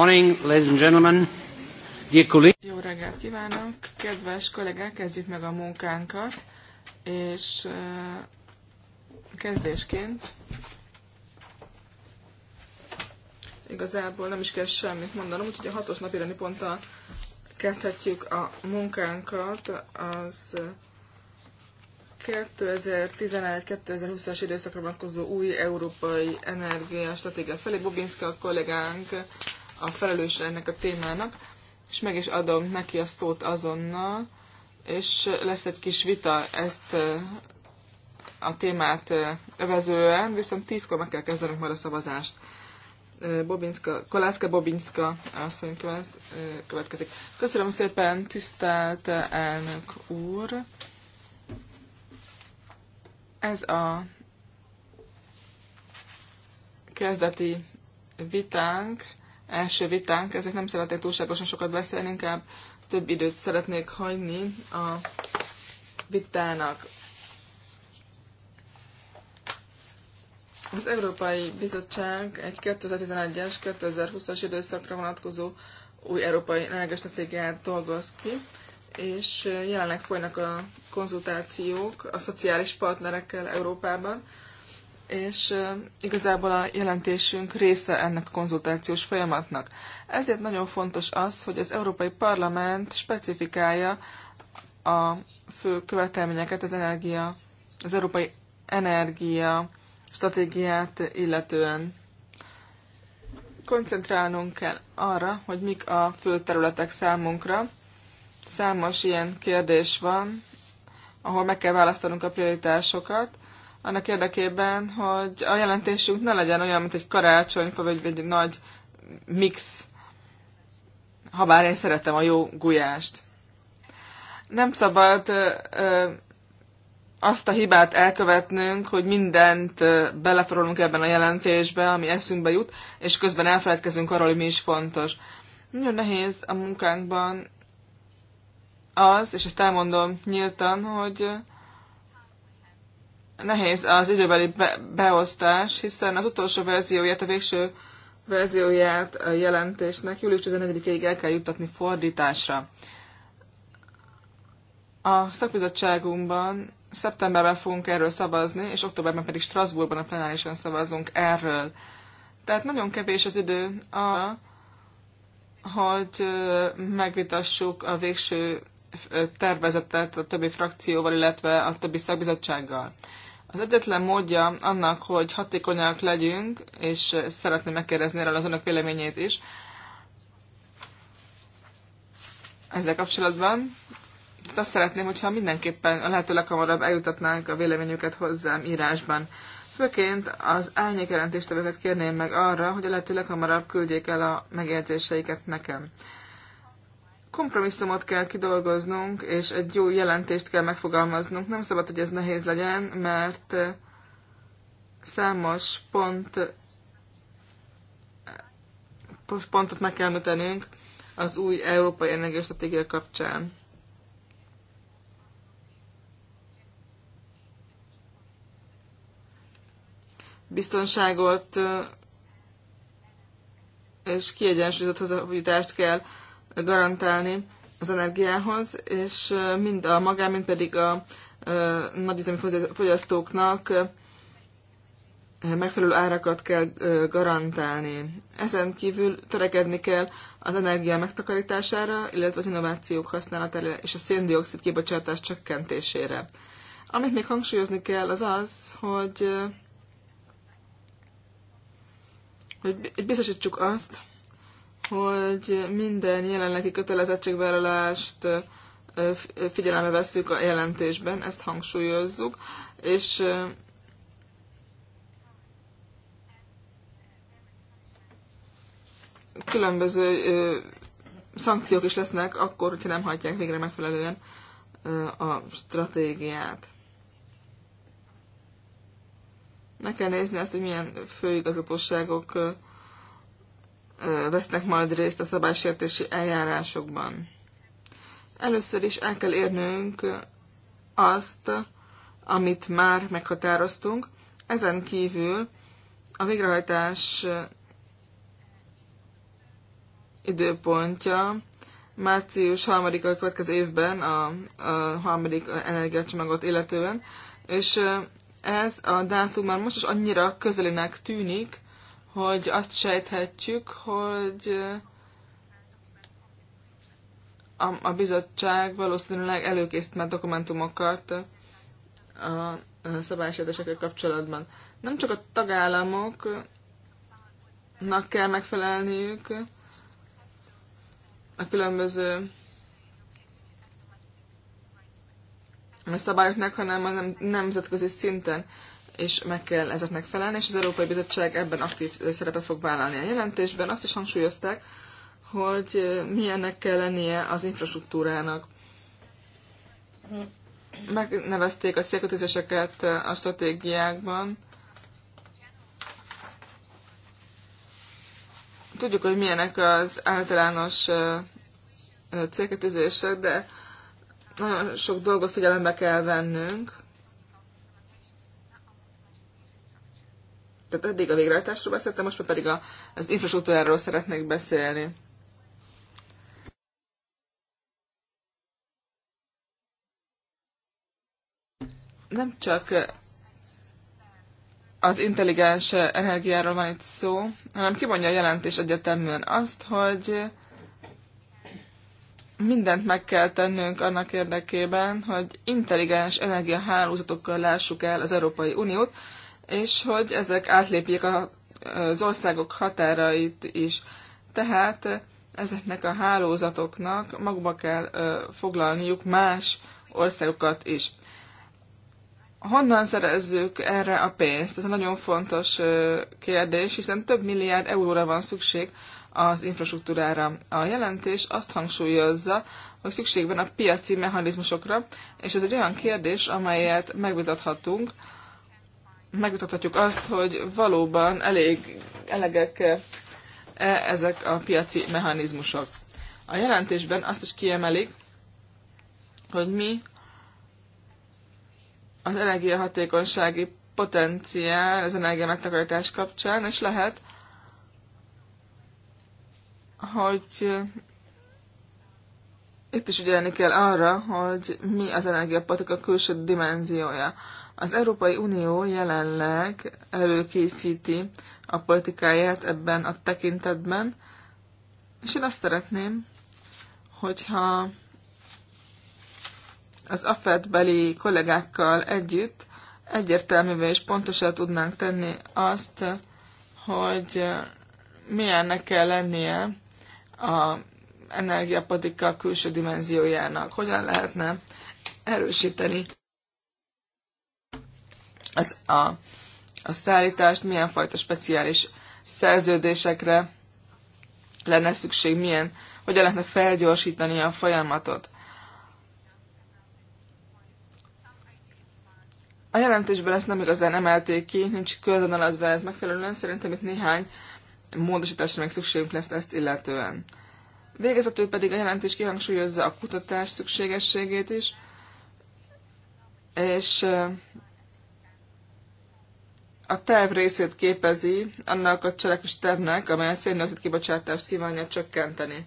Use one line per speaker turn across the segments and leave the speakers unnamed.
Morning, ladies and gentlemen. Dear colleagues.
Jó reggelt kívánok! Kedves kollégák, kezdjük meg a munkánkat, és kezdésként igazából nem is kell semmit mondanom, úgyhogy a hatos napirani ponttal kezdhetjük a munkánkat. Az 2011-2020-as időszakra vonatkozó új európai energiastratégia felé. Bobinska kollégánk a felelős ennek a témának, és meg is adom neki a szót azonnal, és lesz egy kis vita ezt a témát övezően, viszont tízkor meg kell kezdenünk majd a szavazást. Bobinska, Kolászka Bobinska asszony következik. Köszönöm szépen, tisztelt elnök úr! Ez a kezdeti vitánk első vitánk, ezért nem szeretnék túlságosan sokat beszélni, inkább több időt szeretnék hagyni a vitának. Az Európai Bizottság egy 2011-es, 2020-as időszakra vonatkozó új európai energiastratégiát dolgoz ki, és jelenleg folynak a konzultációk a szociális partnerekkel Európában, és igazából a jelentésünk része ennek a konzultációs folyamatnak. Ezért nagyon fontos az, hogy az Európai Parlament specifikálja a fő követelményeket az energia, az európai energia stratégiát illetően. Koncentrálnunk kell arra, hogy mik a fő területek számunkra. Számos ilyen kérdés van, ahol meg kell választanunk a prioritásokat, annak érdekében, hogy a jelentésünk ne legyen olyan, mint egy karácsonyfa, vagy egy nagy mix, habár én szeretem a jó gulyást. Nem szabad ö, ö, azt a hibát elkövetnünk, hogy mindent beleforolunk ebben a jelentésbe, ami eszünkbe jut, és közben elfeledkezünk arról, hogy mi is fontos. Nagyon nehéz a munkánkban az, és ezt elmondom nyíltan, hogy nehéz az időbeli be, beosztás, hiszen az utolsó verzióját, a végső verzióját a jelentésnek július 14-ig el kell juttatni fordításra. A szakbizottságunkban szeptemberben fogunk erről szavazni, és októberben pedig Strasbourgban a plenárisan szavazunk erről. Tehát nagyon kevés az idő arra, hogy megvitassuk a végső tervezetet a többi frakcióval, illetve a többi szakbizottsággal. Az egyetlen módja annak, hogy hatékonyak legyünk, és szeretném megkérdezni erről az önök véleményét is, ezzel kapcsolatban. Tehát azt szeretném, hogyha mindenképpen a lehető leghamarabb eljutatnánk a véleményüket hozzám írásban. Főként az elnyék jelentéstevőket kérném meg arra, hogy a lehető leghamarabb küldjék el a megjegyzéseiket nekem kompromisszumot kell kidolgoznunk, és egy jó jelentést kell megfogalmaznunk. Nem szabad, hogy ez nehéz legyen, mert eh, számos pont eh, pontot meg kell mutatnunk az új európai energiastratégia kapcsán. Biztonságot eh, és kiegyensúlyozott hozzájutást kell garantálni az energiához, és mind a magán, mind pedig a nagyüzemi fogyasztóknak megfelelő árakat kell garantálni. Ezen kívül törekedni kell az energia megtakarítására, illetve az innovációk használatára és a széndiokszid kibocsátás csökkentésére. Amit még hangsúlyozni kell, az az, hogy, hogy biztosítsuk azt, hogy minden jelenlegi kötelezettségvállalást figyelembe veszük a jelentésben, ezt hangsúlyozzuk, és különböző szankciók is lesznek akkor, hogyha nem hagyják végre megfelelően a stratégiát. Meg kell nézni azt, hogy milyen főigazgatóságok vesznek majd részt a szabálysértési eljárásokban. Először is el kell érnünk azt, amit már meghatároztunk. Ezen kívül a végrehajtás időpontja március 3-a következő évben a, a harmadik energiacsomagot illetően, és ez a dátum már most is annyira közelinek tűnik, hogy azt sejthetjük, hogy a, a bizottság valószínűleg előkészít már dokumentumokat a szabálysértésekkel kapcsolatban. Nem csak a tagállamoknak kell megfelelniük a különböző szabályoknak, hanem a nemzetközi szinten és meg kell ezeknek felelni, és az Európai Bizottság ebben aktív szerepet fog vállalni a jelentésben. Azt is hangsúlyozták, hogy milyennek kell lennie az infrastruktúrának. Megnevezték a célkötőzéseket a stratégiákban. Tudjuk, hogy milyenek az általános célkötőzések, de nagyon sok dolgot figyelembe kell vennünk tehát eddig a végrehajtásról beszéltem, most pedig a, az infrastruktúráról szeretnék beszélni. Nem csak az intelligens energiáról van itt szó, hanem kimondja a jelentés egyeteműen azt, hogy mindent meg kell tennünk annak érdekében, hogy intelligens energiahálózatokkal lássuk el az Európai Uniót, és hogy ezek átlépjék a, az országok határait is. Tehát ezeknek a hálózatoknak magukba kell foglalniuk más országokat is. Honnan szerezzük erre a pénzt? Ez egy nagyon fontos kérdés, hiszen több milliárd euróra van szükség az infrastruktúrára. A jelentés azt hangsúlyozza, hogy szükség van a piaci mechanizmusokra, és ez egy olyan kérdés, amelyet megvitathatunk, megmutathatjuk azt, hogy valóban elég elegek -e ezek a piaci mechanizmusok. A jelentésben azt is kiemelik, hogy mi az energiahatékonysági potenciál az energia megtakarítás kapcsán, és lehet, hogy itt is ugyanik kell arra, hogy mi az a külső dimenziója. Az Európai Unió jelenleg előkészíti a politikáját ebben a tekintetben, és én azt szeretném, hogyha az AFET beli kollégákkal együtt egyértelművé és pontosan tudnánk tenni azt, hogy milyennek kell lennie a energiapolitika külső dimenziójának, hogyan lehetne erősíteni az a, a szállítást, milyen fajta speciális szerződésekre lenne szükség, milyen, hogyan lehetne felgyorsítani a folyamatot. A jelentésben ezt nem igazán emelték ki, nincs az ez megfelelően, szerintem itt néhány módosításra még szükségünk lesz ezt illetően. Végezetül pedig a jelentés kihangsúlyozza a kutatás szükségességét is, és a terv részét képezi annak a cselekvés tervnek, amely a széndiokszid kibocsátást kívánja csökkenteni.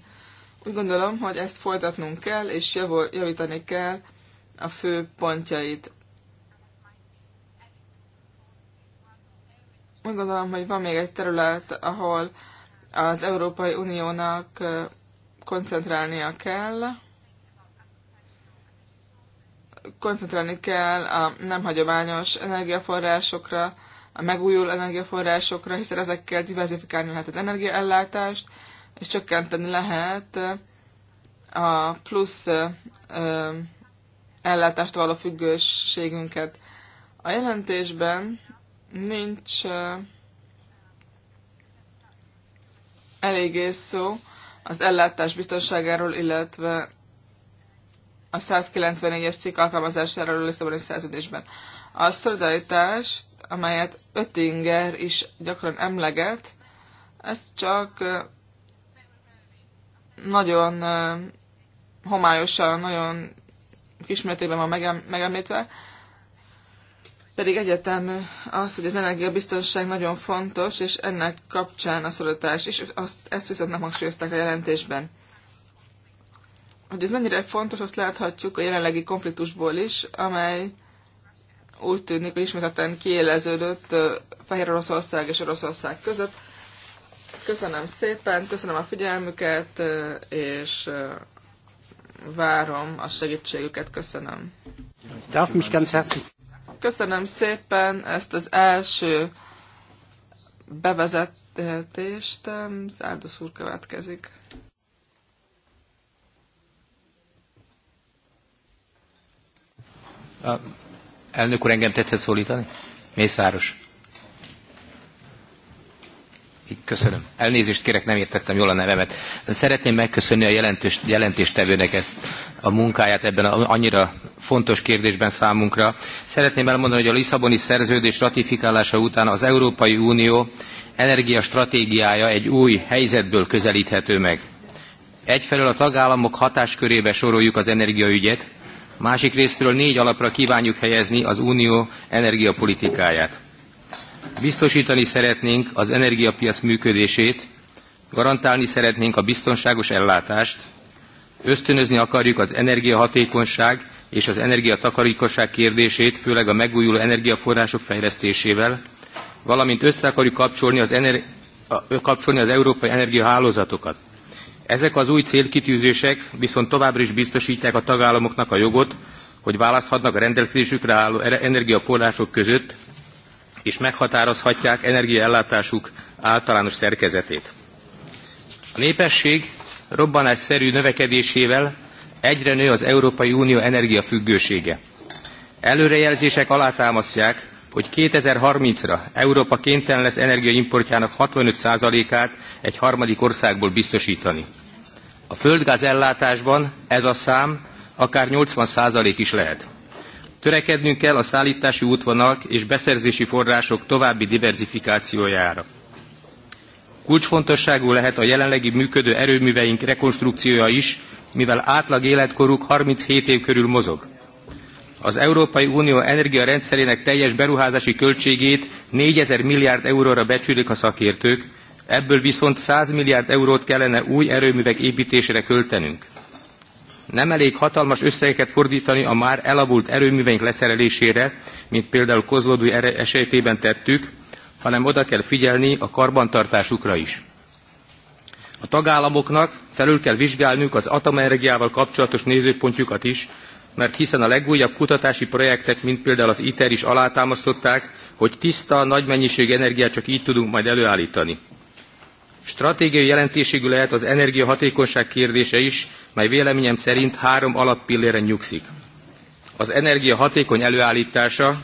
Úgy gondolom, hogy ezt folytatnunk kell, és javítani kell a fő pontjait. Úgy gondolom, hogy van még egy terület, ahol az Európai Uniónak koncentrálnia kell, koncentrálni kell a nem hagyományos energiaforrásokra, a megújuló energiaforrásokra, hiszen ezekkel diversifikálni lehet az energiaellátást, és csökkenteni lehet a plusz ellátást való függőségünket. A jelentésben nincs eléggé szó az ellátás biztonságáról, illetve a 194-es cikk alkalmazásáról a Lisszaboni szerződésben. A szolidaritást amelyet Öttinger is gyakran emleget, ez csak nagyon homályosan, nagyon kismértékben van megemlítve, pedig egyetemű az, hogy az energiabiztonság nagyon fontos, és ennek kapcsán a szorítás is, azt, ezt viszont nem hangsúlyozták a jelentésben. Hogy ez mennyire fontos, azt láthatjuk a jelenlegi konfliktusból is, amely úgy tűnik, hogy ismételten kiéleződött Fehér Oroszország és Oroszország között. Köszönöm szépen, köszönöm a figyelmüket, és várom a segítségüket, köszönöm. Köszönöm szépen ezt az első bevezetést. Zárdos úr következik.
Uh, Elnök úr, engem tetszett szólítani? Mészáros. Köszönöm. Elnézést kérek, nem értettem jól a nevemet. Szeretném megköszönni a jelentős, jelentéstevőnek ezt a munkáját ebben a, annyira fontos kérdésben számunkra. Szeretném elmondani, hogy a Lisszaboni szerződés ratifikálása után az Európai Unió energiastratégiája egy új helyzetből közelíthető meg. Egyfelől a tagállamok hatáskörébe soroljuk az energiaügyet, másik részről négy alapra kívánjuk helyezni az unió energiapolitikáját. Biztosítani szeretnénk az energiapiac működését, garantálni szeretnénk a biztonságos ellátást, ösztönözni akarjuk az energiahatékonyság és az energiatakarékosság kérdését, főleg a megújuló energiaforrások fejlesztésével, valamint össze akarjuk kapcsolni az, kapcsolni az európai energiahálózatokat. Ezek az új célkitűzések viszont továbbra is biztosítják a tagállamoknak a jogot, hogy választhatnak a rendelkezésükre álló e-, energiaforrások között, és meghatározhatják energiaellátásuk általános szerkezetét. A népesség robbanásszerű növekedésével egyre nő az Európai Unió energiafüggősége. Előrejelzések alátámasztják, hogy 2030-ra Európa kénytelen lesz energiaimportjának 65%-át egy harmadik országból biztosítani. A földgáz ellátásban ez a szám akár 80% is lehet. Törekednünk kell a szállítási útvonalak és beszerzési források további diverzifikációjára. Kulcsfontosságú lehet a jelenlegi működő erőműveink rekonstrukciója is, mivel átlag életkoruk 37 év körül mozog az Európai Unió energiarendszerének teljes beruházási költségét 4000 milliárd euróra becsülik a szakértők, ebből viszont 100 milliárd eurót kellene új erőművek építésére költenünk. Nem elég hatalmas összegeket fordítani a már elavult erőműveink leszerelésére, mint például Kozlodúj esetében tettük, hanem oda kell figyelni a karbantartásukra is. A tagállamoknak felül kell vizsgálniuk az atomenergiával kapcsolatos nézőpontjukat is, mert hiszen a legújabb kutatási projektek, mint például az ITER is alátámasztották, hogy tiszta, nagy mennyiségű energiát csak így tudunk majd előállítani. Stratégiai jelentőségű lehet az energiahatékonyság kérdése is, mely véleményem szerint három alappilléren nyugszik. Az energia hatékony előállítása,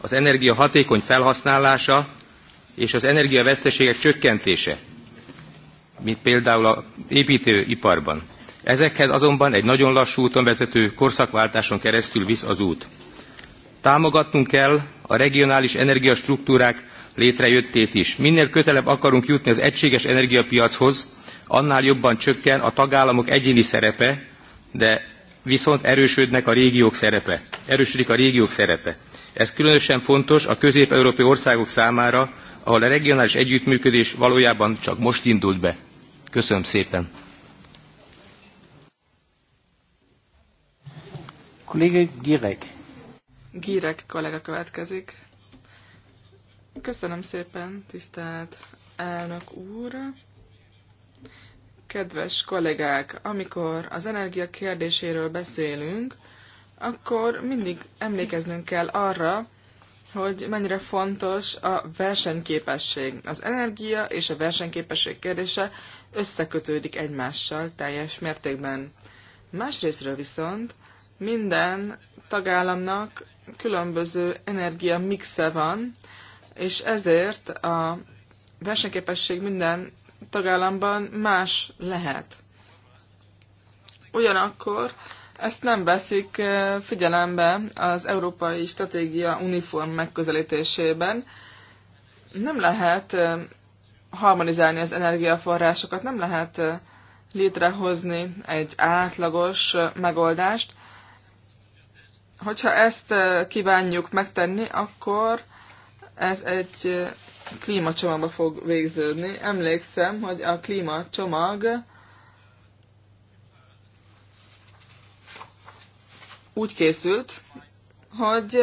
az energia hatékony felhasználása és az energiaveszteségek csökkentése, mint például az építőiparban. Ezekhez azonban egy nagyon lassú úton vezető korszakváltáson keresztül visz az út. Támogatnunk kell a regionális energiastruktúrák létrejöttét is. Minél közelebb akarunk jutni az egységes energiapiachoz, annál jobban csökken a tagállamok egyéni szerepe, de viszont erősödnek a régiók szerepe. Erősödik a régiók szerepe. Ez különösen fontos a közép-európai országok számára, ahol a regionális együttműködés valójában csak most indult be. Köszönöm szépen! Kollege Girek.
Girek kollega következik. Köszönöm szépen, tisztelt elnök úr! Kedves kollégák, amikor az energia kérdéséről beszélünk, akkor mindig emlékeznünk kell arra, hogy mennyire fontos a versenyképesség. Az energia és a versenyképesség kérdése összekötődik egymással teljes mértékben. Másrésztről viszont minden tagállamnak különböző energia mixe van, és ezért a versenyképesség minden tagállamban más lehet. Ugyanakkor ezt nem veszik eh, figyelembe az európai stratégia uniform megközelítésében. Nem lehet eh, harmonizálni az energiaforrásokat, nem lehet eh, létrehozni egy átlagos megoldást, Hogyha ezt kívánjuk megtenni, akkor ez egy klímacsomagba fog végződni. Emlékszem, hogy a klímacsomag úgy készült, hogy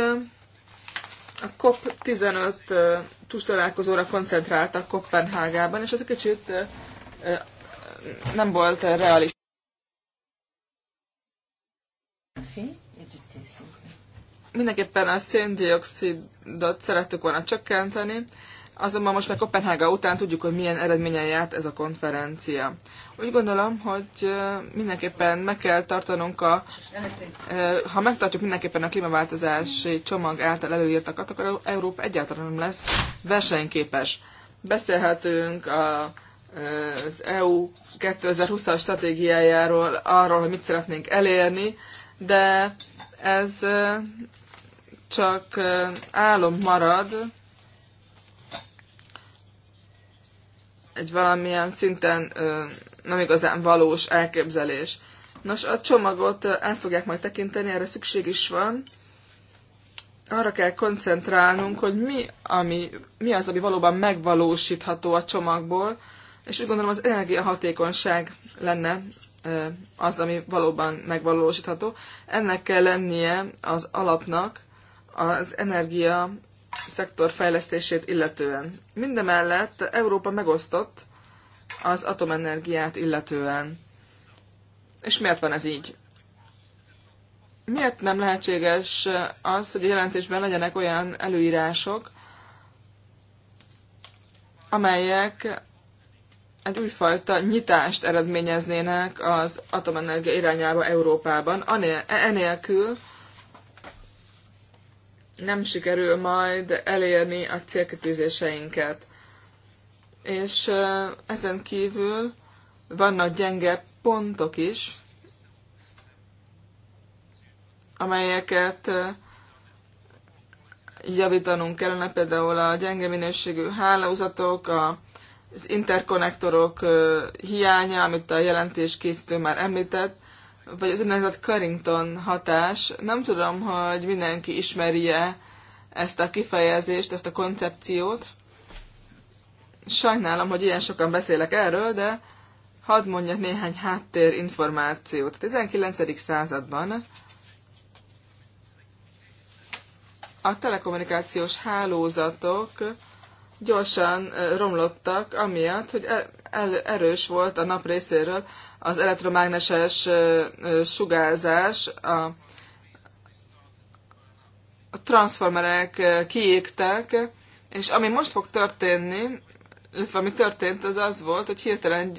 a COP15 tustalálkozóra koncentráltak Kopenhágában, és ez egy kicsit nem volt realista mindenképpen a széndiokszidot szerettük volna csökkenteni, azonban most már Kopenhága után tudjuk, hogy milyen eredményen járt ez a konferencia. Úgy gondolom, hogy mindenképpen meg kell tartanunk a... Ha megtartjuk mindenképpen a klímaváltozási csomag által előírtakat, akkor Európa egyáltalán nem lesz versenyképes. Beszélhetünk a az EU 2020-as stratégiájáról, arról, hogy mit szeretnénk elérni, de ez csak álom marad, egy valamilyen szinten nem igazán valós elképzelés. Nos, a csomagot el fogják majd tekinteni, erre szükség is van. Arra kell koncentrálnunk, hogy mi, ami, mi az, ami valóban megvalósítható a csomagból, és úgy gondolom az energiahatékonyság lenne az, ami valóban megvalósítható. Ennek kell lennie az alapnak az energia szektor fejlesztését illetően. Mindemellett Európa megosztott az atomenergiát illetően. És miért van ez így? Miért nem lehetséges az, hogy a jelentésben legyenek olyan előírások, amelyek egy újfajta nyitást eredményeznének az atomenergia irányába Európában. enélkül nem sikerül majd elérni a célkitűzéseinket. És ezen kívül vannak gyenge pontok is, amelyeket javítanunk kellene, például a gyenge minőségű hálózatok, a az interkonnektorok hiánya, amit a jelentés készítő már említett, vagy az úgynevezett Carrington hatás. Nem tudom, hogy mindenki ismerje ezt a kifejezést, ezt a koncepciót. Sajnálom, hogy ilyen sokan beszélek erről, de hadd mondjak néhány háttérinformációt. A 19. században a telekommunikációs hálózatok gyorsan romlottak, amiatt, hogy e- erős volt a nap részéről az elektromágneses sugárzás, a, transformerek kiégtek, és ami most fog történni, illetve ami történt, az az volt, hogy hirtelen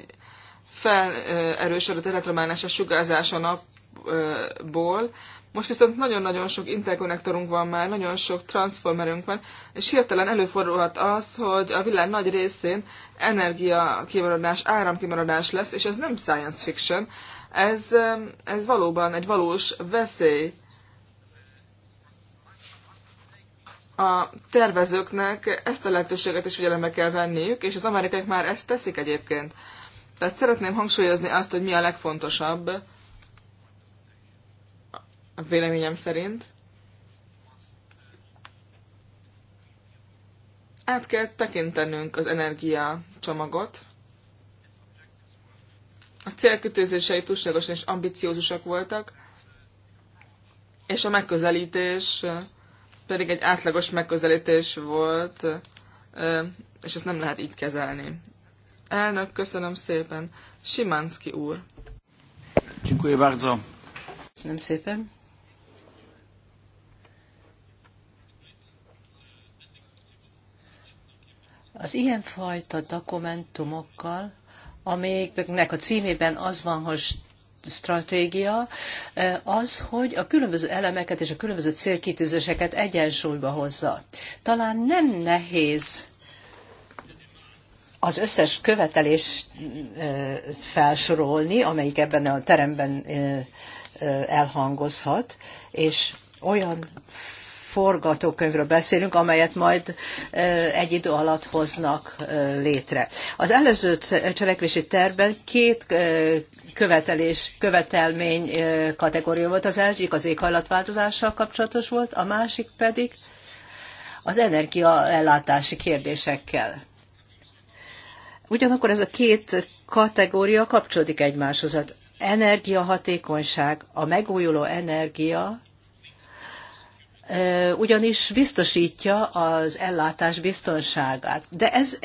felerősödött elektromágneses sugárzás a nap ból. Most viszont nagyon-nagyon sok interkonnektorunk van már, nagyon sok transformerünk van, és hirtelen előfordulhat az, hogy a világ nagy részén energiakimaradás, áramkimaradás lesz, és ez nem science fiction, ez, ez valóban egy valós veszély. A tervezőknek ezt a lehetőséget is figyelembe kell venniük, és az amerikaiak már ezt teszik egyébként. Tehát szeretném hangsúlyozni azt, hogy mi a legfontosabb véleményem szerint. Át kell tekintenünk az energia csomagot. A célkütőzései túlságosan és ambiciózusak voltak, és a megközelítés pedig egy átlagos megközelítés volt, és ezt nem lehet így kezelni. Elnök, köszönöm szépen. Simanski úr.
Dziękuję bardzo.
Köszönöm szépen.
Az ilyenfajta dokumentumokkal, amelyeknek a címében az van, hogy stratégia az, hogy a különböző elemeket és a különböző célkitűzéseket egyensúlyba hozza. Talán nem nehéz az összes követelést felsorolni, amelyik ebben a teremben elhangozhat, és olyan forgatókönyvről beszélünk, amelyet majd egy idő alatt hoznak létre. Az előző cselekvési tervben két követelés, követelmény kategória volt. Az egyik az éghajlatváltozással kapcsolatos volt, a másik pedig az energiaellátási kérdésekkel. Ugyanakkor ez a két kategória kapcsolódik egymáshoz. Az energiahatékonyság, a megújuló energia ugyanis biztosítja az ellátás biztonságát. De ez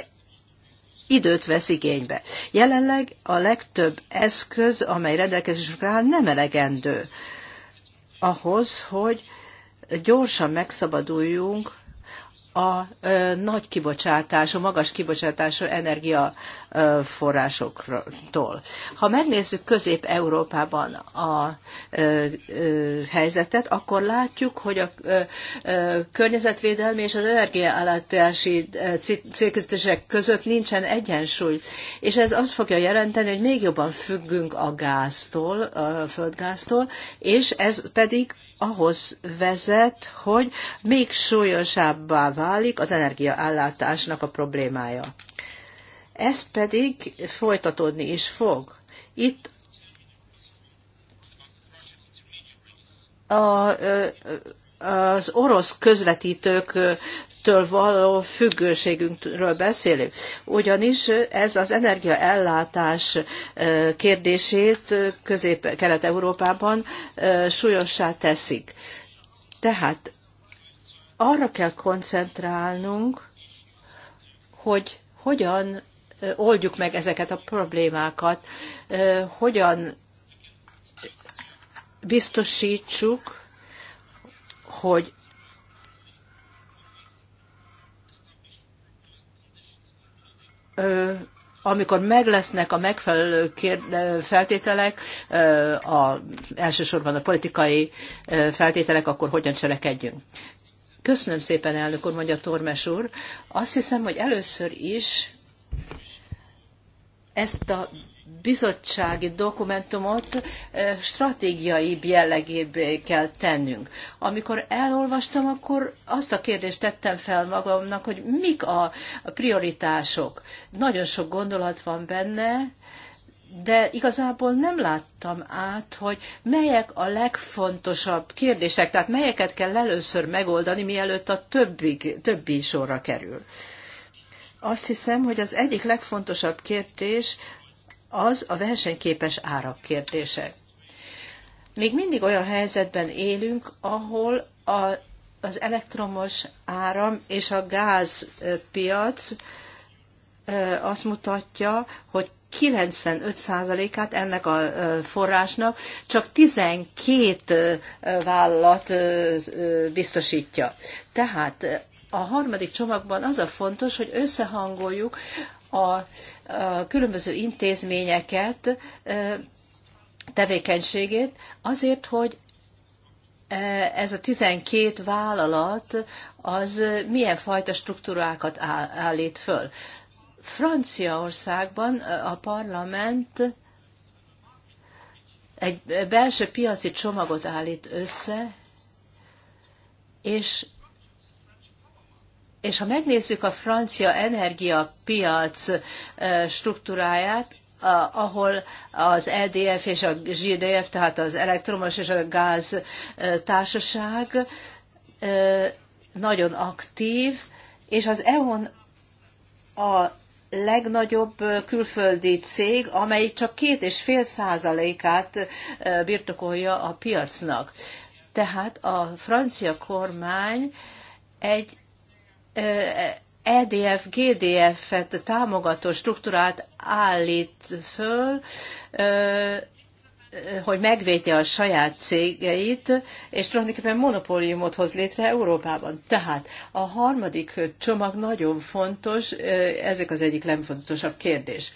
időt vesz igénybe. Jelenleg a legtöbb eszköz, amely rendelkezésre áll, nem elegendő ahhoz, hogy gyorsan megszabaduljunk a nagy a magas kibocsátás energiaforrásoktól. Ha megnézzük Közép-Európában a helyzetet, akkor látjuk, hogy a környezetvédelmi és az energiaállátási célközösségek között nincsen egyensúly, és ez azt fogja jelenteni, hogy még jobban függünk a gáztól, a földgáztól, és ez pedig ahhoz vezet, hogy még súlyosabbá válik az energiaellátásnak a problémája. Ez pedig folytatódni is fog. Itt a, az orosz közvetítők től való függőségünkről beszélünk. Ugyanis ez az energiaellátás kérdését közép-kelet-európában súlyossá teszik. Tehát arra kell koncentrálnunk, hogy hogyan oldjuk meg ezeket a problémákat, hogyan biztosítsuk, hogy amikor meglesznek a megfelelő feltételek, a, elsősorban a politikai feltételek, akkor hogyan cselekedjünk. Köszönöm szépen, elnök úr, mondja Tormes úr. Azt hiszem, hogy először is ezt a bizottsági dokumentumot eh, stratégiai jellegébe kell tennünk. Amikor elolvastam, akkor azt a kérdést tettem fel magamnak, hogy mik a prioritások. Nagyon sok gondolat van benne, de igazából nem láttam át, hogy melyek a legfontosabb kérdések, tehát melyeket kell először megoldani, mielőtt a többi, többi sorra kerül. Azt hiszem, hogy az egyik legfontosabb kérdés az a versenyképes árak kérdése. Még mindig olyan helyzetben élünk, ahol a, az elektromos áram és a gázpiac azt mutatja, hogy 95%-át ennek a forrásnak csak 12 vállalat biztosítja. Tehát a harmadik csomagban az a fontos, hogy összehangoljuk a, különböző intézményeket, tevékenységét, azért, hogy ez a 12 vállalat az milyen fajta struktúrákat állít föl. Franciaországban a parlament egy belső piaci csomagot állít össze, és és ha megnézzük a francia energiapiac struktúráját, ahol az EDF és a GDF, tehát az elektromos és a gáz társaság nagyon aktív, és az EON a legnagyobb külföldi cég, amely csak két és fél százalékát birtokolja a piacnak. Tehát a francia kormány egy EDF-GDF-et támogató struktúrát állít föl, hogy megvédje a saját cégeit, és tulajdonképpen monopóliumot hoz létre Európában. Tehát a harmadik csomag nagyon fontos, ezek az egyik legfontosabb kérdés.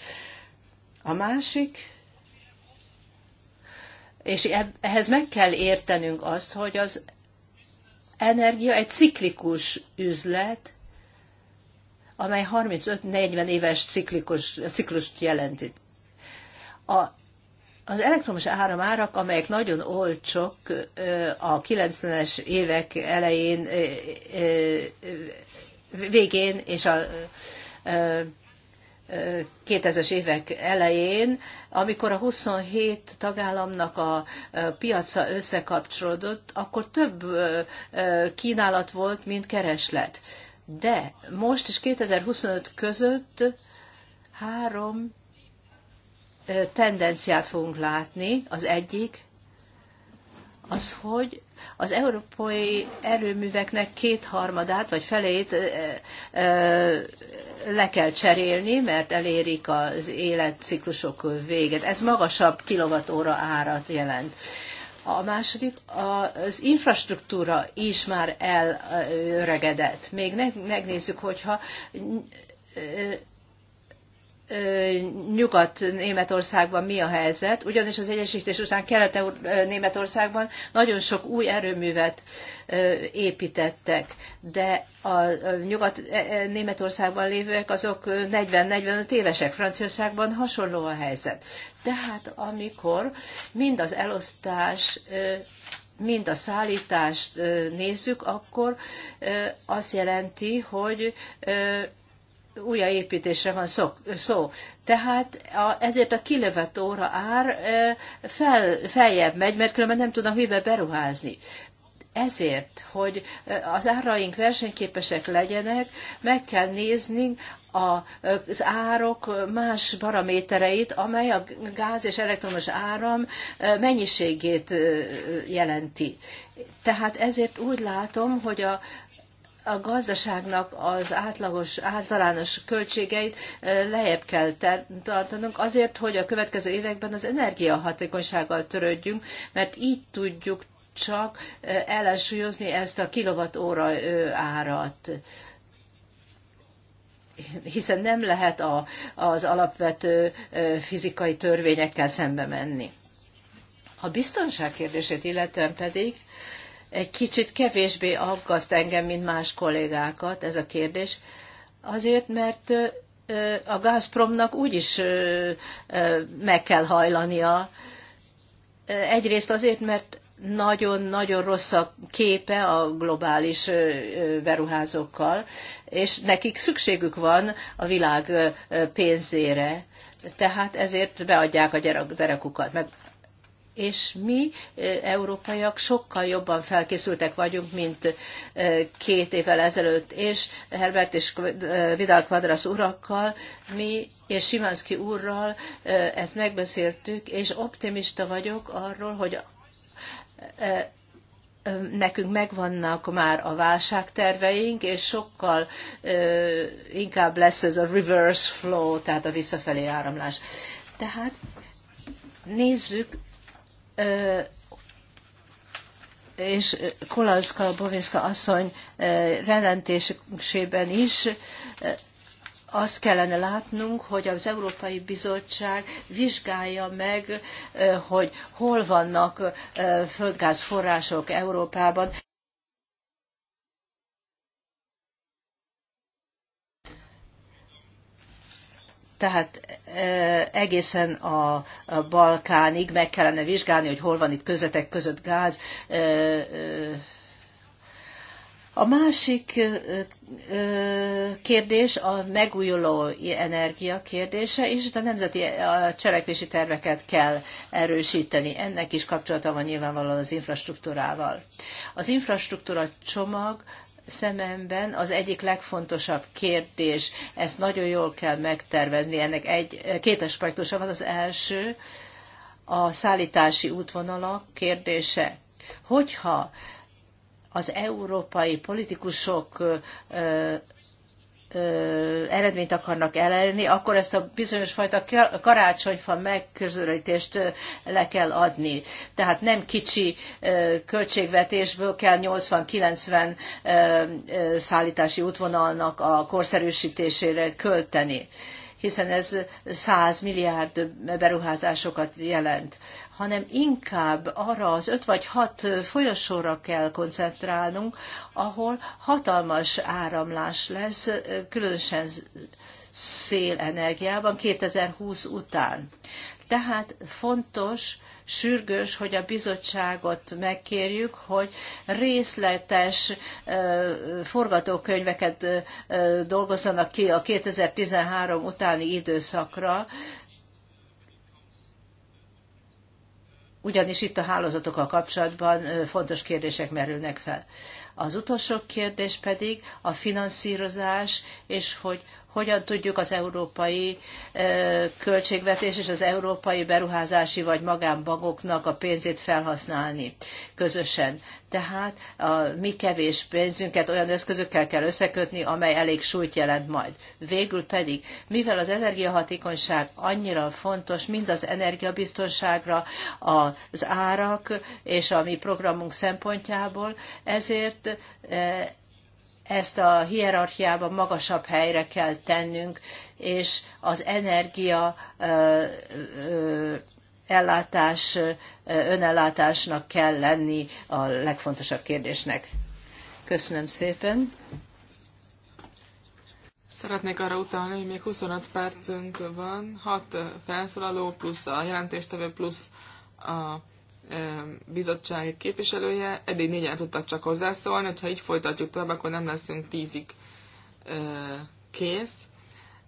A másik, és ehhez meg kell értenünk azt, hogy az energia egy ciklikus üzlet, amely 35-40 éves ciklikus, ciklust jelenti. A, az elektromos áramárak, amelyek nagyon olcsok a 90-es évek elején, végén és a 2000-es évek elején, amikor a 27 tagállamnak a piaca összekapcsolódott, akkor több kínálat volt, mint kereslet. De most és 2025 között három tendenciát fogunk látni. Az egyik az, hogy az európai erőműveknek kétharmadát vagy felét le kell cserélni, mert elérik az életciklusok véget. Ez magasabb kilovatóra árat jelent. A második, az infrastruktúra is már elöregedett. Még megnézzük, hogyha Nyugat-Németországban mi a helyzet, ugyanis az egyesítés után Kelet-Németországban nagyon sok új erőművet építettek, de a Nyugat-Németországban e, e, lévőek azok 40-45 évesek, Franciaországban hasonló a helyzet. Tehát amikor mind az elosztás mind a szállítást nézzük, akkor azt jelenti, hogy újjáépítésre van szó. szó. Tehát a, ezért a kilövett óra ár fel, feljebb megy, mert különben nem tudnak mibe beruházni. Ezért, hogy az áraink versenyképesek legyenek, meg kell nézni az árok más paramétereit, amely a gáz és elektromos áram mennyiségét jelenti. Tehát ezért úgy látom, hogy a a gazdaságnak az átlagos, általános költségeit lejjebb kell tartanunk azért, hogy a következő években az energiahatékonysággal törődjünk, mert így tudjuk csak ellensúlyozni ezt a kilovatóra árat hiszen nem lehet a, az alapvető fizikai törvényekkel szembe menni. A biztonság kérdését illetően pedig egy kicsit kevésbé aggaszt engem, mint más kollégákat ez a kérdés, azért, mert a Gazpromnak úgyis meg kell hajlania. Egyrészt azért, mert nagyon-nagyon rossz a képe a globális beruházókkal, és nekik szükségük van a világ pénzére. Tehát ezért beadják a derekukat. meg és mi, európaiak, sokkal jobban felkészültek vagyunk, mint két évvel ezelőtt, és Herbert és Vidal Quadras urakkal, mi és Simanski úrral ezt megbeszéltük, és optimista vagyok arról, hogy nekünk megvannak már a válságterveink, és sokkal inkább lesz ez a reverse flow, tehát a visszafelé áramlás. Tehát nézzük és Kolaszka, Bovinska asszony jelentésében is azt kellene látnunk, hogy az Európai Bizottság vizsgálja meg, hogy hol vannak földgázforrások Európában. Tehát egészen a Balkánig meg kellene vizsgálni, hogy hol van itt közetek között gáz. A másik kérdés a megújuló energia kérdése, és itt a nemzeti cselekvési terveket kell erősíteni. Ennek is kapcsolata van nyilvánvalóan az infrastruktúrával. Az infrastruktúra csomag szememben az egyik legfontosabb kérdés. Ezt nagyon jól kell megtervezni. Ennek egy, két aspektusa van. Az első a szállítási útvonalak kérdése. Hogyha az európai politikusok eredményt akarnak elérni, akkor ezt a bizonyos fajta karácsonyfa megközelítést le kell adni. Tehát nem kicsi költségvetésből kell 80-90 szállítási útvonalnak a korszerűsítésére költeni hiszen ez 100 milliárd beruházásokat jelent hanem inkább arra az öt vagy hat folyosóra kell koncentrálnunk, ahol hatalmas áramlás lesz, különösen szélenergiában 2020 után. Tehát fontos, sürgős, hogy a bizottságot megkérjük, hogy részletes forgatókönyveket dolgozzanak ki a 2013 utáni időszakra, ugyanis itt a hálózatokkal kapcsolatban fontos kérdések merülnek fel. Az utolsó kérdés pedig a finanszírozás, és hogy hogyan tudjuk az európai költségvetés és az európai beruházási vagy magánbagoknak a pénzét felhasználni közösen. Tehát a mi kevés pénzünket olyan eszközökkel kell összekötni, amely elég súlyt jelent majd. Végül pedig, mivel az energiahatékonyság annyira fontos, mind az energiabiztonságra, az árak és a mi programunk szempontjából, ezért ezt a hierarchiában magasabb helyre kell tennünk, és az energia ellátás, önellátásnak kell lenni a legfontosabb kérdésnek. Köszönöm szépen. Szeretnék
arra utalni, hogy még 25 percünk van, 6 felszólaló, plusz a jelentéstevő, plusz a bizottság képviselője, eddig négyen tudtak csak hozzászólni, hogyha így folytatjuk tovább, akkor nem leszünk tízig kész.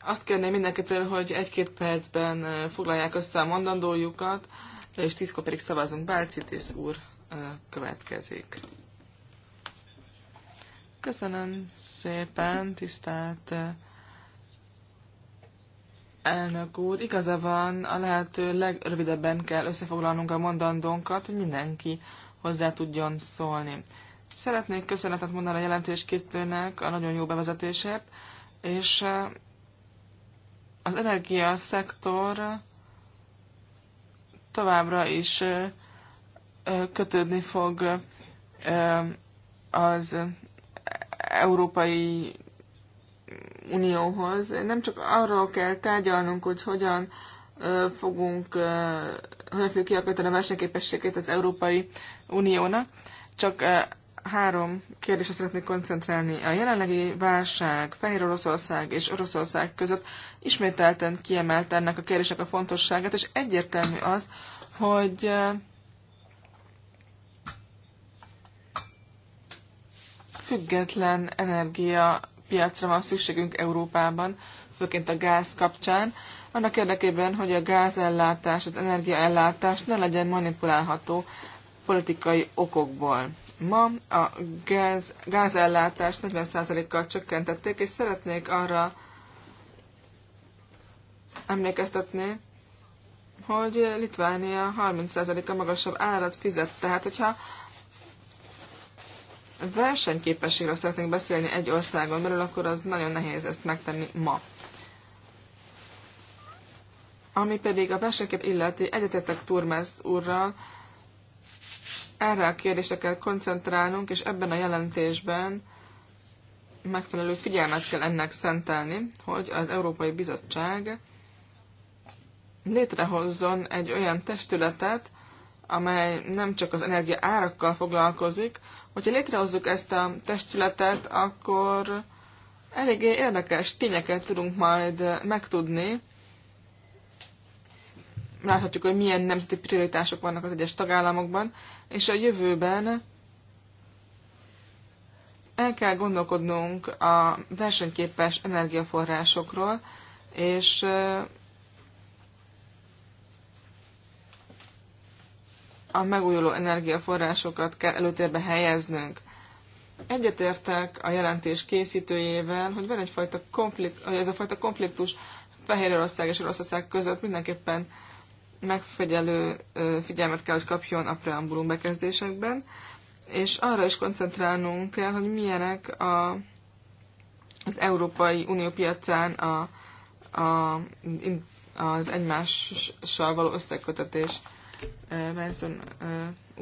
Azt kérném mindenkit, hogy egy-két percben foglalják össze a mondandójukat, és tízkor pedig szavazunk. Bálcitis úr következik. Köszönöm szépen, tisztelt Elnök úr, igaza van, a lehető legrövidebben kell összefoglalnunk a mondandónkat, hogy mindenki hozzá tudjon szólni. Szeretnék köszönetet mondani a jelentéskészítőnek a nagyon jó bevezetésért, és eh, az energia szektor továbbra is eh, eh, kötődni fog az európai Unióhoz. Nem csak arról kell tárgyalnunk, hogy hogyan fogunk, hogyan fogjuk kialakítani a versenyképességét az Európai Uniónak, csak három kérdésre szeretnék koncentrálni. A jelenlegi válság Fehér Oroszország és Oroszország között ismételten kiemelt ennek a kérdések a fontosságát, és egyértelmű az, hogy független energia piacra van szükségünk Európában, főként a gáz kapcsán, annak érdekében, hogy a gázellátás, az energiaellátás ne legyen manipulálható politikai okokból. Ma a gáz, gázellátást 40%-kal csökkentették, és szeretnék arra emlékeztetni, hogy Litvánia 30%-a magasabb árat fizet. Tehát, hogyha versenyképességről szeretnénk beszélni egy országon belül, akkor az nagyon nehéz ezt megtenni ma. Ami pedig a versenykép illeti, egyetetek Turmes úrral, erre a kérdésre kell koncentrálnunk, és ebben a jelentésben megfelelő figyelmet kell ennek szentelni, hogy az Európai Bizottság létrehozzon egy olyan testületet, amely nem csak az energia árakkal foglalkozik. Hogyha létrehozzuk ezt a testületet, akkor eléggé érdekes tényeket tudunk majd megtudni. Láthatjuk, hogy milyen nemzeti prioritások vannak az egyes tagállamokban, és a jövőben el kell gondolkodnunk a versenyképes energiaforrásokról, és a megújuló energiaforrásokat kell előtérbe helyeznünk. Egyetértek a jelentés készítőjével, hogy van egyfajta konflikt, hogy ez a fajta konfliktus Fehérország és Oroszország között mindenképpen megfigyelő figyelmet kell, hogy kapjon a preambulum bekezdésekben, és arra is koncentrálnunk kell, hogy milyenek a, az Európai Unió piacán a, a, az egymással való összekötetés. Eh, Benson eh,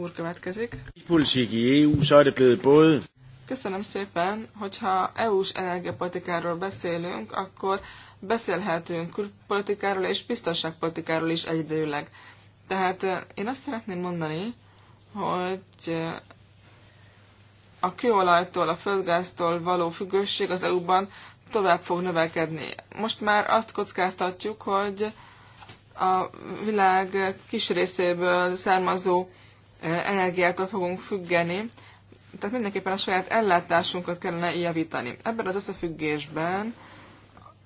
úr következik.
EU, er
Köszönöm szépen, hogyha EU-s energiapolitikáról beszélünk, akkor beszélhetünk külpolitikáról és biztonságpolitikáról is egyidejűleg. Tehát eh, én azt szeretném mondani, hogy a kőolajtól, a földgáztól való függőség az EU-ban tovább fog növekedni. Most már azt kockáztatjuk, hogy a világ kis részéből származó eh, energiától fogunk függeni, tehát mindenképpen a saját ellátásunkat kellene javítani. Ebben az összefüggésben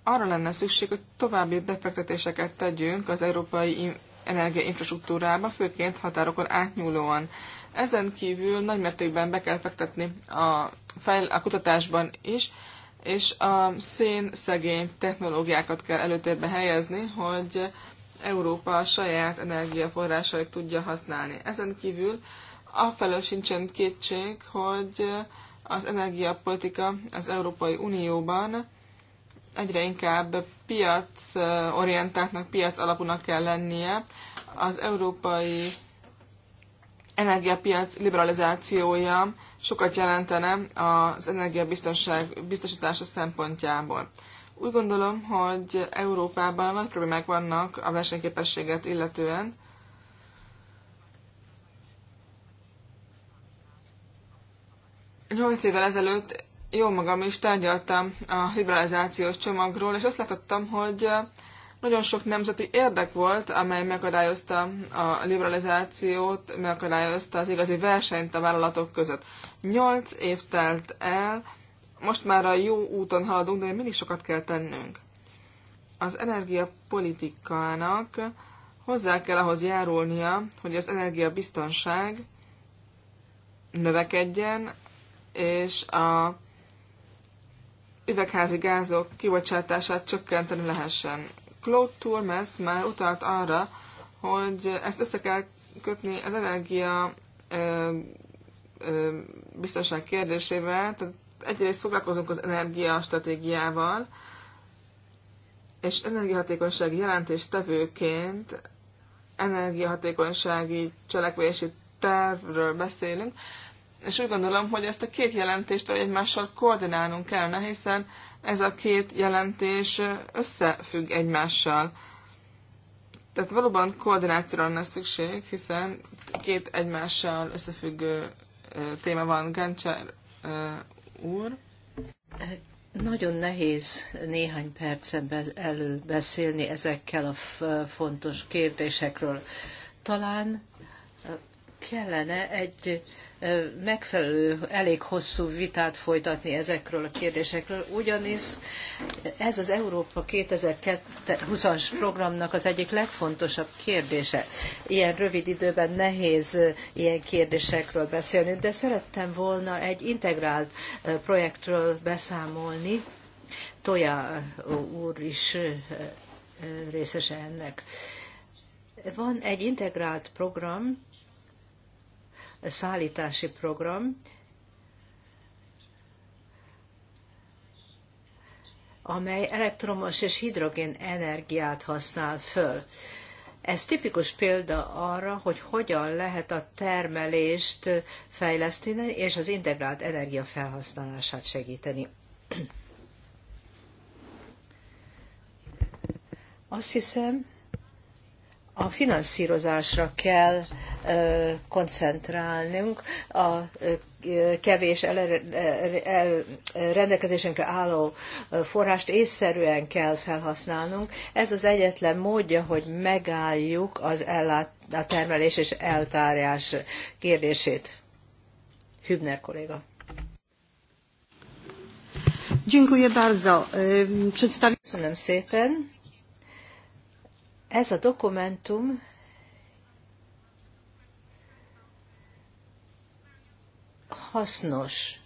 arra lenne szükség, hogy további befektetéseket tegyünk az európai energiainfrastruktúrába, főként határokon átnyúlóan. Ezen kívül nagymértékben be kell fektetni a, fejl- a kutatásban is, és a szén szegény technológiákat kell előtérbe helyezni, hogy Európa a saját energiaforrásait tudja használni. Ezen kívül afelől sincsen kétség, hogy az energiapolitika az Európai Unióban egyre inkább piacorientáltnak, piac alapúnak kell lennie. Az európai energiapiac liberalizációja sokat jelentene az energiabiztonság biztosítása szempontjából. Úgy gondolom, hogy Európában nagy problémák vannak a versenyképességet illetően. Nyolc évvel ezelőtt jó magam is tárgyaltam a liberalizációs csomagról, és azt látottam, hogy nagyon sok nemzeti érdek volt, amely megadályozta a liberalizációt, megakadályozta az igazi versenyt a vállalatok között. Nyolc év telt el, most már a jó úton haladunk, de még mindig sokat kell tennünk. Az energiapolitikának hozzá kell ahhoz járulnia, hogy az energiabiztonság növekedjen, és a üvegházi gázok kibocsátását csökkenteni lehessen. Claude Turmes már utalt arra, hogy ezt össze kell kötni az energia ö, ö, biztonság kérdésével, tehát egyrészt foglalkozunk az stratégiával, és energiahatékonysági tevőként energiahatékonysági cselekvési tervről beszélünk, és úgy gondolom, hogy ezt a két jelentést egymással koordinálnunk kellene, hiszen ez a két jelentés összefügg egymással. Tehát valóban koordinációra lenne szükség, hiszen két egymással összefüggő téma van. Gencser
úr. Nagyon nehéz néhány percen belül beszélni ezekkel a fontos kérdésekről. Talán kellene egy megfelelő, elég hosszú vitát folytatni ezekről a kérdésekről, ugyanis ez az Európa 2020-as programnak az egyik legfontosabb kérdése. Ilyen rövid időben nehéz ilyen kérdésekről beszélni, de szerettem volna egy integrált projektről beszámolni. Toja úr is részese ennek. Van egy integrált program, szállítási program, amely elektromos és hidrogén energiát használ föl. Ez tipikus példa arra, hogy hogyan lehet a termelést fejleszteni és az integrált energia felhasználását segíteni. Azt hiszem, a finanszírozásra kell koncentrálnunk, a kevés el, el, rendelkezésünkre álló forrást észszerűen kell felhasználnunk. Ez az egyetlen módja, hogy megálljuk az ellát, a termelés és eltárás kérdését. Hübner kolléga. Dziękuję bardzo. Köszönöm szépen ez a dokumentum hasznos.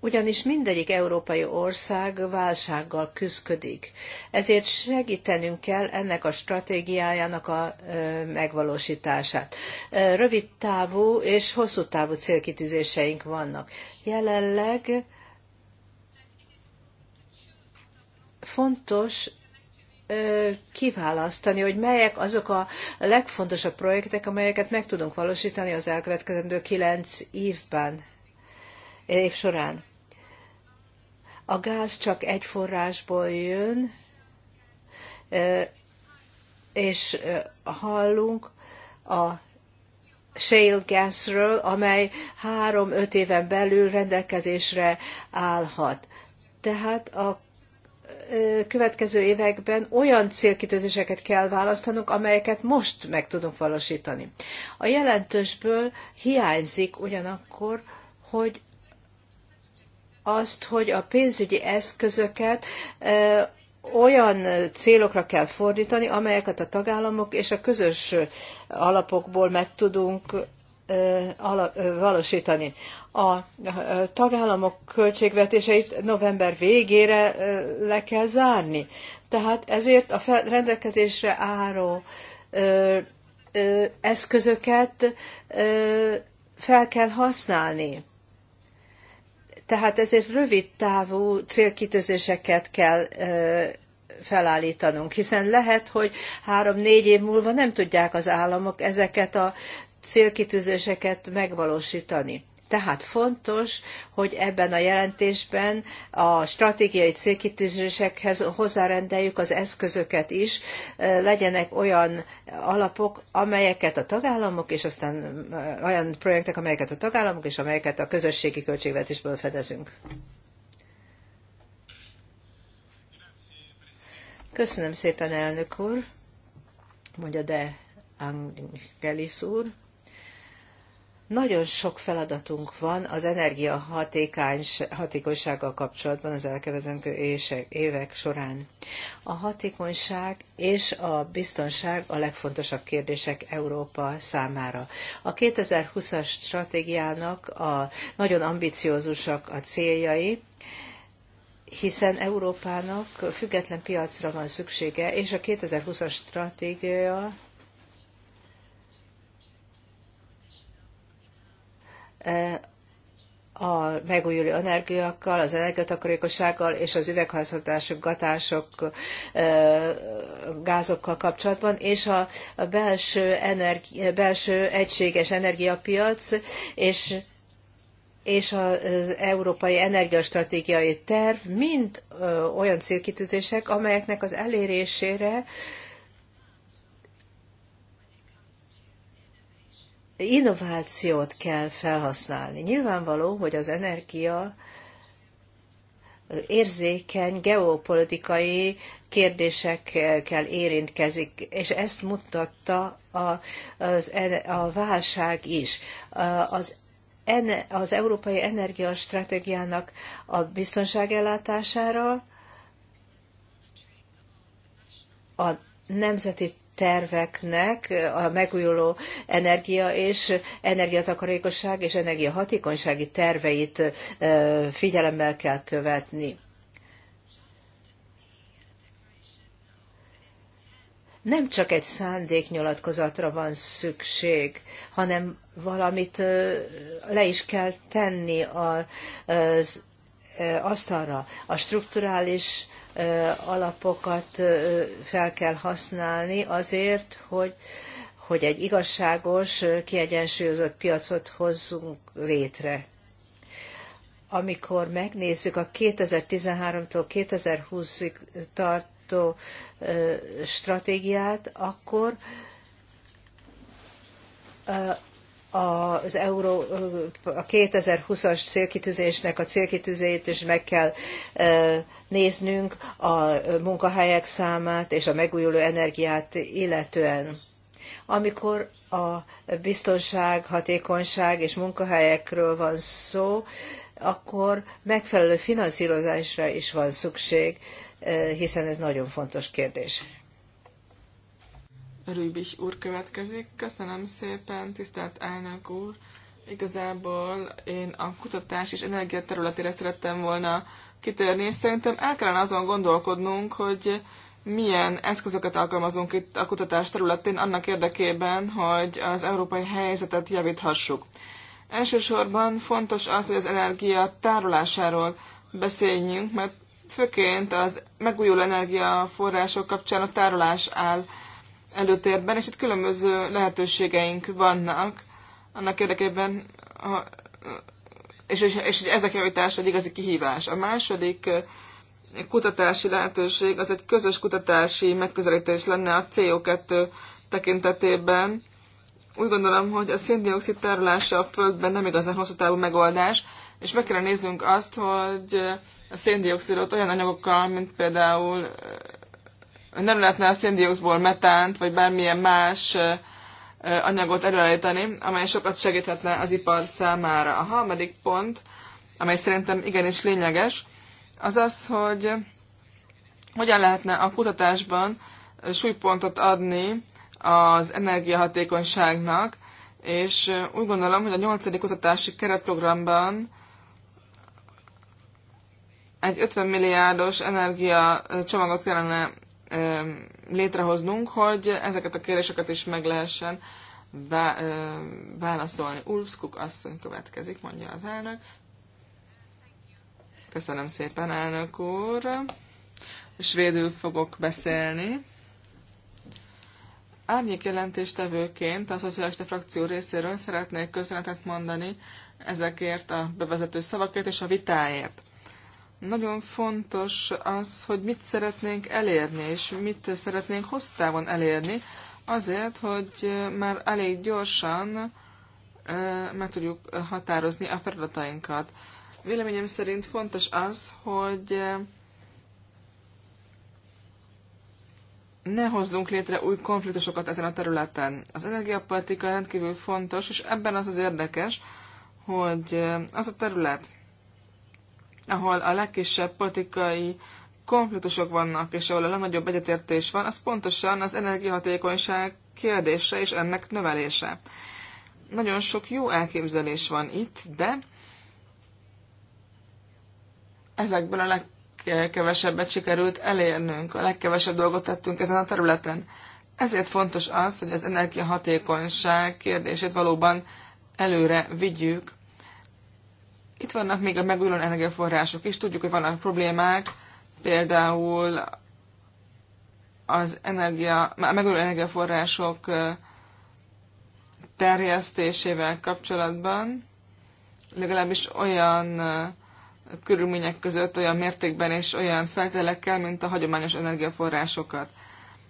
Ugyanis mindegyik európai ország válsággal küzdködik. Ezért segítenünk kell ennek a stratégiájának a megvalósítását. Rövid távú és hosszú távú célkitűzéseink vannak. Jelenleg fontos kiválasztani, hogy melyek azok a legfontosabb projektek, amelyeket meg tudunk valósítani az elkövetkezendő kilenc évben, év során. A gáz csak egy forrásból jön, és hallunk a shale gasről, amely három-öt éven belül rendelkezésre állhat. Tehát a következő években olyan célkitűzéseket kell választanunk, amelyeket most meg tudunk valósítani. A jelentősből hiányzik ugyanakkor, hogy azt, hogy a pénzügyi eszközöket olyan célokra kell fordítani, amelyeket a tagállamok és a közös alapokból meg tudunk valósítani a tagállamok költségvetéseit november végére le kell zárni. Tehát ezért a rendelkezésre álló eszközöket fel kell használni. Tehát ezért rövid távú célkitözéseket kell felállítanunk, hiszen lehet, hogy három-négy év múlva nem tudják az államok ezeket a célkitűzéseket megvalósítani. Tehát fontos, hogy ebben a jelentésben a stratégiai célkitűzésekhez hozzárendeljük az eszközöket is, legyenek olyan alapok, amelyeket a tagállamok, és aztán olyan projektek, amelyeket a tagállamok, és amelyeket a közösségi költségvetésből fedezünk. Köszönöm szépen, elnök úr, mondja de Angelis úr. Nagyon sok feladatunk van az energia hatékonysággal kapcsolatban az elkövetkező évek során. A hatékonyság és a biztonság a legfontosabb kérdések Európa számára. A 2020-as stratégiának a nagyon ambiciózusak a céljai, hiszen Európának független piacra van szüksége, és a 2020-as stratégia a megújuló energiakkal, az energiatakarékossággal és az üvegházhatású gatások gázokkal kapcsolatban, és a, a belső, energi, belső egységes energiapiac és és az európai energiastratégiai terv mind olyan célkitűzések, amelyeknek az elérésére innovációt kell felhasználni. Nyilvánvaló, hogy az energia érzékeny geopolitikai kérdésekkel érintkezik, és ezt mutatta a, az, e- a válság is. Az, az európai energiastratégiának a biztonságellátására a nemzeti terveknek a megújuló energia és energiatakarékosság és energiahatékonysági terveit figyelemmel kell követni. nem csak egy szándéknyilatkozatra van szükség, hanem valamit le is kell tenni az asztalra. A strukturális alapokat fel kell használni azért, hogy, hogy egy igazságos, kiegyensúlyozott piacot hozzunk létre. Amikor megnézzük a 2013-tól 2020-ig tartó stratégiát, akkor az Euró, a 2020-as célkitűzésnek a célkitűzét is meg kell e, néznünk a munkahelyek számát és a megújuló energiát illetően. Amikor a biztonság, hatékonyság és munkahelyekről van szó, akkor megfelelő finanszírozásra is van szükség, e, hiszen ez nagyon fontos kérdés. Rübis úr
következik. Köszönöm szépen, tisztelt elnök úr. Igazából én a kutatás és energia területére szerettem volna kitérni, és szerintem el kellene azon gondolkodnunk, hogy milyen eszközöket alkalmazunk itt a kutatás területén annak érdekében, hogy az európai helyzetet javíthassuk. Elsősorban fontos az, hogy az energia tárolásáról beszéljünk, mert főként az megújuló energiaforrások kapcsán a tárolás áll előtérben, és itt különböző lehetőségeink vannak annak érdekében, ha, és, és, és ezek javítása egy igazi kihívás. A második eh, kutatási lehetőség az egy közös kutatási megközelítés lenne a CO2 tekintetében. Úgy gondolom, hogy a széndiokszid tárolása a Földben nem igazán hosszú távú megoldás, és meg kellene néznünk azt, hogy a széndiokszidot olyan anyagokkal, mint például eh, nem lehetne a széndiokszból metánt, vagy bármilyen más anyagot előállítani, amely sokat segíthetne az ipar számára. A harmadik pont, amely szerintem igenis lényeges, az az, hogy hogyan lehetne a kutatásban súlypontot adni az energiahatékonyságnak, és úgy gondolom, hogy a nyolcadik kutatási keretprogramban egy 50 milliárdos energia csomagot kellene létrehoznunk, hogy ezeket a kérdéseket is meg lehessen válaszolni. Ulfskuk asszony következik, mondja az elnök. Köszönöm szépen, elnök úr. Svédül fogok beszélni. Árnyék jelentéstevőként a szocialista frakció részéről szeretnék köszönetet mondani ezekért a bevezető szavakért és a vitáért. Nagyon fontos az, hogy mit szeretnénk elérni, és mit szeretnénk hosszú elérni, azért, hogy már elég gyorsan meg tudjuk határozni a feladatainkat. Véleményem szerint fontos az, hogy ne hozzunk létre új konfliktusokat ezen a területen. Az energiapolitika rendkívül fontos, és ebben az az érdekes, hogy az a terület, ahol a legkisebb politikai konfliktusok vannak, és ahol a legnagyobb egyetértés van, az pontosan az energiahatékonyság kérdése és ennek növelése. Nagyon sok jó elképzelés van itt, de ezekből a legkevesebbet sikerült elérnünk, a legkevesebb dolgot tettünk ezen a területen. Ezért fontos az, hogy az energiahatékonyság kérdését valóban előre vigyük itt vannak még a megújuló energiaforrások is. Tudjuk, hogy vannak problémák, például az energia, a megújuló energiaforrások terjesztésével kapcsolatban, legalábbis olyan körülmények között, olyan mértékben és olyan feltételekkel, mint a hagyományos energiaforrásokat.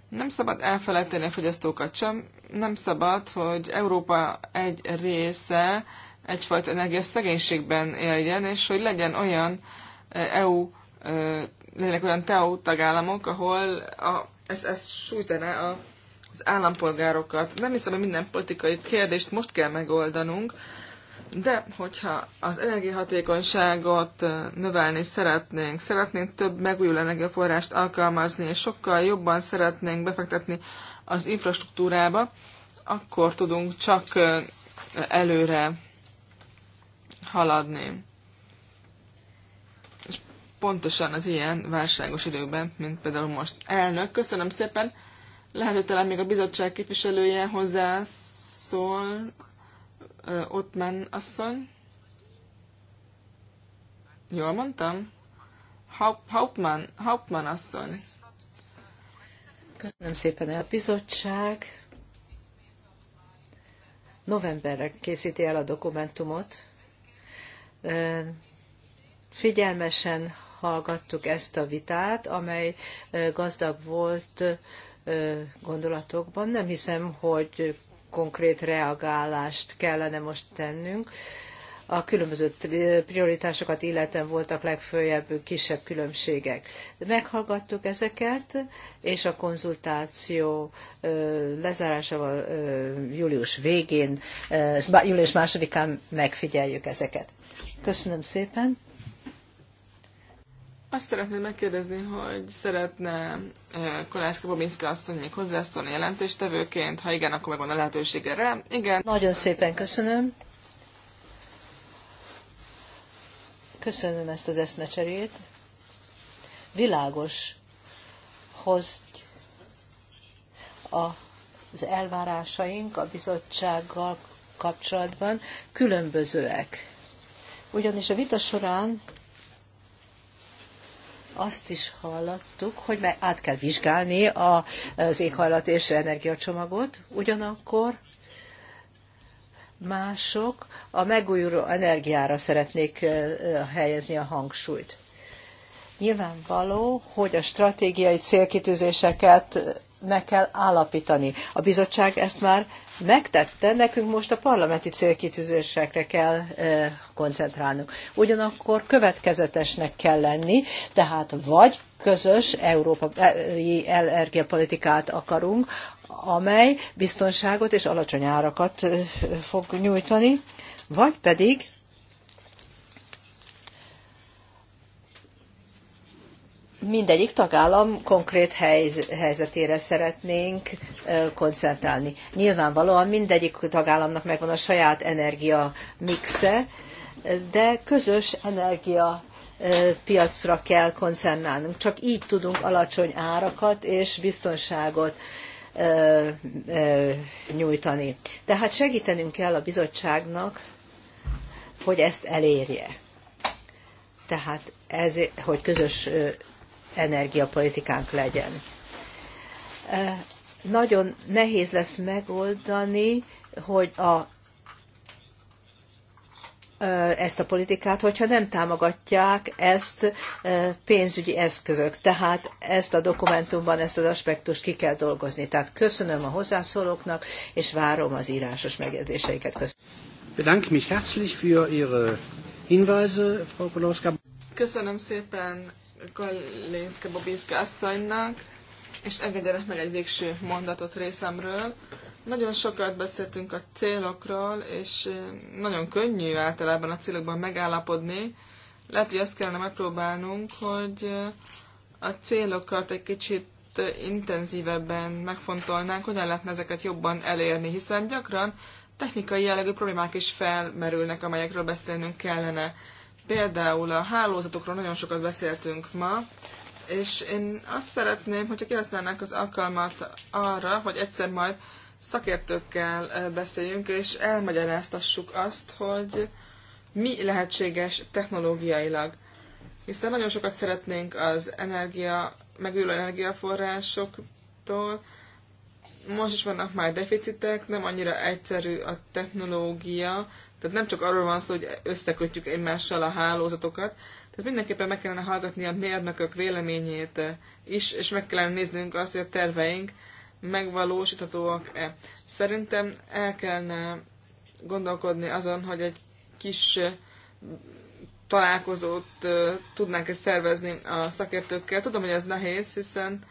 Nem szabad elfelejteni a fogyasztókat sem, nem szabad, hogy Európa egy része egyfajta energiaszegénységben éljen, és hogy legyen olyan eh, EU, eh, legyenek olyan TEU tagállamok, ahol a, ez, ez sújtaná a, az állampolgárokat. Nem hiszem, hogy minden politikai kérdést most kell megoldanunk, de hogyha az energiahatékonyságot eh, növelni szeretnénk, szeretnénk több megújuló energiaforrást alkalmazni, és sokkal jobban szeretnénk befektetni az infrastruktúrába, akkor tudunk csak előre haladni. És pontosan az ilyen válságos időben, mint például most. Elnök, köszönöm szépen. Lehet, hogy talán még a bizottság képviselője hozzászól, Ottman asszony. Jól mondtam? Hauptmann, Hauptmann
asszony. Köszönöm szépen a bizottság. Novemberre készíti el a dokumentumot, Figyelmesen hallgattuk ezt a vitát, amely gazdag volt gondolatokban. Nem hiszem, hogy konkrét reagálást kellene most tennünk a különböző prioritásokat illetően voltak legfőjebb kisebb különbségek. Meghallgattuk ezeket, és a konzultáció lezárásával július végén, július másodikán megfigyeljük ezeket. Köszönöm szépen!
Azt szeretném megkérdezni, hogy szeretne Kolászka Bobinszka asszony még hozzászólni jelentéstevőként? Ha igen, akkor megvan a lehetőség erre.
Igen. Nagyon szépen köszönöm. Köszönöm ezt az eszmecserét. Világos, hogy az elvárásaink a bizottsággal kapcsolatban különbözőek. Ugyanis a vita során azt is hallottuk, hogy meg át kell vizsgálni az éghajlat és energiacsomagot, ugyanakkor Mások a megújuló energiára szeretnék helyezni a hangsúlyt. Nyilvánvaló, hogy a stratégiai célkitűzéseket meg kell állapítani. A bizottság ezt már megtette, nekünk most a parlamenti célkitűzésekre kell e, koncentrálnunk. Ugyanakkor következetesnek kell lenni, tehát vagy közös európai energiapolitikát akarunk, amely biztonságot és alacsony árakat fog nyújtani, vagy pedig mindegyik tagállam konkrét helyzetére szeretnénk koncentrálni. Nyilvánvalóan mindegyik tagállamnak megvan a saját energia mixe, de közös energia piacra kell koncentrálnunk. Csak így tudunk alacsony árakat és biztonságot nyújtani. Tehát segítenünk kell a bizottságnak, hogy ezt elérje. Tehát ez, hogy közös energiapolitikánk legyen. Nagyon nehéz lesz megoldani, hogy a ezt a politikát, hogyha nem támogatják ezt pénzügyi eszközök. Tehát ezt a dokumentumban, ezt az aspektust ki kell dolgozni. Tehát köszönöm a hozzászólóknak, és várom az írásos megjegyzéseiket.
Köszönöm.
Köszönöm szépen Kolinszka Bobiszka asszonynak, és engedjenek meg egy végső mondatot részemről. Nagyon sokat beszéltünk a célokról, és nagyon könnyű általában a célokban megállapodni. Lehet, hogy azt kellene megpróbálnunk, hogy a célokat egy kicsit intenzívebben megfontolnánk, hogyan lehetne ezeket jobban elérni, hiszen gyakran technikai jellegű problémák is felmerülnek, amelyekről beszélnünk kellene. Például a hálózatokról nagyon sokat beszéltünk ma, és én azt szeretném, hogyha kihasználnánk az alkalmat arra, hogy egyszer majd szakértőkkel beszéljünk, és elmagyaráztassuk azt, hogy mi lehetséges technológiailag. Hiszen nagyon sokat szeretnénk az energia, megújuló energiaforrásoktól, most is vannak már deficitek, nem annyira egyszerű a technológia, tehát nem csak arról van szó, hogy összekötjük egymással a hálózatokat, tehát mindenképpen meg kellene hallgatni a mérnökök véleményét is, és meg kellene néznünk azt, hogy a terveink megvalósíthatóak-e. Szerintem el kellene gondolkodni azon, hogy egy kis találkozót tudnánk-e szervezni a szakértőkkel. Tudom, hogy ez nehéz, hiszen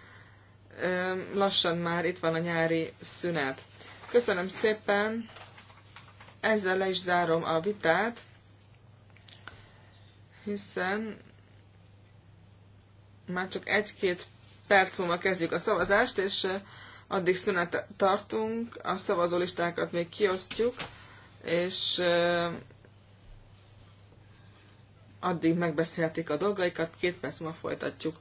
lassan már itt van a nyári szünet. Köszönöm szépen, ezzel le is zárom a vitát, hiszen már csak egy-két perc múlva kezdjük a szavazást, és addig szünet tartunk, a szavazólistákat még kiosztjuk, és addig megbeszélhetik a dolgaikat, két perc múlva folytatjuk.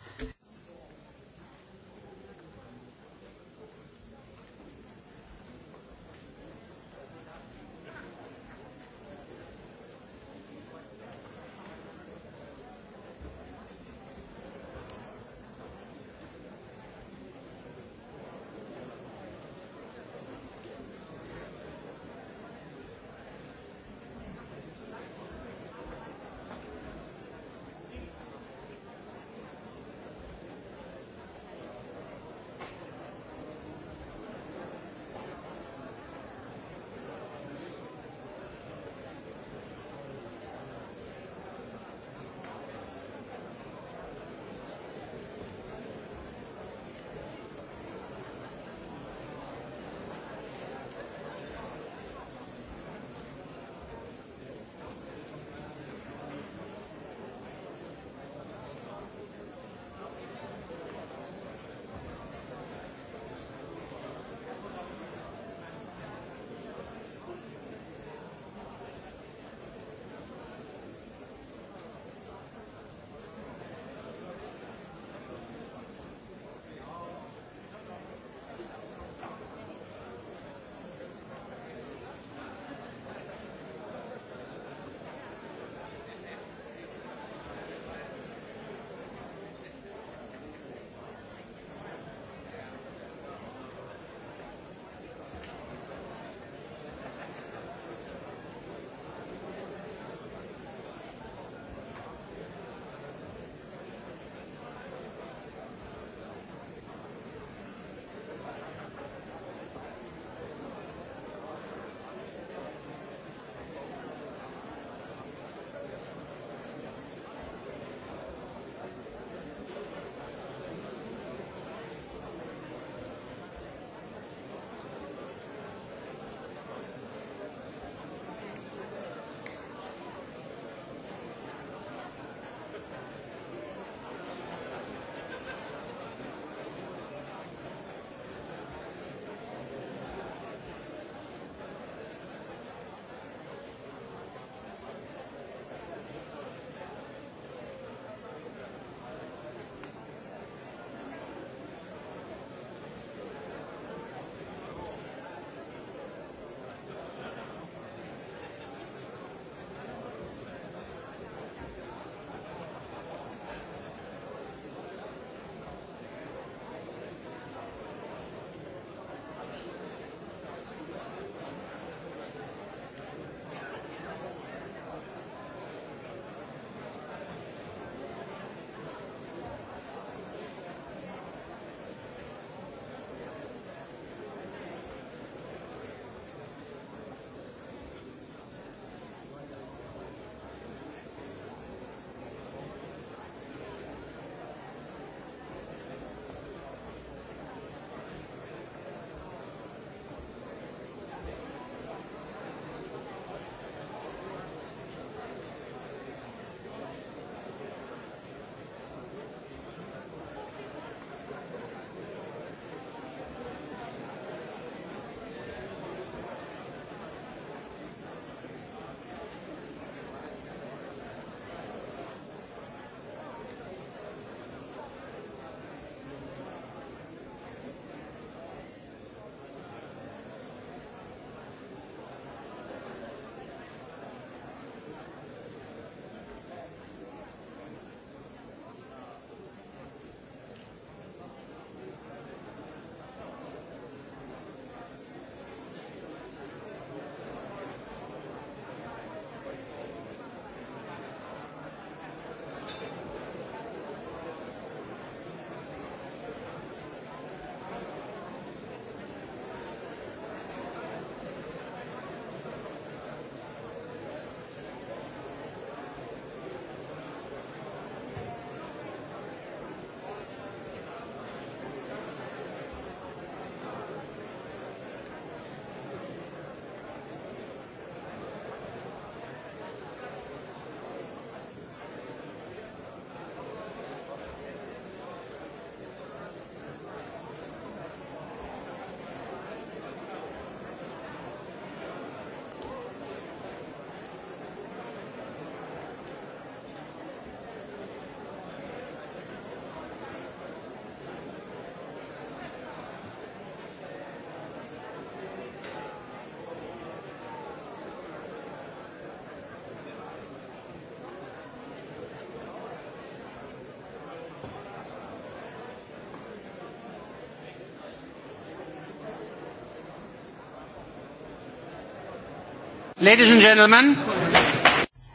Ladies and gentlemen.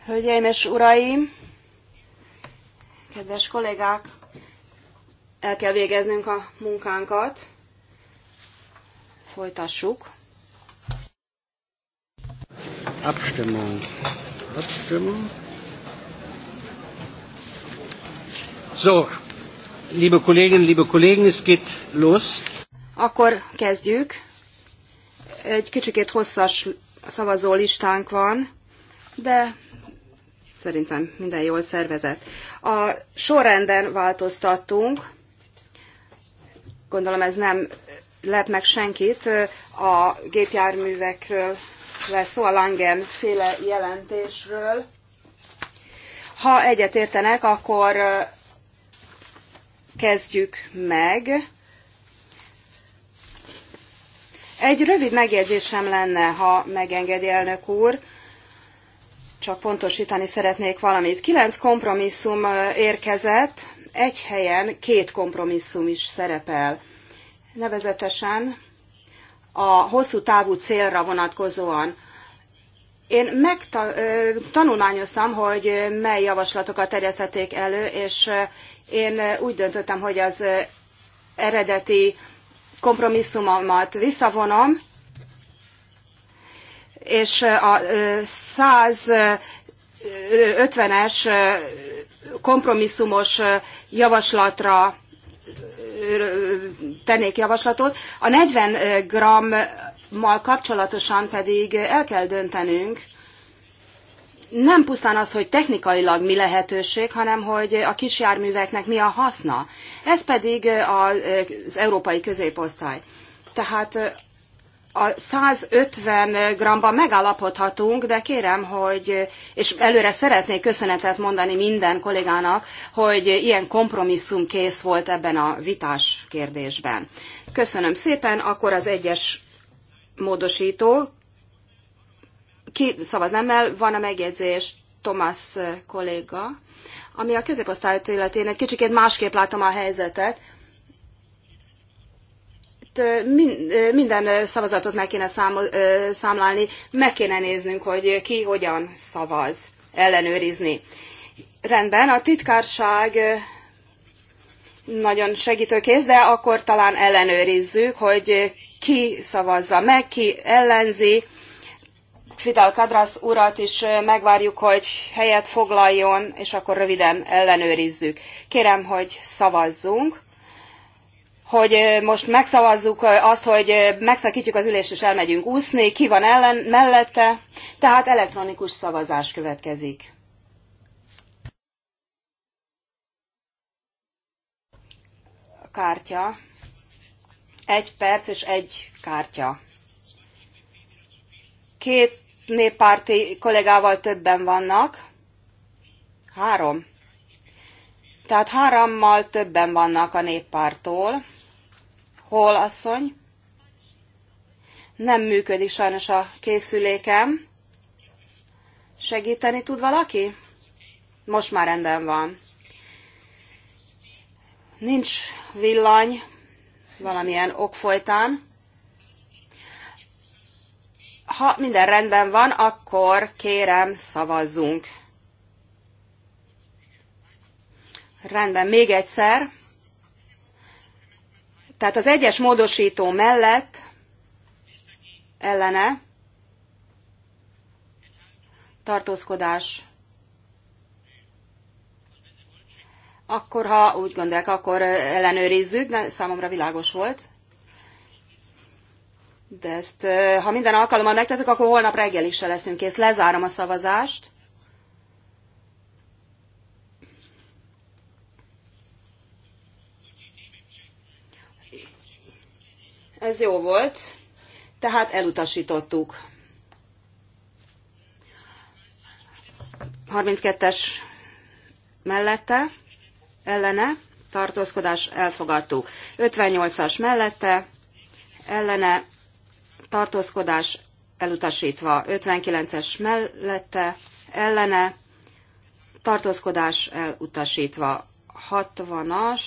Hölgyeim és uraim, kedves kollégák, el kell végeznünk a munkánkat. Folytassuk.
Abstimmung. Abstimmung. So, liebe Kolleginnen, liebe Kollegen, es geht los.
Akkor kezdjük. Egy kicsikét hosszas szavazó listánk van, de szerintem minden jól szervezett. A sorrenden változtattunk, gondolom ez nem lep meg senkit, a gépjárművekről lesz szó, a Langen féle jelentésről. Ha egyet értenek, akkor kezdjük meg. Egy rövid megjegyzésem lenne, ha megengedi elnök úr, csak pontosítani szeretnék valamit. Kilenc kompromisszum érkezett, egy helyen két kompromisszum is szerepel. Nevezetesen a hosszú távú célra vonatkozóan. Én megtanulmányoztam, hogy mely javaslatokat terjesztették elő, és én úgy döntöttem, hogy az eredeti kompromisszumomat visszavonom, és a 150-es kompromisszumos javaslatra tennék javaslatot. A 40 g-mal kapcsolatosan pedig el kell döntenünk, nem pusztán az, hogy technikailag mi lehetőség, hanem hogy a kisjárműveknek mi a haszna. Ez pedig az európai középosztály. Tehát a 150 g-ban megállapodhatunk, de kérem, hogy, és előre szeretnék köszönetet mondani minden kollégának, hogy ilyen kompromisszum kész volt ebben a vitás kérdésben. Köszönöm szépen, akkor az egyes módosító ki szavaz nemmel, van a megjegyzés Thomas kolléga, ami a középosztályt illetén egy kicsikét másképp látom a helyzetet. Itt minden szavazatot meg kéne számlálni, meg kéne néznünk, hogy ki hogyan szavaz, ellenőrizni. Rendben, a titkárság nagyon segítőkész, de akkor talán ellenőrizzük, hogy ki szavazza meg, ki ellenzi, Fidel Kadras urat is megvárjuk, hogy helyet foglaljon, és akkor röviden ellenőrizzük. Kérem, hogy szavazzunk hogy most megszavazzuk azt, hogy megszakítjuk az ülést és elmegyünk úszni, ki van ellen, mellette, tehát elektronikus szavazás következik. A kártya. Egy perc és egy kártya. Két néppárti kollégával többen vannak. Három. Tehát hárommal többen vannak a néppártól. Hol, asszony? Nem működik sajnos a készülékem. Segíteni tud valaki? Most már rendben van. Nincs villany, valamilyen ok folytán. Ha minden rendben van, akkor kérem szavazzunk. Rendben, még egyszer. Tehát az egyes módosító mellett ellene tartózkodás. Akkor, ha úgy gondolják, akkor ellenőrizzük, de számomra világos volt. De ezt, ha minden alkalommal megteszek, akkor holnap reggel is se leszünk kész. Lezárom a szavazást. Ez jó volt. Tehát elutasítottuk. 32-es mellette, ellene, tartózkodás elfogadtuk. 58-as mellette, ellene, tartózkodás elutasítva 59-es mellette, ellene, tartózkodás elutasítva 60-as,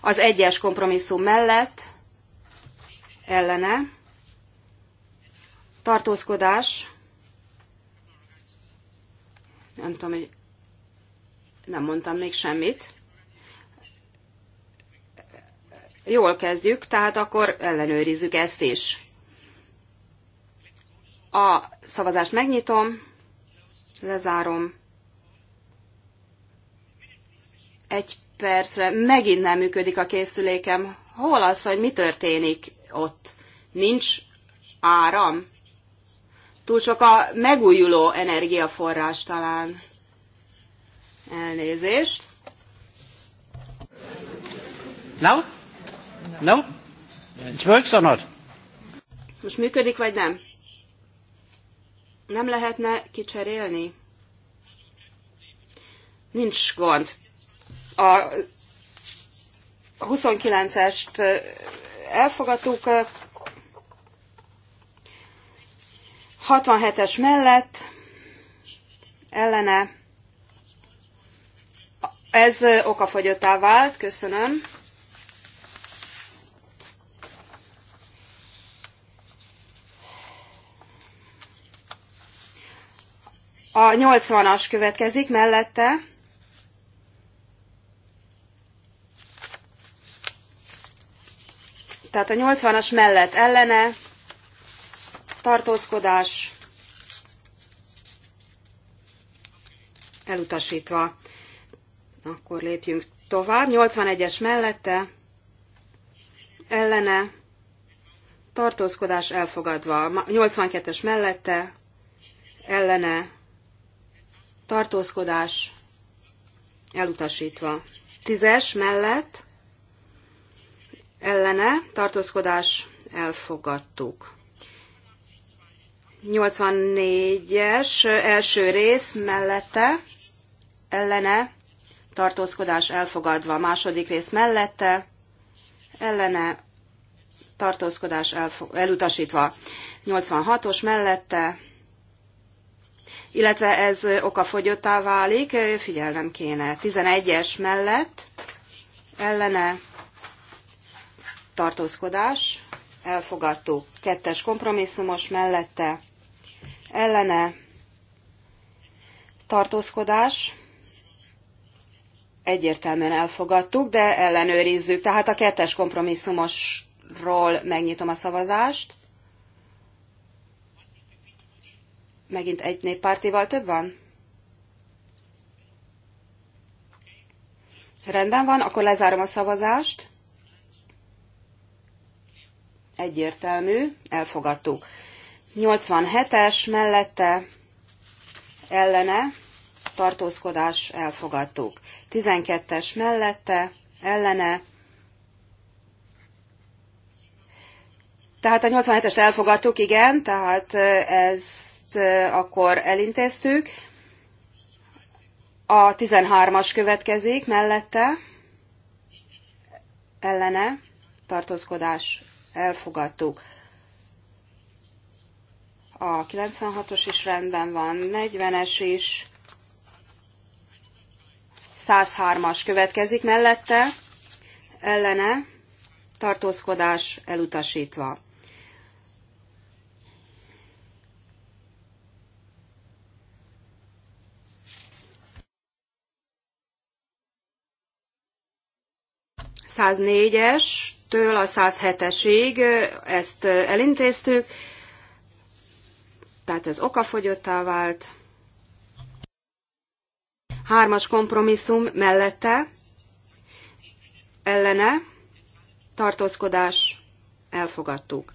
az egyes kompromisszum mellett, ellene, tartózkodás, nem tudom, hogy nem mondtam még semmit. Jól kezdjük, tehát akkor ellenőrizzük ezt is. A szavazást megnyitom, lezárom. Egy percre megint nem működik a készülékem. Hol az, hogy mi történik ott? Nincs áram? Túl sok a megújuló energiaforrás talán. Elnézést.
No? No? It works or not?
Most működik, vagy nem? nem lehetne kicserélni? Nincs gond. A 29-est elfogadtuk, 67-es mellett ellene ez okafogyottá vált, köszönöm. A 80-as következik mellette. Tehát a 80-as mellett ellene tartózkodás elutasítva. Akkor lépjünk tovább. 81-es mellette ellene tartózkodás elfogadva. 82-es mellette ellene tartózkodás elutasítva. Tízes mellett ellene tartózkodás elfogadtuk. 84-es első rész mellette ellene tartózkodás elfogadva. Második rész mellette ellene tartózkodás elfog, elutasítva. 86-os mellette illetve ez okafogyottá válik, figyelnem kéne. 11-es mellett ellene tartózkodás, elfogadtuk. Kettes kompromisszumos mellette ellene tartózkodás, egyértelműen elfogadtuk, de ellenőrizzük. Tehát a kettes kompromisszumosról megnyitom a szavazást. Megint egy néppártival több van? Rendben van, akkor lezárom a szavazást. Egyértelmű, elfogadtuk. 87-es mellette ellene tartózkodás elfogadtuk. 12-es mellette ellene Tehát a 87-est elfogadtuk, igen, tehát eh, ez ezt akkor elintéztük. A 13-as következik mellette, ellene, tartózkodás, elfogadtuk. A 96-os is rendben van, 40-es is, 103-as következik mellette, ellene, tartózkodás elutasítva. 104-estől a 107-esig ezt elintéztük, tehát ez okafogyottá vált. Hármas kompromisszum mellette, ellene, tartózkodás, elfogadtuk.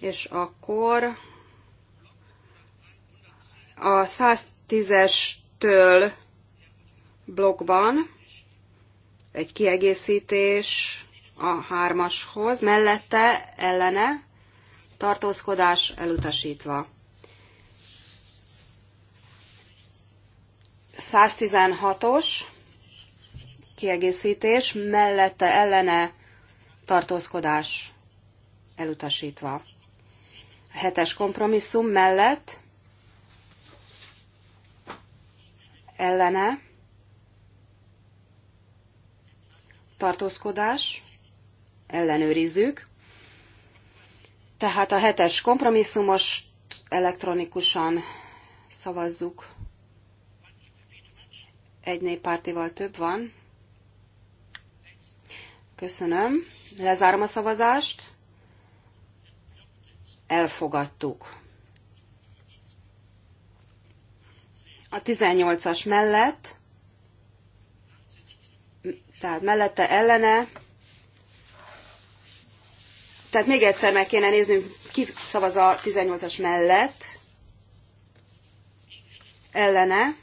És akkor a 110-estől blokkban egy kiegészítés a hármashoz, mellette ellene tartózkodás elutasítva. 116-os kiegészítés, mellette ellene tartózkodás elutasítva. A hetes kompromisszum mellett ellene tartózkodás, ellenőrizzük. Tehát a hetes kompromisszumos elektronikusan szavazzuk. Egy néppártival több van. Köszönöm. Lezárom a szavazást. Elfogadtuk. A 18-as mellett tehát mellette ellene. Tehát még egyszer meg kéne néznünk, ki szavaz a 18-as mellett. Ellene.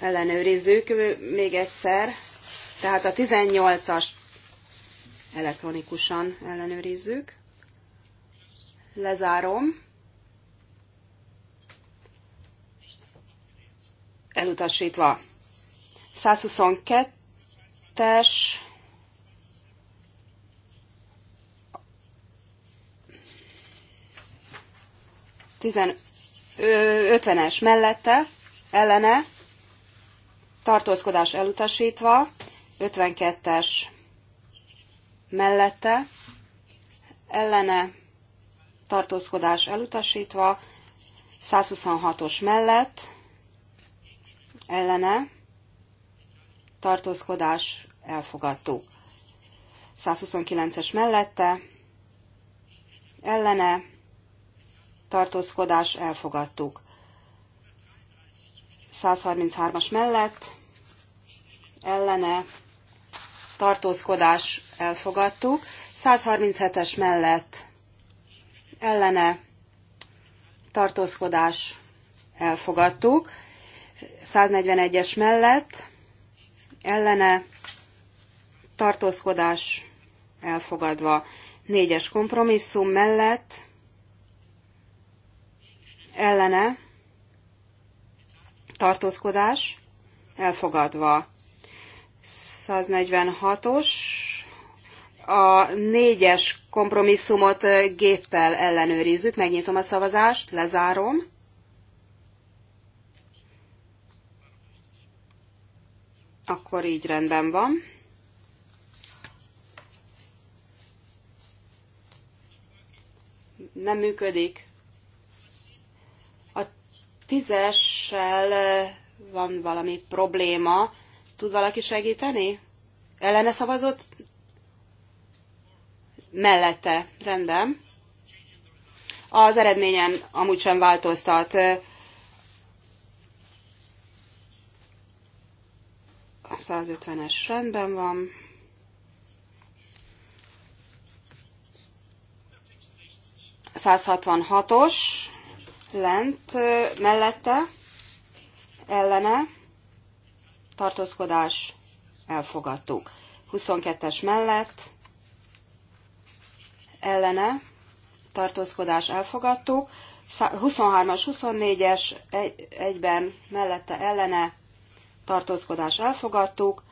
Ellenőrizzük még egyszer. Tehát a 18-as elektronikusan ellenőrizzük. Lezárom. Elutasítva. 122-es tizen 50-es mellette, ellene, tartózkodás elutasítva, 52-es mellette, ellene, tartózkodás elutasítva, 126-os mellett, ellene, tartózkodás, elfogadtuk. 129-es mellette, ellene, tartózkodás, elfogadtuk. 133-as mellett, ellene, tartózkodás, elfogadtuk. 137-es mellett, ellene, tartózkodás, elfogadtuk. 141-es mellett, ellene tartózkodás elfogadva. Négyes kompromisszum mellett ellene tartózkodás elfogadva. 146-os a négyes kompromisszumot géppel ellenőrizzük, megnyitom a szavazást, lezárom. Akkor így rendben van. Nem működik. A tízessel van valami probléma. Tud valaki segíteni? Ellene szavazott? Mellette. Rendben. Az eredményen amúgy sem változtat. A 150-es rendben van. A 166-os lent mellette ellene tartózkodás elfogadtuk. 22-es mellett ellene tartózkodás elfogadtuk. 23-as, 24-es egy, egyben mellette ellene tartózkodás elfogadtuk.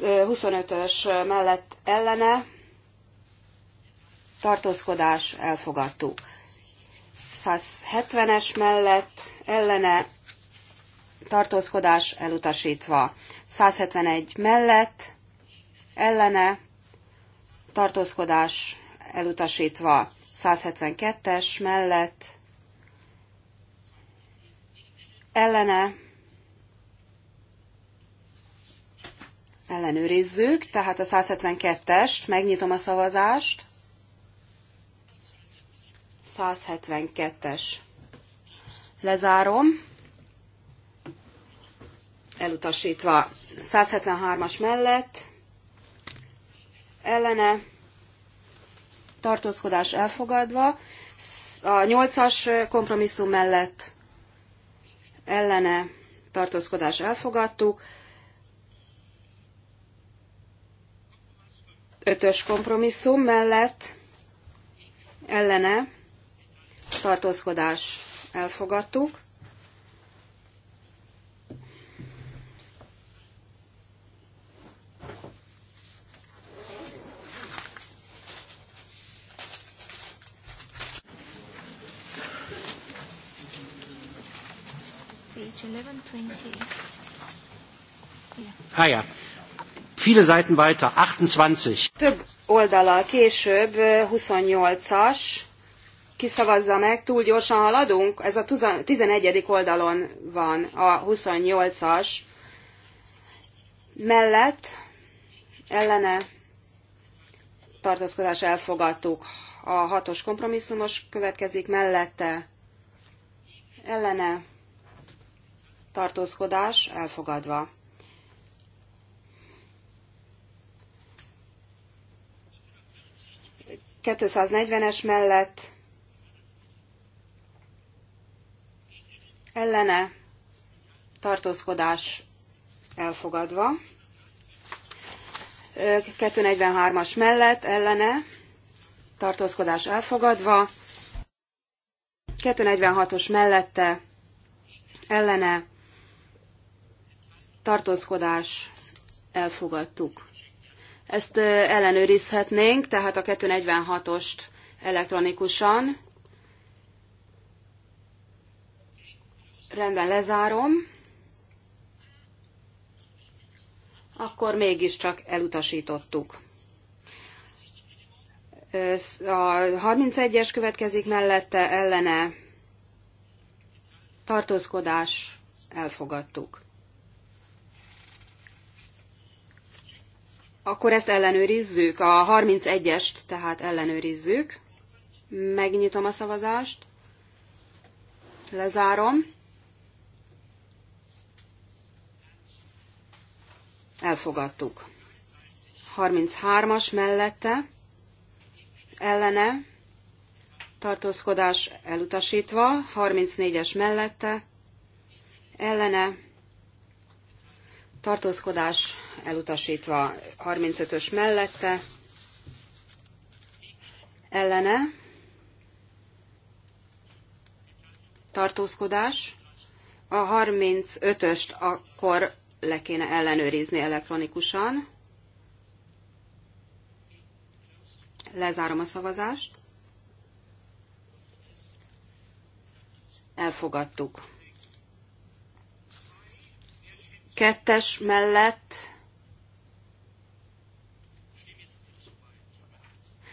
25-ös mellett ellene tartózkodás elfogadtuk. 170-es mellett ellene tartózkodás elutasítva. 171 mellett ellene tartózkodás elutasítva. 172-es mellett ellene ellenőrizzük, tehát a 172-est, megnyitom a szavazást. 172-es. Lezárom. Elutasítva. 173-as mellett. Ellene. Tartózkodás elfogadva. A 8-as kompromisszum mellett ellene tartózkodás elfogadtuk. Ötös kompromisszum mellett ellene tartózkodás elfogadtuk.
viele Seiten weiter, 28.
Több oldalal később, 28-as, kiszavazza meg, túl gyorsan haladunk, ez a 11. oldalon van a 28-as, mellett ellene tartózkodás elfogadtuk. A hatos kompromisszumos következik mellette ellene tartózkodás elfogadva. 240-es mellett ellene tartózkodás elfogadva. 243-as mellett ellene tartózkodás elfogadva. 246-os mellette ellene tartózkodás elfogadtuk. Ezt ellenőrizhetnénk, tehát a 246-ost elektronikusan. Rendben, lezárom. Akkor mégiscsak elutasítottuk. A 31-es következik mellette, ellene tartózkodás, elfogadtuk. Akkor ezt ellenőrizzük, a 31-est tehát ellenőrizzük. Megnyitom a szavazást, lezárom. Elfogadtuk. 33-as mellette, ellene, tartózkodás elutasítva, 34-es mellette, ellene, tartózkodás elutasítva 35-ös mellette, ellene, tartózkodás, a 35-öst akkor le kéne ellenőrizni elektronikusan. Lezárom a szavazást. Elfogadtuk kettes mellett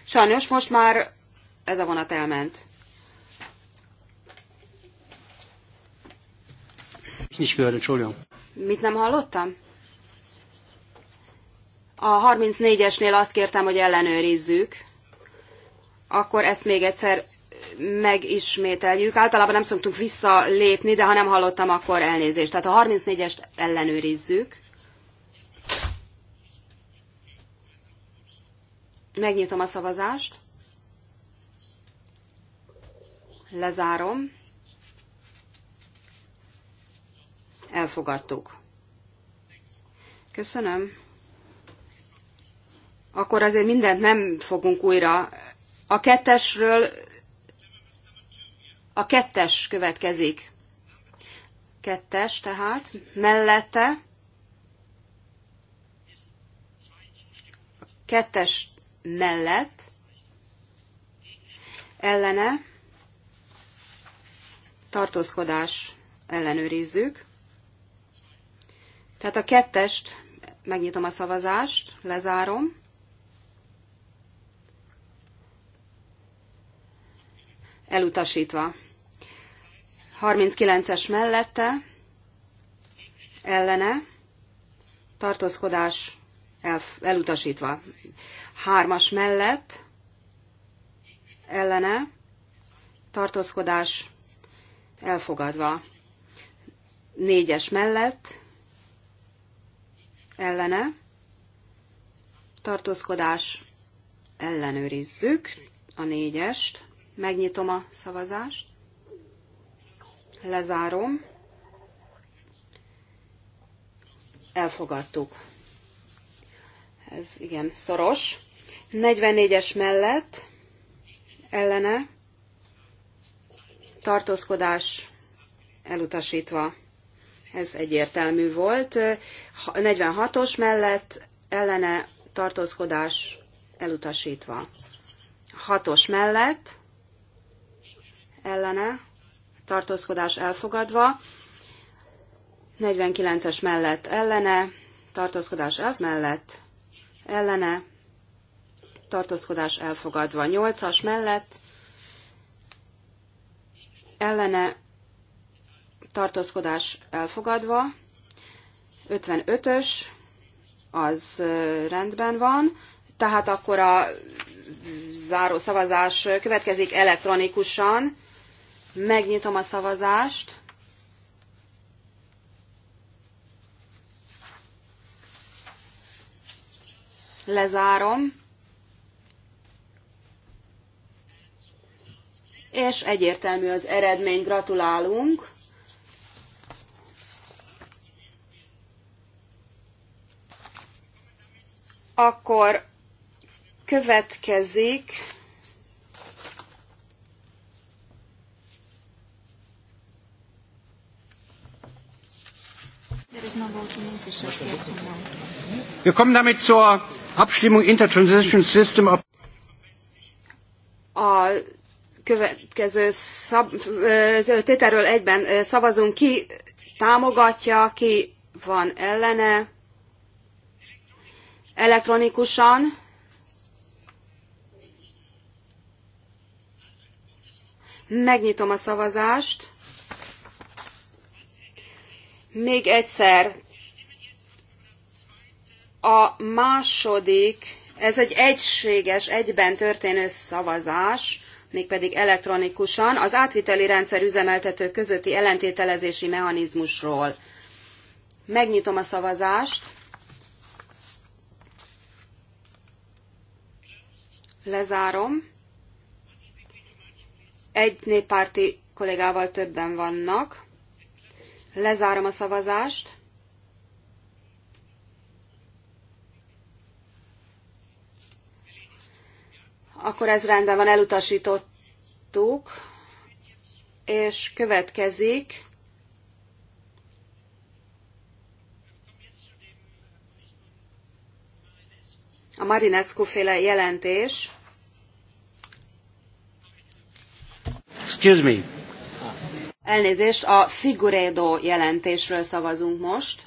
Sajnos most már ez a vonat elment. Nincs Mit nem hallottam? A 34-esnél azt kértem, hogy ellenőrizzük. Akkor ezt még egyszer megismételjük. Általában nem szoktunk visszalépni, de ha nem hallottam, akkor elnézést. Tehát a 34-est ellenőrizzük. Megnyitom a szavazást. Lezárom. Elfogadtuk. Köszönöm. Akkor azért mindent nem fogunk újra. A kettesről a kettes következik. Kettes, tehát mellette. A kettes mellett. Ellene. Tartózkodás ellenőrizzük. Tehát a kettest megnyitom a szavazást, lezárom. Elutasítva. 39-es mellette, ellene, tartózkodás el, elutasítva. 3-as mellett, ellene, tartózkodás elfogadva. Négyes mellett, ellene, tartózkodás ellenőrizzük a négyest, megnyitom a szavazást. Lezárom. Elfogadtuk. Ez igen, szoros. 44-es mellett ellene tartózkodás elutasítva. Ez egyértelmű volt. 46-os mellett ellene tartózkodás elutasítva. 6-os mellett ellene tartózkodás elfogadva, 49-es mellett ellene, tartózkodás elf mellett ellene, tartózkodás elfogadva, 8-as mellett ellene, tartózkodás elfogadva, 55-ös, az rendben van, tehát akkor a záró szavazás következik elektronikusan. Megnyitom a szavazást. Lezárom. És egyértelmű az eredmény, gratulálunk. Akkor következik
Wir kommen damit zur Abstimmung Intertransition System of
a következő szab, tételről egyben szavazunk, ki támogatja, ki van ellene elektronikusan. Megnyitom a szavazást. Még egyszer a második, ez egy egységes, egyben történő szavazás, mégpedig elektronikusan, az átviteli rendszer üzemeltetők közötti ellentételezési mechanizmusról. Megnyitom a szavazást. Lezárom. Egy néppárti kollégával többen vannak. Lezárom a szavazást. Akkor ez rendben van, elutasítottuk, és következik a Marinescu féle jelentés. Excuse me. Elnézést, a Figuredo jelentésről szavazunk most.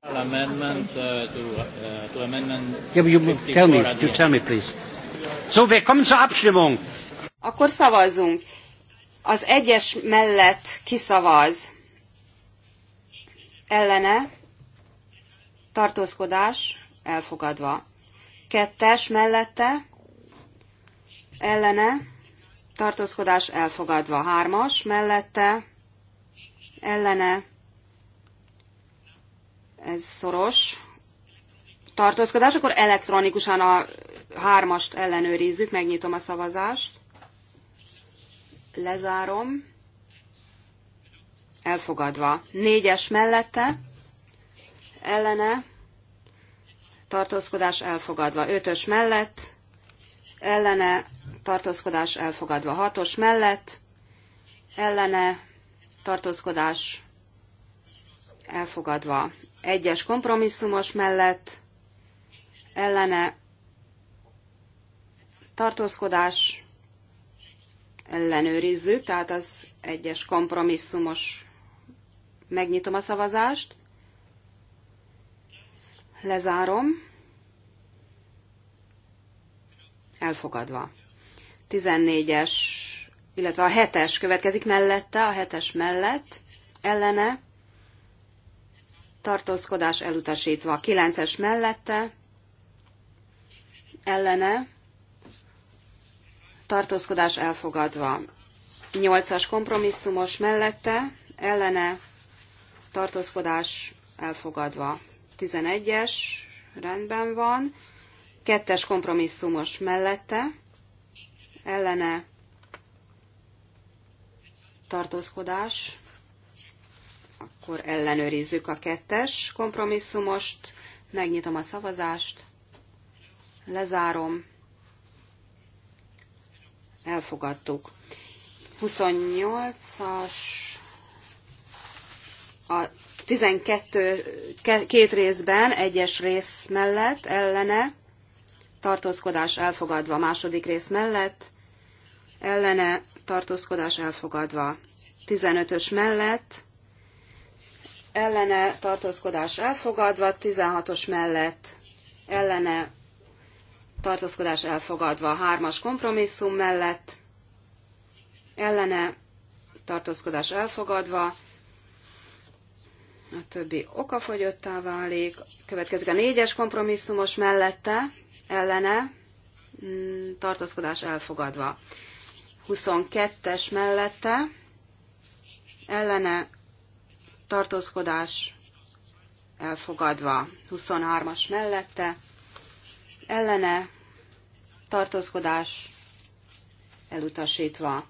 Amendment, uh, to, uh, to amendment yeah, you, tell me, you tell me please. So, wir kommen zur Abstimmung.
Akkor szavazzunk. Az egyes mellett kiszavaz. Ellene. Tartózkodás. Elfogadva. Kettes mellette. Ellene. Tartózkodás elfogadva. Hármas mellette. Ellene. Ez szoros. Tartózkodás. Akkor elektronikusan a hármast ellenőrizzük, megnyitom a szavazást, lezárom, elfogadva. Négyes mellette, ellene, tartózkodás elfogadva. Ötös mellett, ellene, tartózkodás elfogadva. Hatos mellett, ellene, tartózkodás elfogadva. Egyes kompromisszumos mellett, ellene, tartózkodás, ellenőrizzük, tehát az egyes kompromisszumos, megnyitom a szavazást, lezárom, elfogadva. 14-es, illetve a 7-es következik mellette, a 7-es mellett, ellene, tartózkodás elutasítva, 9-es mellette, ellene, tartózkodás elfogadva. 8 kompromisszumos mellette, ellene tartózkodás elfogadva. 11-es rendben van, 2 kompromisszumos mellette, ellene tartózkodás, akkor ellenőrizzük a kettes kompromisszumost, megnyitom a szavazást, lezárom, elfogadtuk. 28-as, a 12 két részben, egyes rész mellett, ellene, tartózkodás elfogadva, második rész mellett, ellene, tartózkodás elfogadva, 15-ös mellett, ellene, tartózkodás elfogadva, 16-os mellett, ellene, tartózkodás elfogadva. Hármas kompromisszum mellett ellene tartózkodás elfogadva. A többi okafogyottá válik. Következik a négyes kompromisszumos mellette ellene mm, tartózkodás elfogadva. 22-es mellette ellene tartózkodás elfogadva. 23-as mellette ellene tartózkodás elutasítva.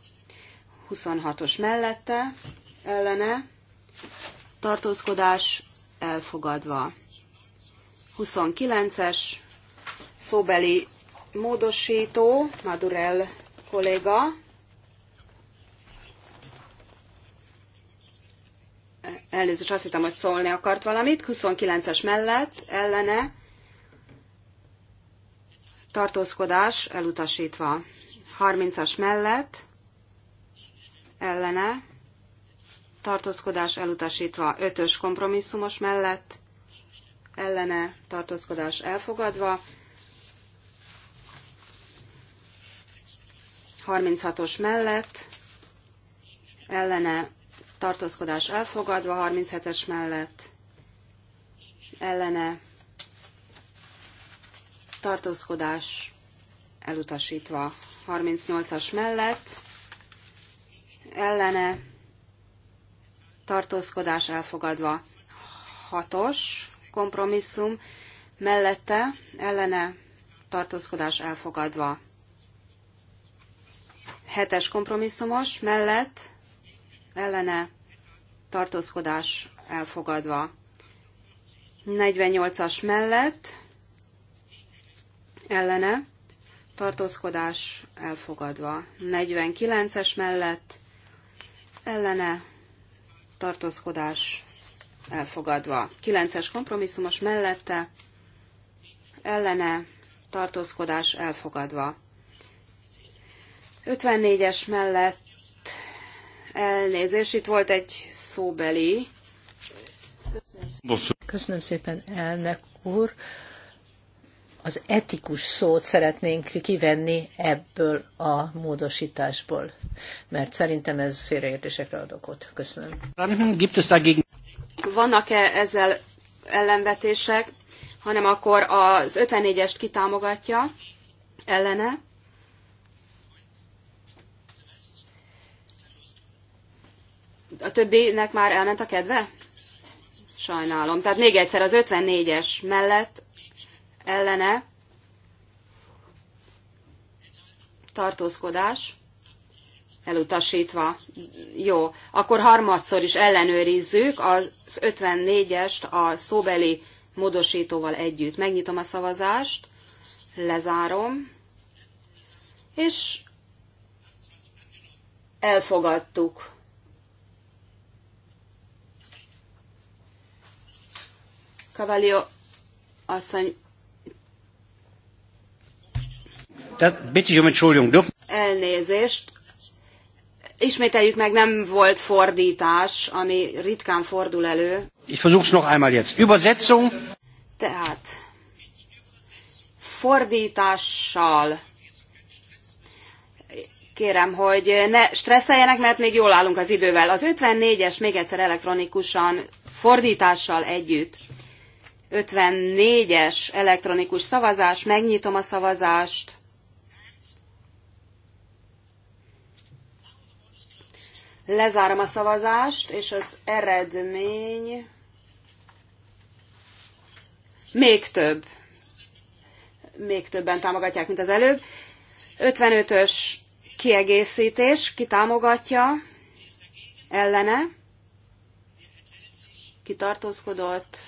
26-os mellette, ellene, tartózkodás elfogadva. 29-es szóbeli módosító, Madurell kolléga. Elnézést, azt hittem, hogy szólni akart valamit. 29-es mellett, ellene, tartózkodás elutasítva. 30-as mellett ellene tartózkodás elutasítva. 5-ös kompromisszumos mellett ellene tartózkodás elfogadva. 36-os mellett ellene tartózkodás elfogadva, 37-es mellett ellene tartózkodás elutasítva 38-as mellett, ellene tartózkodás elfogadva 6-os kompromisszum, mellette ellene tartózkodás elfogadva 7-es kompromisszumos, mellett ellene tartózkodás elfogadva 48-as mellett ellene, tartózkodás elfogadva. 49-es mellett ellene, tartózkodás elfogadva. 9-es kompromisszumos mellette ellene, tartózkodás elfogadva. 54-es mellett elnézés, itt volt egy szóbeli.
Köszönöm szépen, elnök úr az etikus szót szeretnénk kivenni ebből a módosításból, mert szerintem ez félreértésekre ad okot. Köszönöm.
Vannak-e ezzel ellenvetések, hanem akkor az 54-est kitámogatja ellene? A többinek már elment a kedve? Sajnálom. Tehát még egyszer az 54-es mellett ellene tartózkodás elutasítva. Jó, akkor harmadszor is ellenőrizzük az 54-est a szóbeli módosítóval együtt. Megnyitom a szavazást, lezárom, és elfogadtuk. Cavallio asszony
Um
Elnézést. Ismételjük meg, nem volt fordítás, ami ritkán fordul elő.
Ich versuch's noch einmal jetzt. Übersetzung.
Tehát fordítással kérem, hogy ne stresszeljenek, mert még jól állunk az idővel. Az 54-es még egyszer elektronikusan fordítással együtt. 54-es elektronikus szavazás, megnyitom a szavazást. Lezárom a szavazást, és az eredmény még több. Még többen támogatják, mint az előbb. 55-ös kiegészítés, ki támogatja, ellene, ki tartózkodott,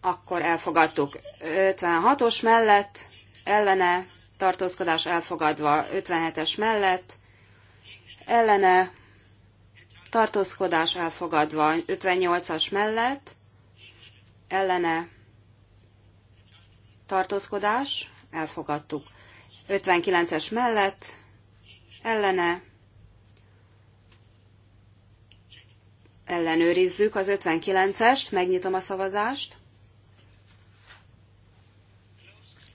akkor elfogadtuk. 56-os mellett, ellene, tartózkodás elfogadva, 57-es mellett, ellene tartózkodás elfogadva 58-as mellett, ellene tartózkodás elfogadtuk 59-es mellett, ellene ellenőrizzük az 59-est, megnyitom a szavazást,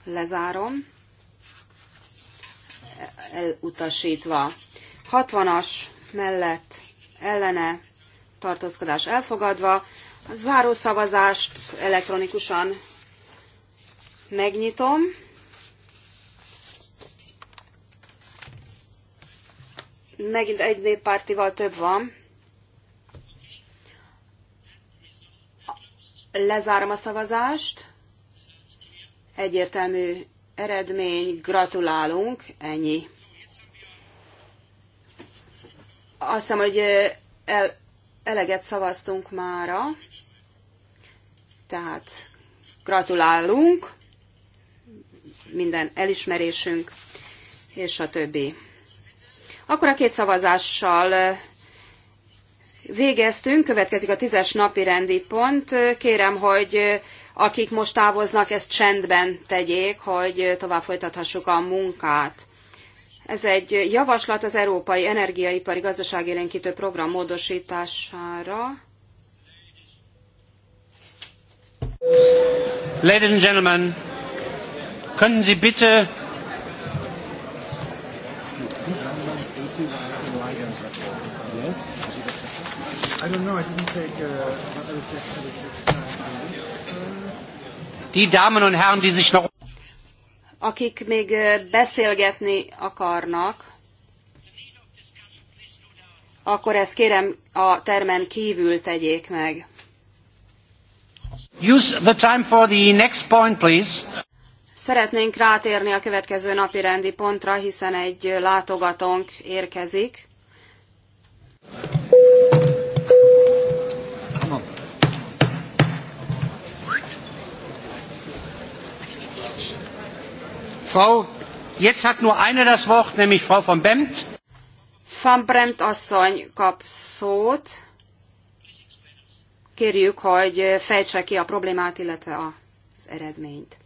lezárom, elutasítva 60-as mellett ellene tartózkodás elfogadva. A záró szavazást elektronikusan megnyitom. Megint egy néppártival több van. Lezárom a szavazást. Egyértelmű eredmény, gratulálunk, ennyi. Azt hiszem, hogy el, eleget szavaztunk mára, tehát gratulálunk, minden elismerésünk, és a többi. Akkor a két szavazással végeztünk, következik a tízes napi rendi pont. Kérem, hogy akik most távoznak, ezt csendben tegyék, hogy tovább folytathassuk a munkát. Ez egy javaslat az Európai Energiaipari Gazdaságélénkítő Program módosítására.
Ladies and gentlemen, können Sie bitte Die Damen und Herren, die sich noch
akik még beszélgetni akarnak, akkor ezt kérem a termen kívül tegyék meg.
Use the time for the next point, please.
Szeretnénk rátérni a következő napi rendi pontra, hiszen egy látogatónk érkezik.
Frau, jetzt hat nur eine das Wort, nämlich Frau von Bemt.
Van Brent asszony kap szót. Kérjük, hogy fejtse ki a problémát, illetve az eredményt.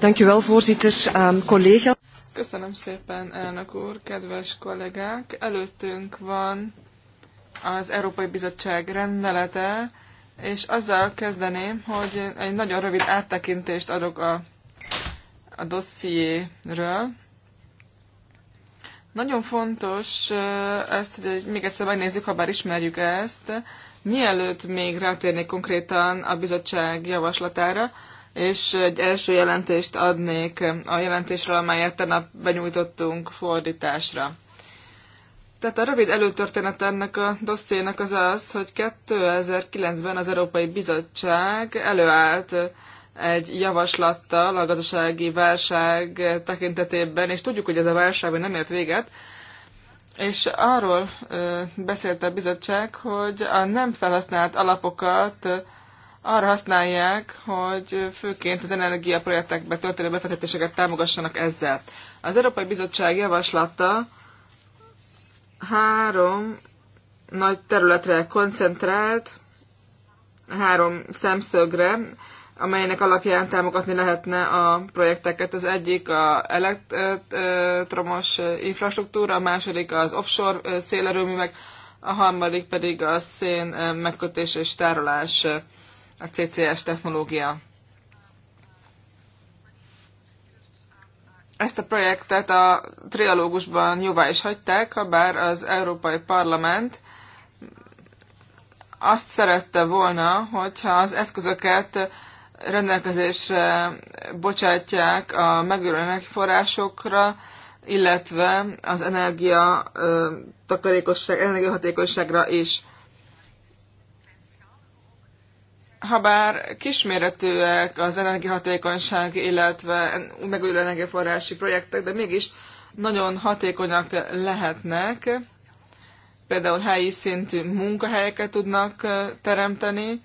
Dank u wel, voorzitter. Um, ehm, collega's.
Köszönöm szépen, elnök úr, kedves kollégák! Előttünk van az Európai Bizottság rendelete, és azzal kezdeném, hogy egy nagyon rövid áttekintést adok a, a dossziéről. Nagyon fontos ezt, hogy még egyszer megnézzük, ha bár ismerjük ezt, mielőtt még rátérnék konkrétan a bizottság javaslatára, és egy első jelentést adnék a jelentésről, amelyet tegnap benyújtottunk fordításra. Tehát a rövid előtörténet ennek a dossziénak az az, hogy 2009-ben az Európai Bizottság előállt egy javaslattal a gazdasági válság tekintetében, és tudjuk, hogy ez a válság nem ért véget, és arról beszélt a bizottság, hogy a nem felhasznált alapokat arra használják, hogy főként az energiaprojektekbe történő befektetéseket támogassanak ezzel. Az Európai Bizottság javaslata három nagy területre koncentrált, három szemszögre, amelynek alapján támogatni lehetne a projekteket. Az egyik a elektromos infrastruktúra, a második az offshore szélerőművek, a harmadik pedig a szén megkötés és tárolás a CCS technológia. Ezt a projektet a trialógusban jóvá is hagyták, ha bár az Európai Parlament azt szerette volna, hogyha az eszközöket rendelkezésre bocsátják a megújuló forrásokra, illetve az energia takarékosság, energiahatékosságra is. Habár kisméretűek az energiahatékonyság, illetve megújuló energiaforrási projektek, de mégis nagyon hatékonyak lehetnek. Például helyi szintű munkahelyeket tudnak teremteni,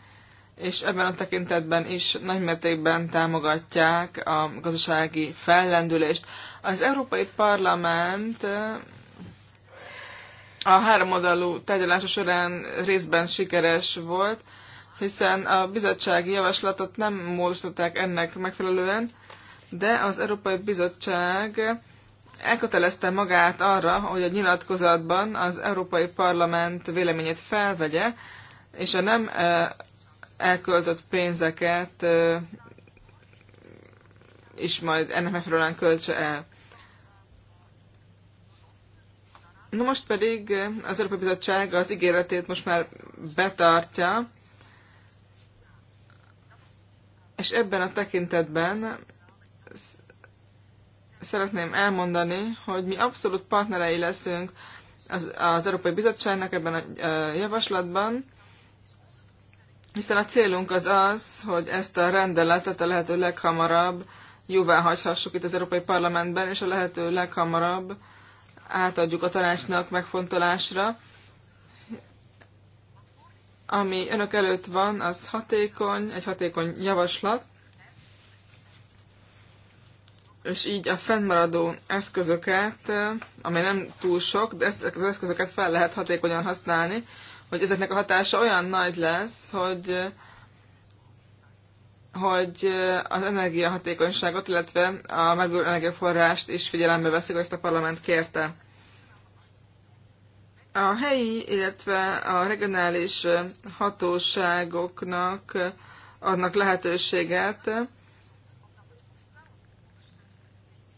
és ebben a tekintetben is nagymértékben támogatják a gazdasági fellendülést. Az Európai Parlament a háromoldalú tárgyalása során részben sikeres volt, hiszen a bizottsági javaslatot nem módosították ennek megfelelően, de az Európai Bizottság elkötelezte magát arra, hogy a nyilatkozatban az Európai Parlament véleményét felvegye, és a nem elköltött pénzeket is majd ennek megfelelően költse el. Na most pedig az Európai Bizottság az ígéretét most már betartja, és ebben a tekintetben szeretném elmondani, hogy mi abszolút partnerei leszünk az, az Európai Bizottságnak ebben a javaslatban, hiszen a célunk az az, hogy ezt a rendeletet a lehető leghamarabb jóvá hagyhassuk itt az Európai Parlamentben, és a lehető leghamarabb átadjuk a tanácsnak megfontolásra, ami önök előtt van, az hatékony, egy hatékony javaslat, és így a fennmaradó eszközöket, amely nem túl sok, de ezek az eszközöket fel lehet hatékonyan használni, hogy ezeknek a hatása olyan nagy lesz, hogy hogy az energiahatékonyságot, illetve a megújuló energiaforrást is figyelembe veszik, ezt a parlament kérte. A helyi, illetve a regionális hatóságoknak adnak lehetőséget,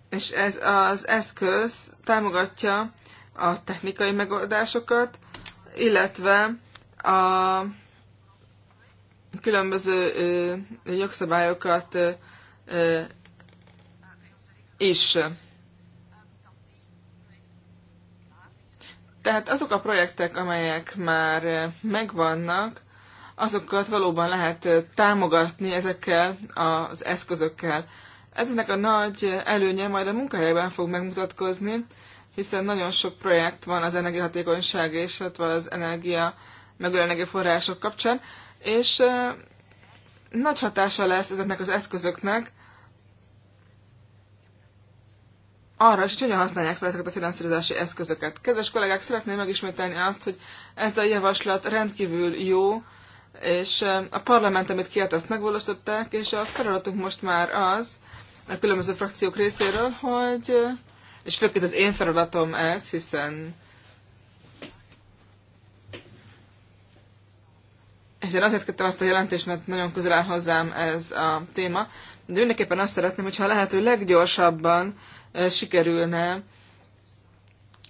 és ez az eszköz támogatja a technikai megoldásokat, illetve a különböző jogszabályokat is. Tehát azok a projektek, amelyek már eh, megvannak, azokat valóban lehet eh, támogatni ezekkel az eszközökkel. Ezeknek a nagy eh, előnye majd a munkahelyben fog megmutatkozni, hiszen nagyon sok projekt van az energiahatékonyság és hát, az energia megújuló energiaforrások kapcsán, és nagy hatása lesz ezeknek az eszközöknek arra is, hogy hogyan használják fel ezeket a finanszírozási eszközöket. Kedves kollégák, szeretném megismételni azt, hogy ez a javaslat rendkívül jó, és a parlament, amit kiállt, azt megvalósították, és a feladatunk most már az, a különböző frakciók részéről, hogy, és főként az én feladatom ez, hiszen ezért azért kettem azt a jelentést, mert nagyon közel áll hozzám ez a téma, de mindenképpen azt szeretném, hogyha lehető leggyorsabban sikerülne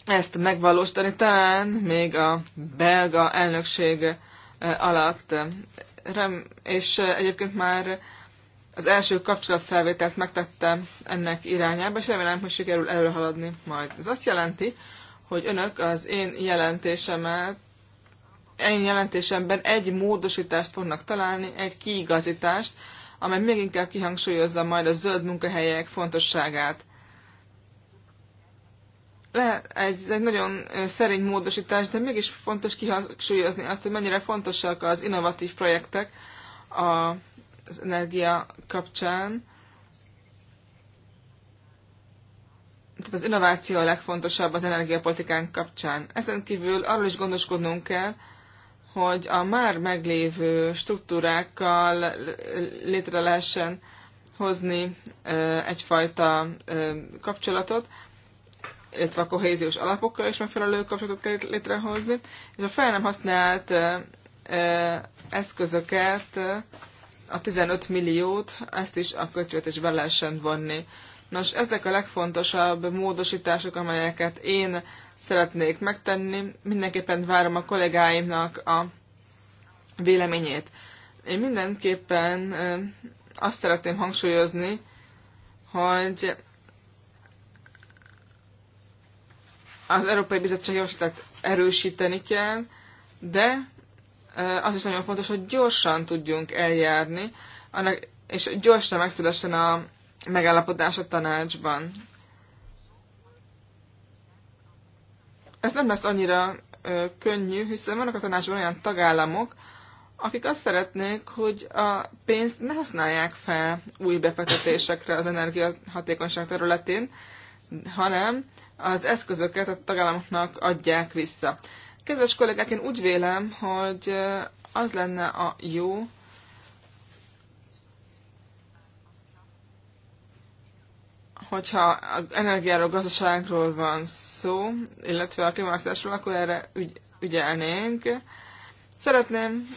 ezt megvalósítani, talán még a belga elnökség alatt. Rem, és egyébként már az első kapcsolatfelvételt megtette ennek irányába, és remélem, hogy sikerül előhaladni majd. Ez azt jelenti, hogy önök az én jelentésemet, én jelentésemben egy módosítást fognak találni, egy kiigazítást, amely még inkább kihangsúlyozza majd a zöld munkahelyek fontosságát lehet, ez egy nagyon szerény módosítás, de mégis fontos kihangsúlyozni azt, hogy mennyire fontosak az innovatív projektek az energia kapcsán. Tehát az innováció a legfontosabb az energiapolitikánk kapcsán. Ezen kívül arról is gondoskodnunk kell, hogy a már meglévő struktúrákkal létre lehessen hozni egyfajta kapcsolatot, illetve a kohéziós alapokkal is megfelelő kapcsolatot kell létrehozni, és a fel nem használt eszközöket, a 15 milliót, ezt is a költségvetésben lehessen vonni. Nos, ezek a legfontosabb módosítások, amelyeket én szeretnék megtenni. Mindenképpen várom a kollégáimnak a véleményét. Én mindenképpen azt szeretném hangsúlyozni, hogy az Európai Bizottság javaslatát erősíteni kell, de az is nagyon fontos, hogy gyorsan tudjunk eljárni, és gyorsan megszülessen a megállapodás a tanácsban. Ez nem lesz annyira könnyű, hiszen vannak a tanácsban olyan tagállamok, akik azt szeretnék, hogy a pénzt ne használják fel új befektetésekre az energiahatékonyság területén, hanem az eszközöket a tagállamoknak adják vissza. Kedves kollégák, én úgy vélem, hogy az lenne a jó, hogyha energiáról, gazdaságról van szó, illetve a klímaváltozásról, akkor erre ügy, ügyelnénk. Szeretném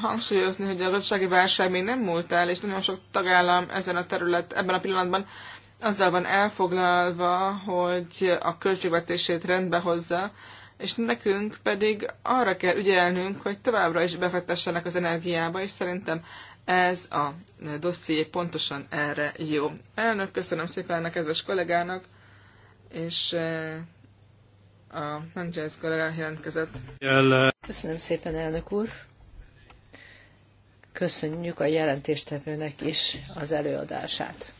hangsúlyozni, hogy a gazdasági válság még nem múlt el, és nagyon sok tagállam ezen a terület, ebben a pillanatban azzal van elfoglalva, hogy a költségvetését rendbe hozza, és nekünk pedig arra kell ügyelnünk, hogy továbbra is befektessenek az energiába, és szerintem ez a dosszié pontosan erre jó. Elnök, köszönöm szépen a kedves kollégának, és eh,
a Nangjász kollégám jelentkezett. Köszönöm szépen, elnök úr. Köszönjük a jelentéstevőnek is az előadását.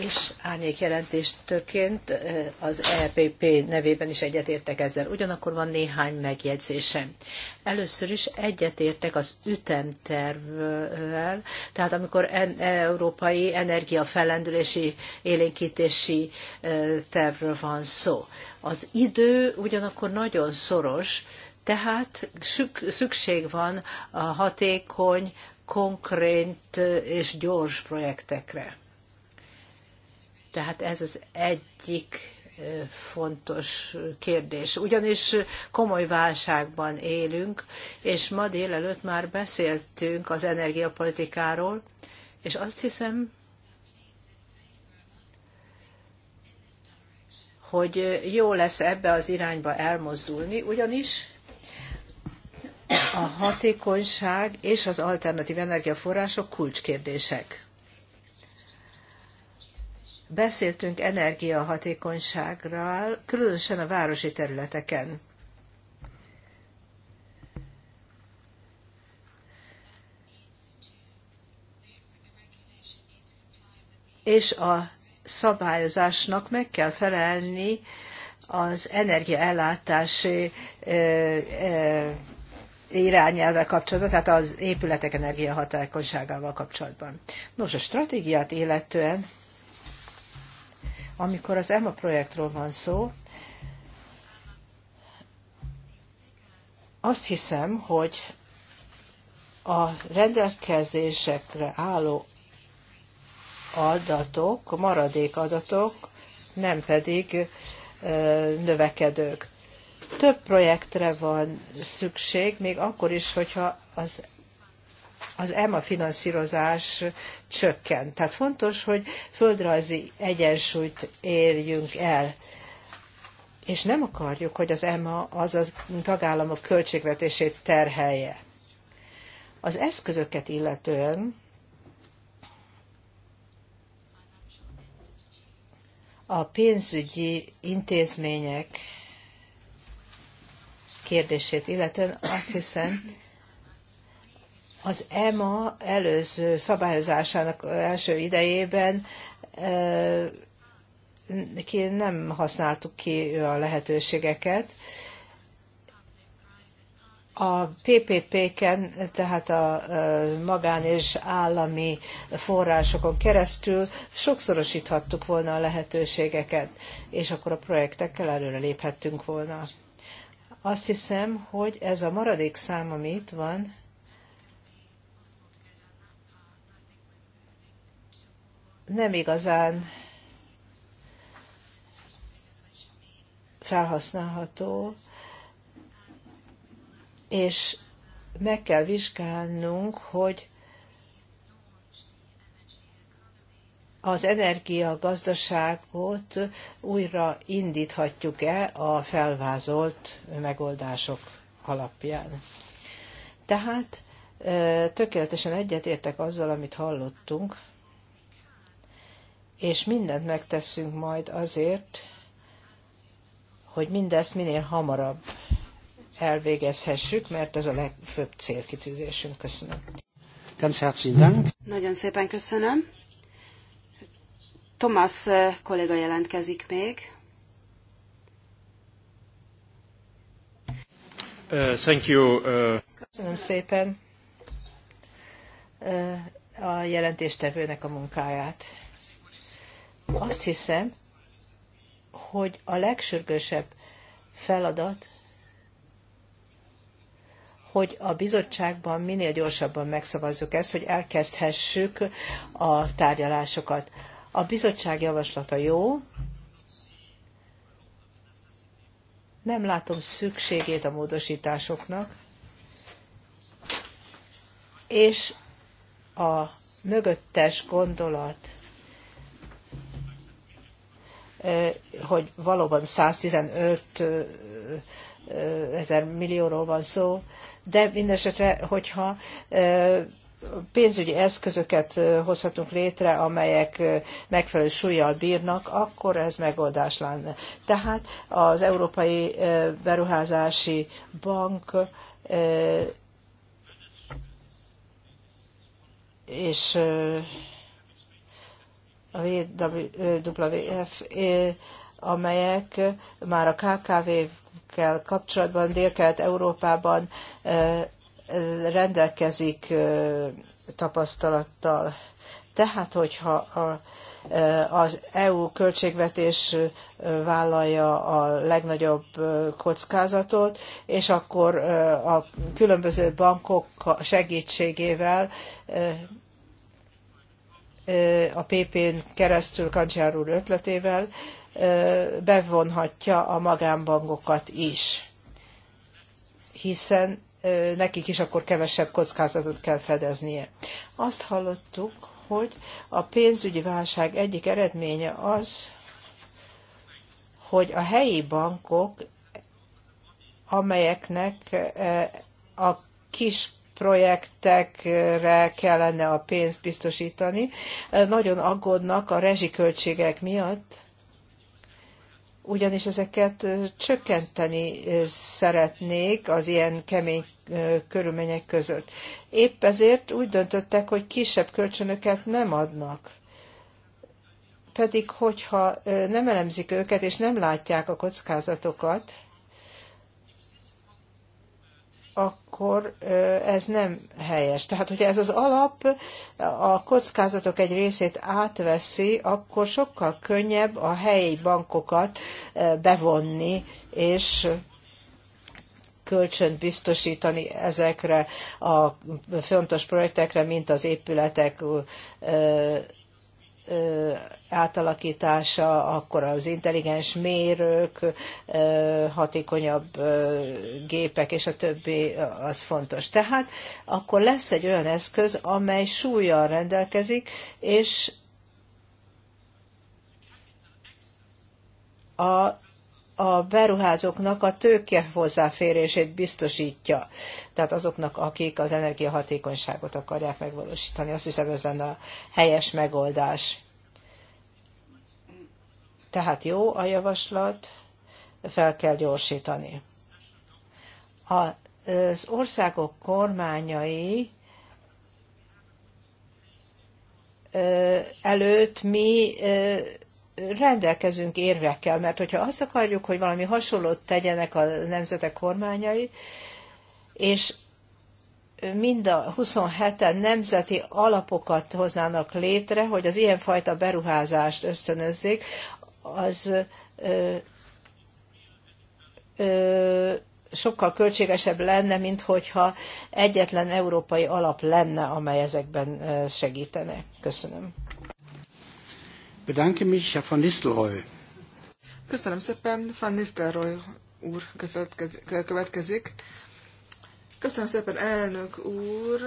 és jelentéstőként eh, az EPP nevében is egyetértek ezzel. Ugyanakkor van néhány megjegyzésem. Először is egyetértek az ütemtervvel, tehát amikor en- európai energiafellendülési élénkítési eh, tervről van szó. Az idő ugyanakkor nagyon szoros, tehát szükség van a hatékony, konkrét eh, és gyors projektekre tehát ez az egyik fontos kérdés. Ugyanis komoly válságban élünk, és ma délelőtt már beszéltünk az energiapolitikáról, és azt hiszem, hogy jó lesz ebbe az irányba elmozdulni, ugyanis a hatékonyság és az alternatív energiaforrások kulcskérdések. Beszéltünk energiahatékonyságról, különösen a városi területeken. És a szabályozásnak meg kell felelni az energiaellátási irányelvvel kapcsolatban, tehát az épületek energiahatékonyságával kapcsolatban. Nos, a stratégiát illetően amikor az EMA projektről van szó, azt hiszem, hogy a rendelkezésekre álló adatok, maradék adatok, nem pedig növekedők. Több projektre van szükség, még akkor is, hogyha az az EMA finanszírozás csökkent. Tehát fontos, hogy földrajzi egyensúlyt érjünk el. És nem akarjuk, hogy az EMA az a tagállamok költségvetését terhelje. Az eszközöket illetően a pénzügyi intézmények kérdését illetően azt hiszem, az EMA előző szabályozásának első idejében nem használtuk ki a lehetőségeket. A PPP-ken, tehát a magán és állami forrásokon keresztül sokszorosíthattuk volna a lehetőségeket, és akkor a projektekkel előre léphettünk volna. Azt hiszem, hogy ez a maradék szám, ami itt van, nem igazán felhasználható, és meg kell vizsgálnunk, hogy az energiagazdaságot újra indíthatjuk-e a felvázolt megoldások alapján. Tehát tökéletesen egyetértek azzal, amit hallottunk, és mindent megteszünk majd azért, hogy mindezt minél hamarabb elvégezhessük, mert ez a legfőbb célkitűzésünk. Köszönöm.
Ganz herzlichen Dank.
Nagyon szépen köszönöm.
Tomás eh, kolléga jelentkezik még.
Uh, thank you. Uh... Köszönöm szépen
uh, a jelentéstevőnek a munkáját. Azt hiszem, hogy a legsürgősebb feladat, hogy a bizottságban minél gyorsabban megszavazzuk ezt, hogy elkezdhessük a tárgyalásokat. A bizottság javaslata jó, nem látom szükségét a módosításoknak, és a mögöttes gondolat, Eh, hogy valóban 115 eh, eh, ezer millióról van szó, de mindesetre, hogyha pénzügyi eszközöket hozhatunk létre, amelyek megfelelő súlyjal bírnak, akkor ez megoldás lenne. Tehát az Európai Beruházási Bank és a WWF, eh, amelyek már a KKV-kkel kapcsolatban Dél-Kelet-Európában eh, rendelkezik eh, tapasztalattal. Tehát, hogyha a, az EU költségvetés vállalja a legnagyobb kockázatot, és akkor a különböző bankok segítségével a PP-n keresztül Kancsár úr ötletével bevonhatja a magánbankokat is, hiszen nekik is akkor kevesebb kockázatot kell fedeznie. Azt hallottuk, hogy a pénzügyi válság egyik eredménye az, hogy a helyi bankok, amelyeknek a kis projektekre kellene a pénzt biztosítani. Nagyon aggódnak a rezsiköltségek miatt, ugyanis ezeket csökkenteni szeretnék az ilyen kemény körülmények között. Épp ezért úgy döntöttek, hogy kisebb kölcsönöket nem adnak. Pedig, hogyha nem elemzik őket és nem látják a kockázatokat, akkor ez nem helyes. Tehát, hogyha ez az alap a kockázatok egy részét átveszi, akkor sokkal könnyebb a helyi bankokat bevonni, és kölcsönt biztosítani ezekre a fontos projektekre, mint az épületek átalakítása, akkor az intelligens mérők, hatékonyabb gépek és a többi az fontos. Tehát akkor lesz egy olyan eszköz, amely súlyjal rendelkezik, és a a beruházóknak a tőke hozzáférését biztosítja. Tehát azoknak, akik az energiahatékonyságot akarják megvalósítani. Azt hiszem, ez lenne a helyes megoldás. Tehát jó a javaslat, fel kell gyorsítani. Az országok kormányai előtt mi rendelkezünk érvekkel, mert hogyha azt akarjuk, hogy valami hasonlót tegyenek a nemzetek kormányai, és mind a 27-en nemzeti alapokat hoznának létre, hogy az ilyenfajta beruházást ösztönözzék, az ö, ö, sokkal költségesebb lenne, mint hogyha egyetlen európai alap lenne, amely ezekben segítene. Köszönöm
bedanke mich, Herr Nistelrooy.
Köszönöm
szépen, Van Nistelrooy úr következik. Köszönöm szépen, elnök úr.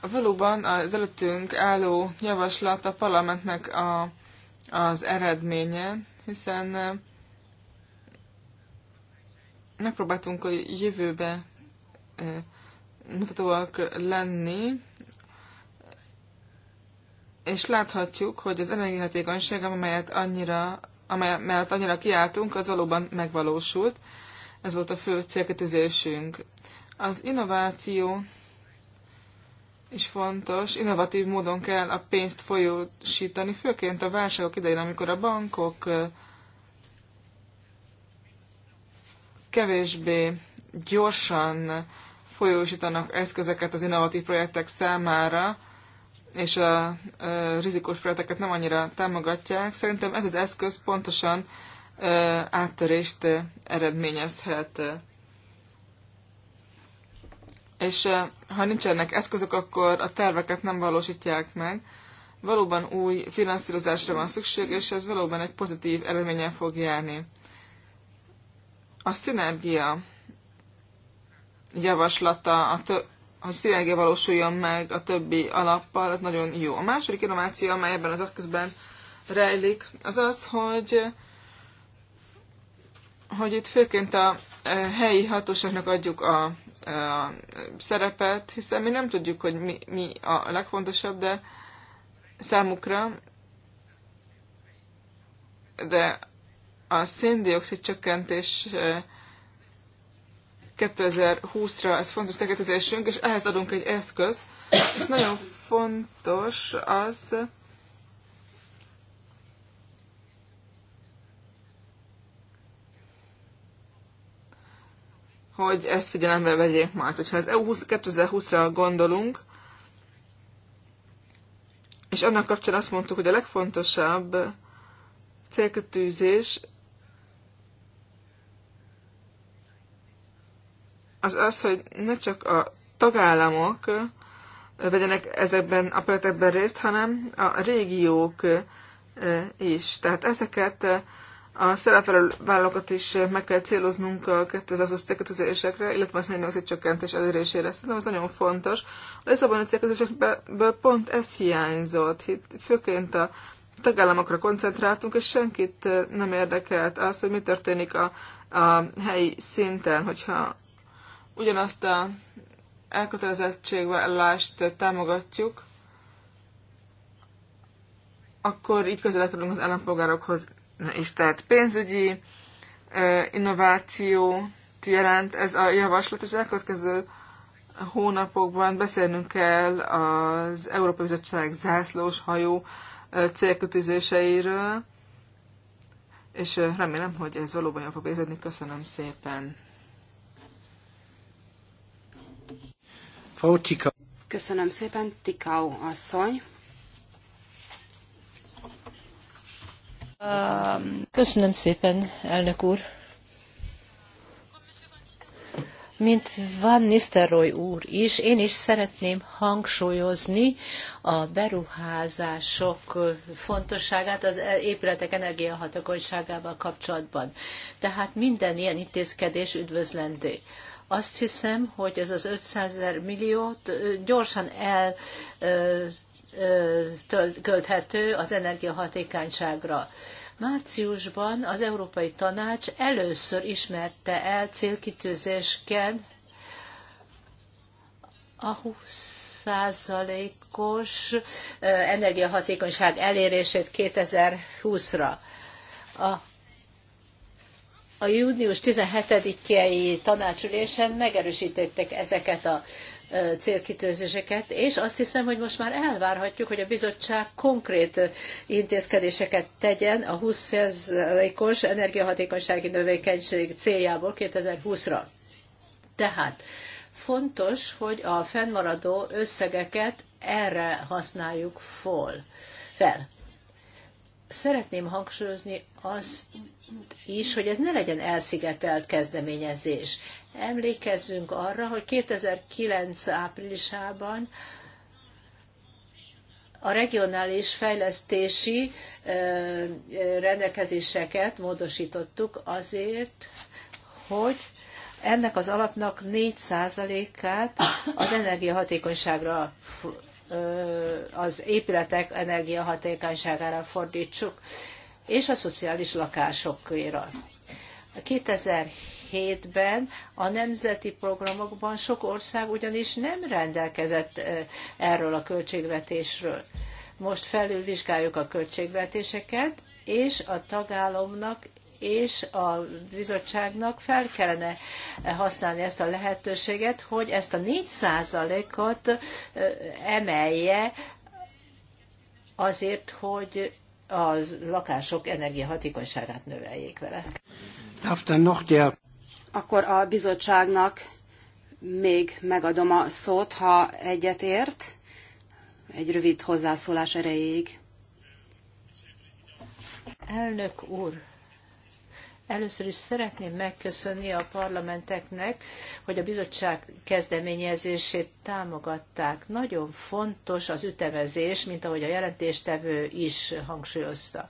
Valóban az előttünk álló javaslat a parlamentnek a, az eredménye, hiszen eh, megpróbáltunk a jövőbe eh, mutatóak lenni, és láthatjuk, hogy az energiahatékonyság, amelyet annyira, amely mellett annyira kiálltunk, az valóban megvalósult. Ez volt a fő célkötözésünk. Az innováció is fontos, innovatív módon kell a pénzt folyósítani, főként a válságok idején, amikor a bankok kevésbé gyorsan folyósítanak eszközeket az innovatív projektek számára, és a, a rizikós projekteket nem annyira támogatják. Szerintem ez az eszköz pontosan ö, áttörést eredményezhet. És ha nincsenek eszközök, akkor a terveket nem valósítják meg. Valóban új finanszírozásra van szükség, és ez valóban egy pozitív eredménnyel fog járni. A szinergia javaslata a, tö- hogy szinergia valósuljon meg a többi alappal, az nagyon jó. A második innováció, amely ebben az eszközben rejlik, az az, hogy hogy itt főként a e, helyi hatóságnak adjuk a, e, a szerepet, hiszen mi nem tudjuk, hogy mi, mi a legfontosabb, de számukra, de a széndiokszid csökkentés e, 2020-ra ez fontos szegetezésünk, és ehhez adunk egy eszközt, és nagyon fontos az, hogy ezt figyelembe vegyék majd. Hogyha az EU 2020-ra gondolunk, és annak kapcsán azt mondtuk, hogy a legfontosabb célkötűzés az az, hogy ne csak a tagállamok vegyenek ezekben a projektekben részt, hanem a régiók is. Tehát ezeket a szerepvállalókat is meg kell céloznunk a 2020 célkötözésekre, illetve a széndiokszid csökkentés elérésére. Szerintem ez nagyon fontos. A Lisszaboni célkötözésekből pont ez hiányzott. Főként a tagállamokra koncentráltunk, és senkit nem érdekelt az, hogy mi történik a, a helyi szinten, hogyha ugyanazt a elkötelezettségvállást támogatjuk, akkor így közelebb kerülünk az állampolgárokhoz is. Tehát pénzügyi innováció jelent ez a javaslat, és elkövetkező hónapokban beszélnünk kell az Európai Bizottság zászlós hajó célkötőzéseiről, és remélem, hogy ez valóban jól fog érzedni. Köszönöm szépen!
Köszönöm szépen, Tikau asszony.
Köszönöm szépen, elnök úr. Mint Van Nisztelrooy úr is, én is szeretném hangsúlyozni a beruházások fontosságát az épületek energiahatékonyságával kapcsolatban. Tehát minden ilyen intézkedés üdvözlendő. Azt hiszem, hogy ez az 500 milliót gyorsan el költhető az energiahatékonyságra. Márciusban az Európai Tanács először ismerte el célkitűzésken a 20%-os energiahatékonyság elérését 2020-ra. A a június 17-i tanácsülésen megerősítettek ezeket a célkitőzéseket, és azt hiszem, hogy most már elvárhatjuk, hogy a bizottság konkrét intézkedéseket tegyen a 20%-os energiahatékonysági növékenység céljából 2020-ra. Tehát fontos, hogy a fennmaradó összegeket erre használjuk fel. Szeretném hangsúlyozni azt is, hogy ez ne legyen elszigetelt kezdeményezés. Emlékezzünk arra, hogy 2009 áprilisában a regionális fejlesztési rendelkezéseket módosítottuk azért, hogy ennek az alapnak 4%-át az energiahatékonyságra az épületek energiahatékonyságára fordítsuk és a szociális lakásokra. 2007-ben a nemzeti programokban sok ország ugyanis nem rendelkezett erről a költségvetésről. Most felülvizsgáljuk a költségvetéseket, és a tagállamnak és a bizottságnak fel kellene használni ezt a lehetőséget, hogy ezt a 4%-ot emelje azért, hogy a lakások energiahatékonyságát növeljék vele.
Akkor a bizottságnak még megadom a szót, ha egyet ért, egy rövid hozzászólás erejéig.
Elnök úr, Először is szeretném megköszönni a parlamenteknek, hogy a bizottság kezdeményezését támogatták. Nagyon fontos az ütemezés, mint ahogy a jelentéstevő is hangsúlyozta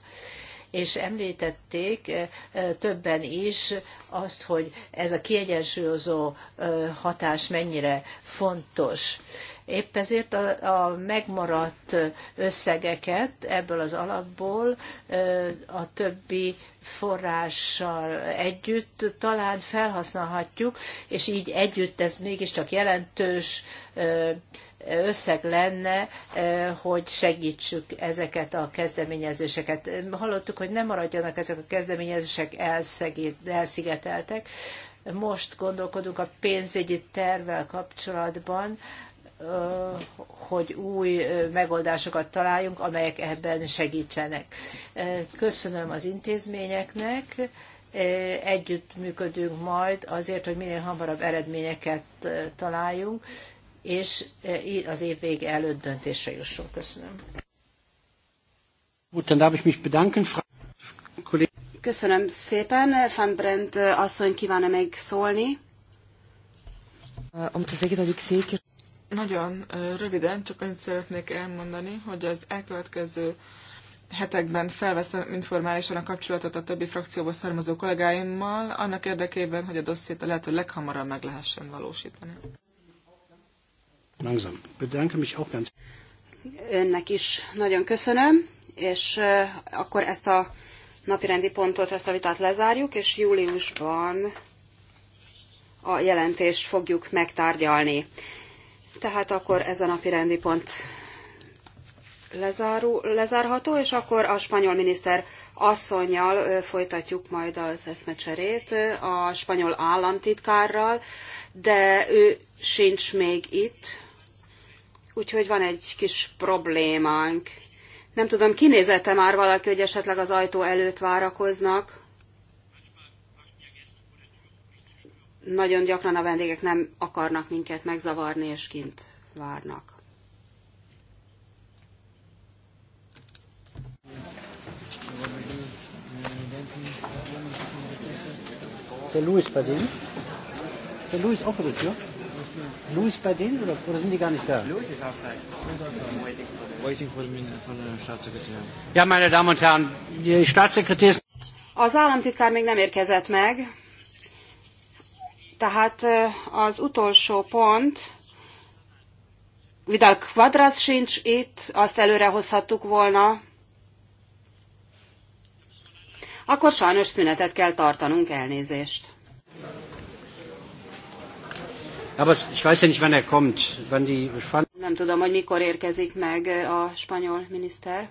és említették eh, eh, többen is azt, hogy ez a kiegyensúlyozó eh, hatás mennyire fontos. Épp ezért a, a megmaradt összegeket ebből az alapból a többi forrással együtt talán felhasználhatjuk, és így együtt ez mégiscsak jelentős összeg lenne, hogy segítsük ezeket a kezdeményezéseket. Hallottuk, hogy nem maradjanak ezek a kezdeményezések elszigeteltek. Most gondolkodunk a pénzügyi tervvel kapcsolatban, hogy új megoldásokat találjunk, amelyek ebben segítsenek. Köszönöm az intézményeknek, együtt működünk majd azért, hogy minél hamarabb eredményeket találjunk, és az év vége előtt döntésre jussunk. Köszönöm.
Köszönöm szépen. Van Brent asszony
kívánna még szólni? Um, nagyon röviden, csak annyit szeretnék elmondani, hogy az elkövetkező hetekben felveszem informálisan a kapcsolatot a többi frakcióból származó kollégáimmal, annak érdekében, hogy a dossziét a lehető leghamarabb meg lehessen valósítani.
Langsam. Bedanke mich auch ganz. Önnek is nagyon köszönöm, és akkor ezt a napirendi pontot, ezt a vitát lezárjuk, és júliusban a jelentést fogjuk megtárgyalni. Tehát akkor ez a napi rendi pont lezáró, lezárható, és akkor a spanyol miniszter asszonyjal folytatjuk majd az eszmecserét, a spanyol államtitkárral, de ő sincs még itt, úgyhogy van egy kis problémánk. Nem tudom, kinézette már valaki, hogy esetleg az ajtó előtt várakoznak. nagyon gyakran a vendégek nem akarnak minket megzavarni, és kint várnak.
Der Louis bei denen? Ist der Louis auch vor der Louis bei denen oder, oder sind die gar nicht da? Louis ist outside. Waiting for the Staatssekretär. Ja, meine Damen und Herren, die Staatssekretär...
Az államtitkár még nem érkezett meg. Tehát az utolsó pont, Vidal Quadras sincs itt, azt előrehozhattuk volna. Akkor sajnos szünetet kell tartanunk, elnézést. Er Nem tudom, hogy mikor érkezik meg a spanyol miniszter.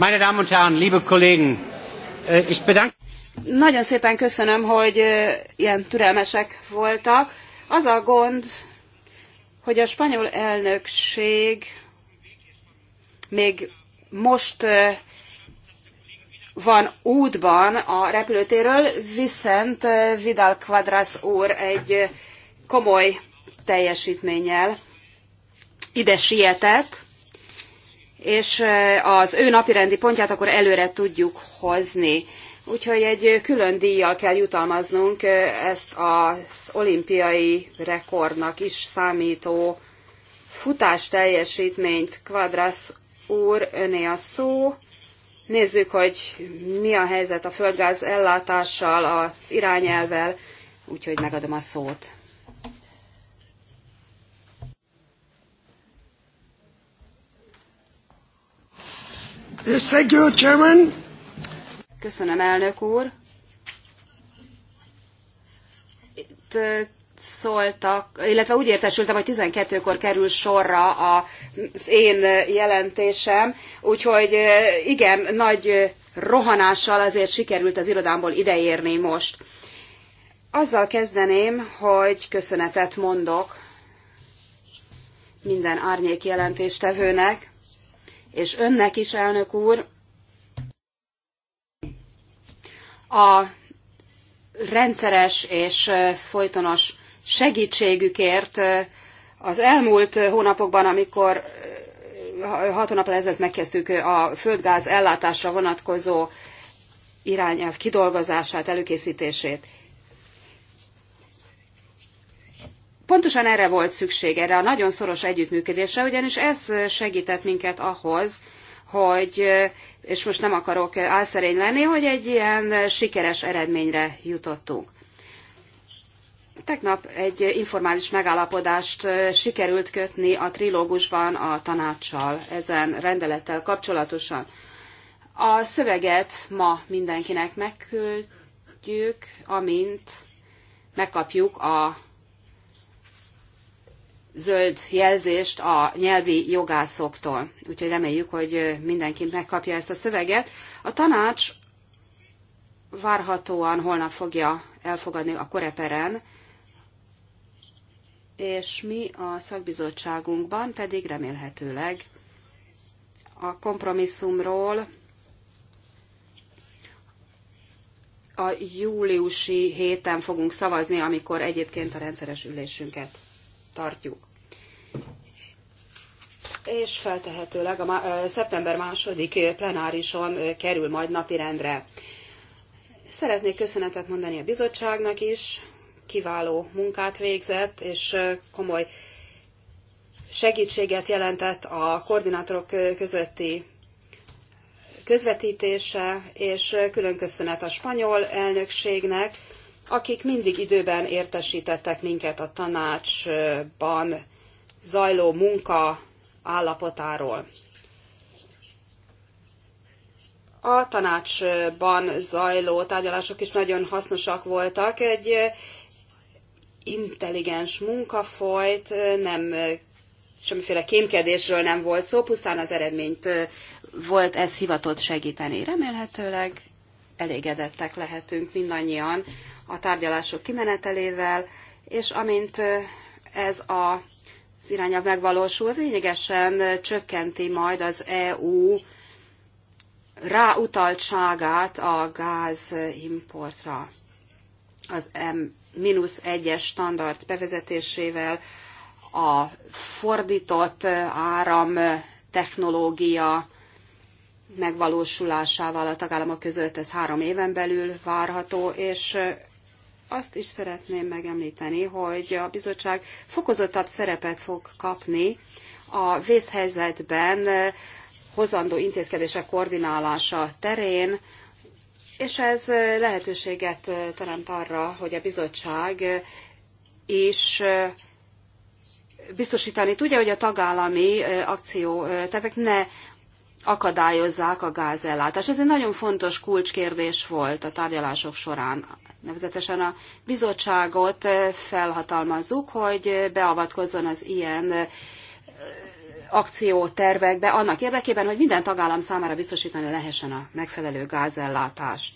Meine Damen und Herren, liebe Kollegen, äh, ich bedanke
Nagyon szépen köszönöm, hogy ilyen türelmesek voltak. Az a gond, hogy a spanyol elnökség még most van útban a repülőtéről, viszont Vidal Quadras úr egy komoly teljesítménnyel ide sietett, és az ő napirendi pontját akkor előre tudjuk hozni. Úgyhogy egy külön díjjal kell jutalmaznunk ezt az olimpiai rekordnak is számító futás teljesítményt. Quadras úr, öné a szó. Nézzük, hogy mi a helyzet a földgáz ellátással, az irányelvel, úgyhogy megadom a szót. Köszönöm, elnök úr. Itt szóltak, illetve úgy értesültem, hogy 12-kor kerül sorra az én jelentésem, úgyhogy igen, nagy rohanással azért sikerült az irodámból ideérni most. Azzal kezdeném, hogy köszönetet mondok minden árnyék jelentéstevőnek, és önnek is, elnök úr, a rendszeres és folytonos segítségükért az elmúlt hónapokban, amikor hat hónap ezelőtt megkezdtük a földgáz ellátásra vonatkozó irányelv kidolgozását, előkészítését. Pontosan erre volt szükség, erre a nagyon szoros együttműködésre, ugyanis ez segített minket ahhoz, hogy, és most nem akarok álszerény lenni, hogy egy ilyen sikeres eredményre jutottunk. Tegnap egy informális megállapodást sikerült kötni a trilógusban a tanácssal, ezen rendelettel kapcsolatosan. A szöveget ma mindenkinek megküldjük, amint megkapjuk a zöld jelzést a nyelvi jogászoktól. Úgyhogy reméljük, hogy mindenki megkapja ezt a szöveget. A tanács várhatóan holnap fogja elfogadni a koreperen, és mi a szakbizottságunkban pedig remélhetőleg a kompromisszumról a júliusi héten fogunk szavazni, amikor egyébként a rendszeres ülésünket tartjuk és feltehetőleg a szeptember második plenárison kerül majd napirendre. Szeretnék köszönetet mondani a bizottságnak is, kiváló munkát végzett, és komoly segítséget jelentett a koordinátorok közötti közvetítése, és külön köszönet a spanyol elnökségnek, akik mindig időben értesítettek minket a tanácsban zajló munka állapotáról. A tanácsban zajló tárgyalások is nagyon hasznosak voltak. Egy intelligens munka folyt, nem semmiféle kémkedésről nem volt szó, pusztán az eredményt volt ez hivatott segíteni. Remélhetőleg elégedettek lehetünk mindannyian a tárgyalások kimenetelével, és amint ez a irányelv megvalósul, lényegesen csökkenti majd az EU ráutaltságát a gázimportra. Az M-1-es standard bevezetésével a fordított áram technológia megvalósulásával a tagállamok között ez három éven belül várható, és azt is szeretném megemlíteni, hogy a bizottság fokozottabb szerepet fog kapni a vészhelyzetben eh, hozandó intézkedések koordinálása terén, és ez eh, lehetőséget eh, teremt arra, hogy a bizottság is biztosítani tudja, hogy a tagállami akciótevek ne akadályozzák a gázellátást. Ez egy nagyon fontos kulcskérdés volt a tárgyalások során nevezetesen a bizottságot eh, felhatalmazzuk, hogy beavatkozzon az ilyen eh, akciótervekbe annak érdekében, hogy minden tagállam számára biztosítani lehessen a megfelelő gázellátást.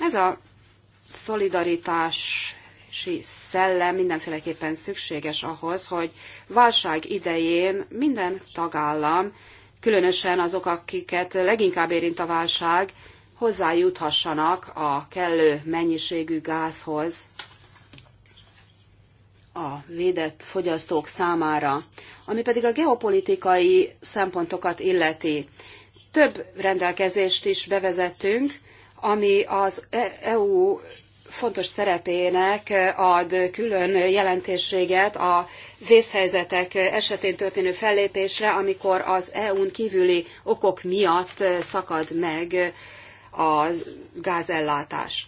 Ez a szolidaritási szellem mindenféleképpen szükséges ahhoz, hogy válság idején minden tagállam, különösen azok, akiket leginkább érint a válság, hozzájuthassanak a kellő mennyiségű gázhoz a védett fogyasztók számára. Ami pedig a geopolitikai szempontokat illeti, több rendelkezést is bevezettünk, ami az e- EU fontos szerepének ad külön jelentőséget a vészhelyzetek esetén történő fellépésre, amikor az EU-n kívüli okok miatt szakad meg a gázellátás.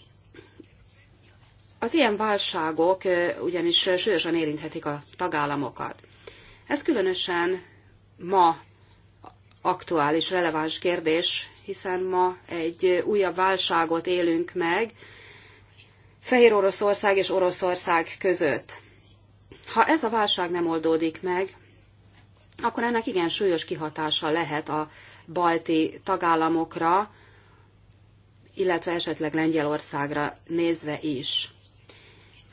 Az ilyen válságok ugyanis súlyosan érinthetik a tagállamokat. Ez különösen ma aktuális, releváns kérdés, hiszen ma egy újabb válságot élünk meg Fehér Oroszország és Oroszország között. Ha ez a válság nem oldódik meg, akkor ennek igen súlyos kihatása lehet a balti tagállamokra, illetve esetleg Lengyelországra nézve is.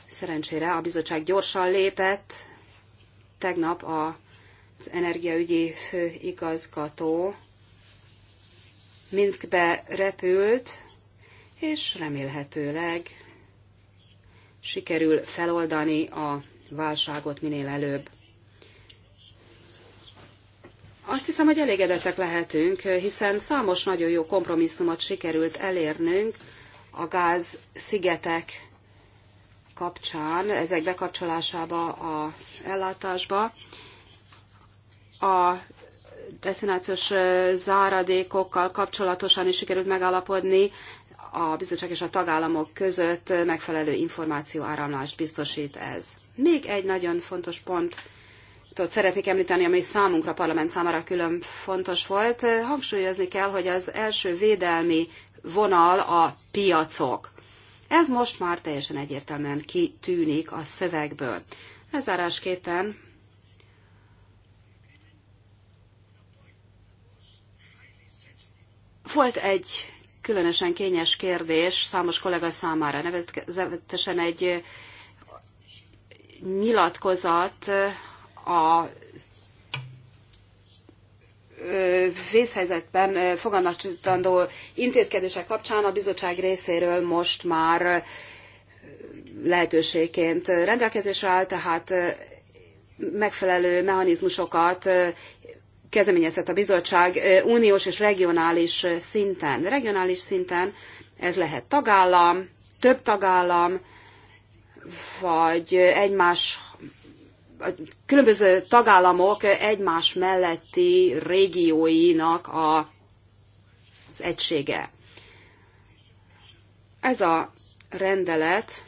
Szerencsére a bizottság gyorsan lépett. Tegnap az energiaügyi főigazgató Minskbe repült, és remélhetőleg sikerül feloldani a válságot minél előbb. Azt hiszem, hogy elégedettek lehetünk, hiszen számos nagyon jó kompromisszumot sikerült elérnünk a gáz szigetek kapcsán, ezek bekapcsolásába az ellátásba. A destinációs záradékokkal kapcsolatosan is sikerült megállapodni, a bizottság és a tagállamok között megfelelő információ áramlást biztosít ez. Még egy nagyon fontos pont szeretnék említeni, ami számunkra, a parlament számára külön fontos volt. Hangsúlyozni kell, hogy az első védelmi vonal a piacok. Ez most már teljesen egyértelműen kitűnik a szövegből. Lezárásképpen volt egy különösen kényes kérdés számos kollega számára, nevezetesen egy nyilatkozat a vészhelyzetben foganatosítandó intézkedések kapcsán a bizottság részéről most már lehetőségként rendelkezésre áll, tehát megfelelő mechanizmusokat kezdeményezett a bizottság uniós és regionális szinten. Regionális szinten ez lehet tagállam, több tagállam, vagy egymás különböző tagállamok egymás melletti régióinak a, az egysége. Ez a rendelet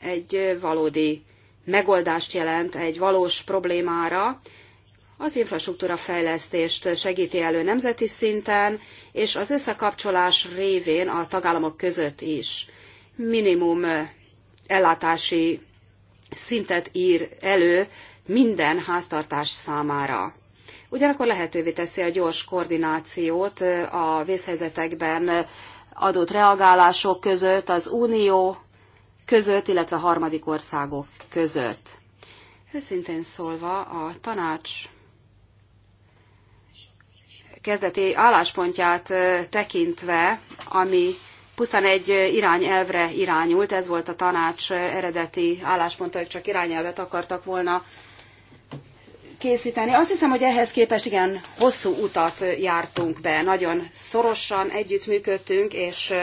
egy valódi megoldást jelent egy valós problémára, az infrastruktúra fejlesztést segíti elő nemzeti szinten, és az összekapcsolás révén a tagállamok között is minimum ellátási szintet ír elő minden háztartás számára. Ugyanakkor lehetővé teszi a gyors koordinációt a vészhelyzetekben adott reagálások között, az unió között, illetve harmadik országok között. Őszintén szólva a tanács kezdeti álláspontját tekintve, ami pusztán egy irányelvre irányult, ez volt a tanács eredeti álláspontja, hogy csak irányelvet akartak volna készíteni. Azt hiszem, hogy ehhez képest igen hosszú utat jártunk be, nagyon szorosan együttműködtünk, és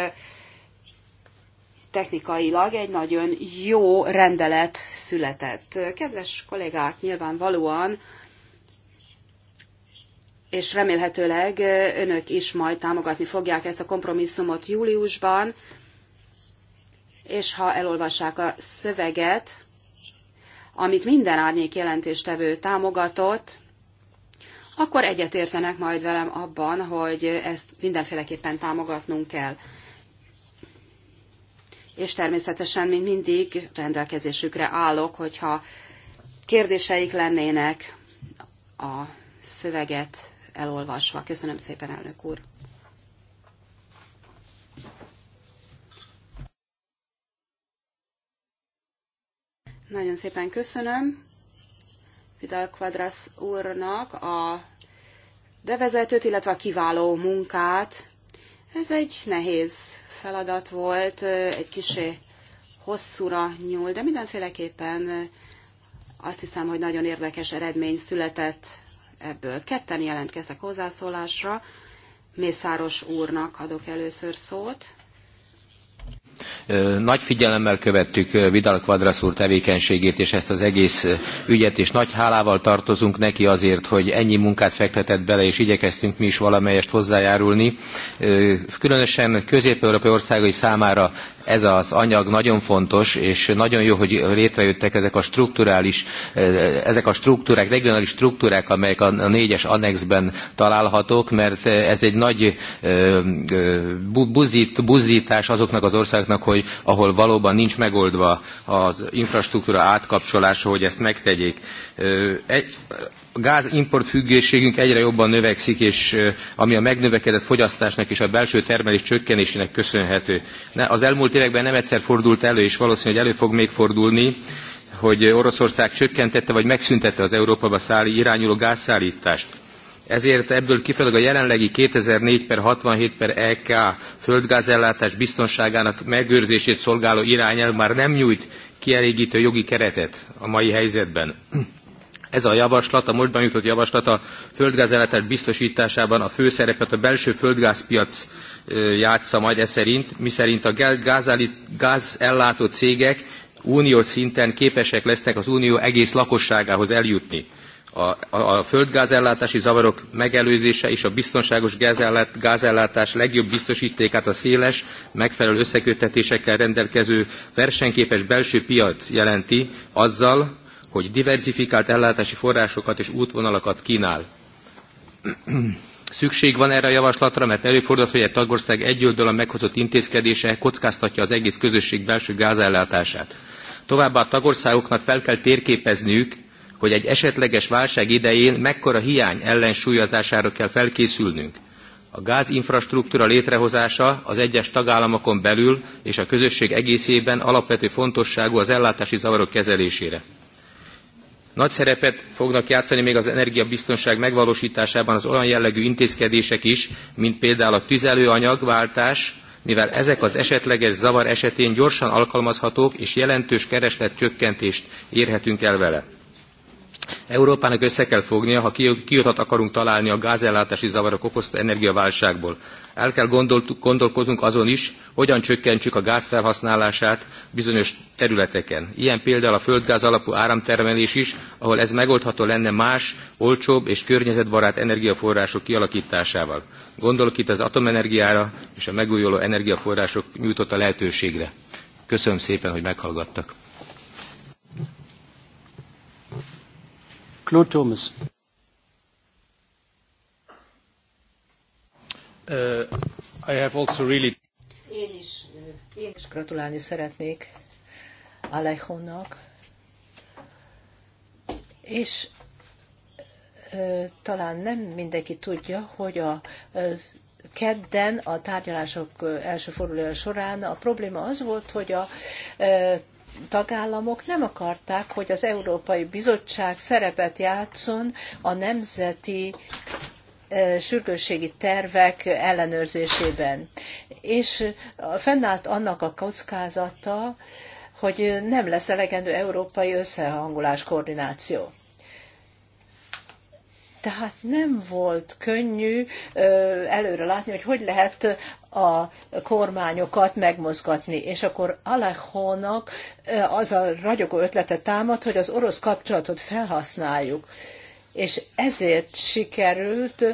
technikailag egy nagyon jó rendelet született. Kedves kollégák, nyilvánvalóan és remélhetőleg önök is majd támogatni fogják ezt a kompromisszumot júliusban, és ha elolvassák a szöveget, amit minden árnyék jelentéstevő támogatott, akkor egyetértenek majd velem abban, hogy ezt mindenféleképpen támogatnunk kell. És természetesen, mint mindig, rendelkezésükre állok, hogyha kérdéseik lennének a szöveget elolvasva. Köszönöm szépen, elnök úr! Nagyon szépen köszönöm Vidal Quadras úrnak a bevezetőt, illetve a kiváló munkát. Ez egy nehéz feladat volt, egy kisé hosszúra nyúl, de mindenféleképpen azt hiszem, hogy nagyon érdekes eredmény született ebből. Ketten jelentkeztek hozzászólásra. Mészáros úrnak adok először szót.
Nagy figyelemmel követtük Vidal Quadras úr tevékenységét és ezt az egész ügyet, és nagy hálával tartozunk neki azért, hogy ennyi munkát fektetett bele, és igyekeztünk mi is valamelyest hozzájárulni. Különösen közép-európai országai számára ez az anyag nagyon fontos, és nagyon jó, hogy létrejöttek ezek a strukturális, ezek a struktúrák, regionális struktúrák, amelyek a négyes annexben találhatók, mert ez egy nagy buzít, buzítás azoknak az országoknak, hogy hogy ahol valóban nincs megoldva az infrastruktúra átkapcsolása, hogy ezt megtegyék. Egy, a gázimport függőségünk egyre jobban növekszik, és ami a megnövekedett fogyasztásnak és a belső termelés csökkenésének köszönhető. Az elmúlt években nem egyszer fordult elő, és valószínűleg elő fog még fordulni, hogy Oroszország csökkentette vagy megszüntette az Európába szállí, irányuló gázszállítást. Ezért ebből kifelőleg a jelenlegi 2004 per 67 per EK földgázellátás biztonságának megőrzését szolgáló irányelv már nem nyújt kielégítő jogi keretet a mai helyzetben. Ez a javaslat, a mostban jutott javaslat a földgázellátás biztosításában a főszerepet a belső földgázpiac játsza majd e szerint, miszerint a gázellátó cégek uniós szinten képesek lesznek az unió egész lakosságához eljutni a, a földgázellátási zavarok megelőzése és a biztonságos gázellát, gázellátás legjobb biztosítékát a széles, megfelelő összeköttetésekkel rendelkező versenyképes belső piac jelenti azzal, hogy diverzifikált ellátási forrásokat és útvonalakat kínál. Szükség van erre a javaslatra, mert előfordulhat, hogy egy tagország egyoldalúan meghozott intézkedése kockáztatja az egész közösség belső gázellátását. Továbbá a tagországoknak fel kell térképezniük hogy egy esetleges válság idején mekkora hiány ellensúlyozására kell felkészülnünk. A gázinfrastruktúra létrehozása az egyes tagállamokon belül és a közösség egészében alapvető fontosságú az ellátási zavarok kezelésére. Nagy szerepet fognak játszani még az energiabiztonság megvalósításában az olyan jellegű intézkedések is, mint például a tüzelőanyagváltás, mivel ezek az esetleges zavar esetén gyorsan alkalmazhatók és jelentős keresletcsökkentést érhetünk el vele. Európának össze kell fognia, ha kiutat akarunk találni a gázellátási zavarok okozta energiaválságból. El kell gondol, gondolkoznunk azon is, hogyan csökkentsük a gáz felhasználását bizonyos területeken. Ilyen például a földgáz alapú áramtermelés is, ahol ez megoldható lenne más, olcsóbb és környezetbarát energiaforrások kialakításával. Gondolok itt az atomenergiára és a megújuló energiaforrások nyújtotta lehetőségre. Köszönöm szépen, hogy meghallgattak.
Claude Thomas.
Uh, I have also really...
Én is, uh, én is gratulálni szeretnék Alejónak, és uh, talán nem mindenki tudja, hogy a uh, kedden a tárgyalások uh, első fordulója során a probléma az volt, hogy a uh, tagállamok nem akarták, hogy az Európai Bizottság szerepet játszon a nemzeti e, sürgősségi tervek ellenőrzésében. És fennállt annak a kockázata, hogy nem lesz elegendő európai összehangolás, koordináció. Tehát nem volt könnyű előre látni, hogy hogy lehet a kormányokat megmozgatni. És akkor Alekhónak az a ragyogó ötlete támad, hogy az orosz kapcsolatot felhasználjuk. És ezért sikerült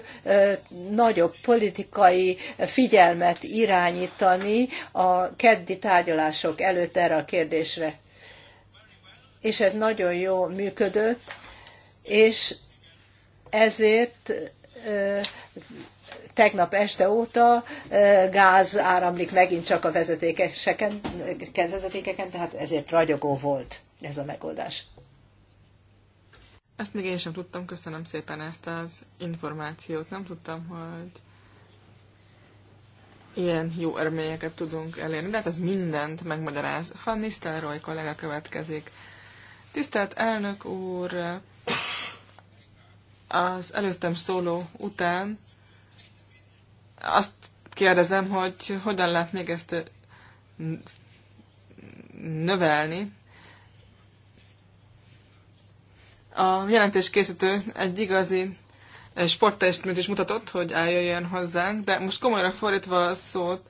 nagyobb politikai figyelmet irányítani a keddi tárgyalások előtt erre a kérdésre. És ez nagyon jó működött, és ezért tegnap este óta gáz áramlik megint csak a vezetékeken, vezetékeken, tehát ezért ragyogó volt ez a megoldás.
Ezt még én sem tudtam, köszönöm szépen ezt az információt. Nem tudtam, hogy ilyen jó eredményeket tudunk elérni, de hát ez mindent megmagyaráz. Van Nisztelrooy kollega következik. Tisztelt elnök úr, az előttem szóló után azt kérdezem, hogy hogyan lehet még ezt növelni. A jelentés készítő egy igazi sportteljesítményt is mutatott, hogy eljöjjön hozzánk, de most komolyra fordítva a szót,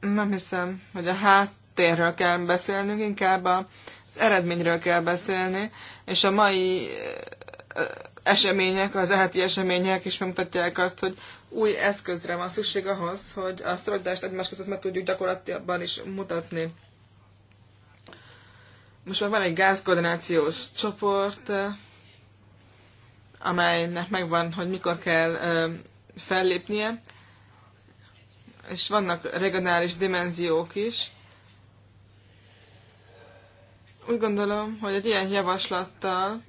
nem hiszem, hogy a háttérről kell beszélnünk, inkább a az eredményről kell beszélni, és a mai események, az eheti események is megmutatják azt, hogy új eszközre van szükség ahhoz, hogy a szorodást egymás között meg tudjuk gyakorlatilag is mutatni. Most már van egy gázkoordinációs csoport, amelynek megvan, hogy mikor kell fellépnie, és vannak regionális dimenziók is, úgy gondolom, hogy egy ilyen javaslattal,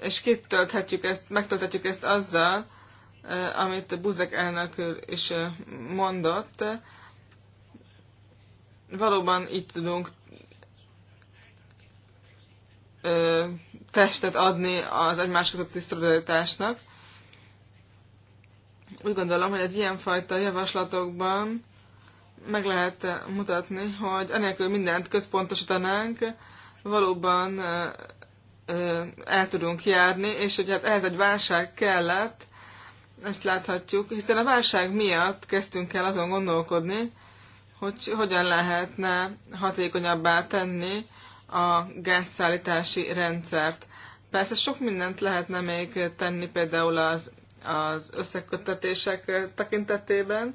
és kitölthetjük ezt, megtölthetjük ezt azzal, eh, amit Buzek elnök is eh, mondott, valóban így tudunk eh, testet adni az egymás közötti szolidaritásnak. Úgy gondolom, hogy egy ilyenfajta javaslatokban meg lehet eh, mutatni, hogy anélkül mindent központosítanánk, valóban eh, eh, el tudunk járni, és hogy hát ehhez egy válság kellett, ezt láthatjuk, hiszen a válság miatt kezdtünk el azon gondolkodni, hogy hogyan lehetne hatékonyabbá tenni a gázszállítási rendszert. Persze sok mindent lehetne még tenni, például az, az összekötetések tekintetében,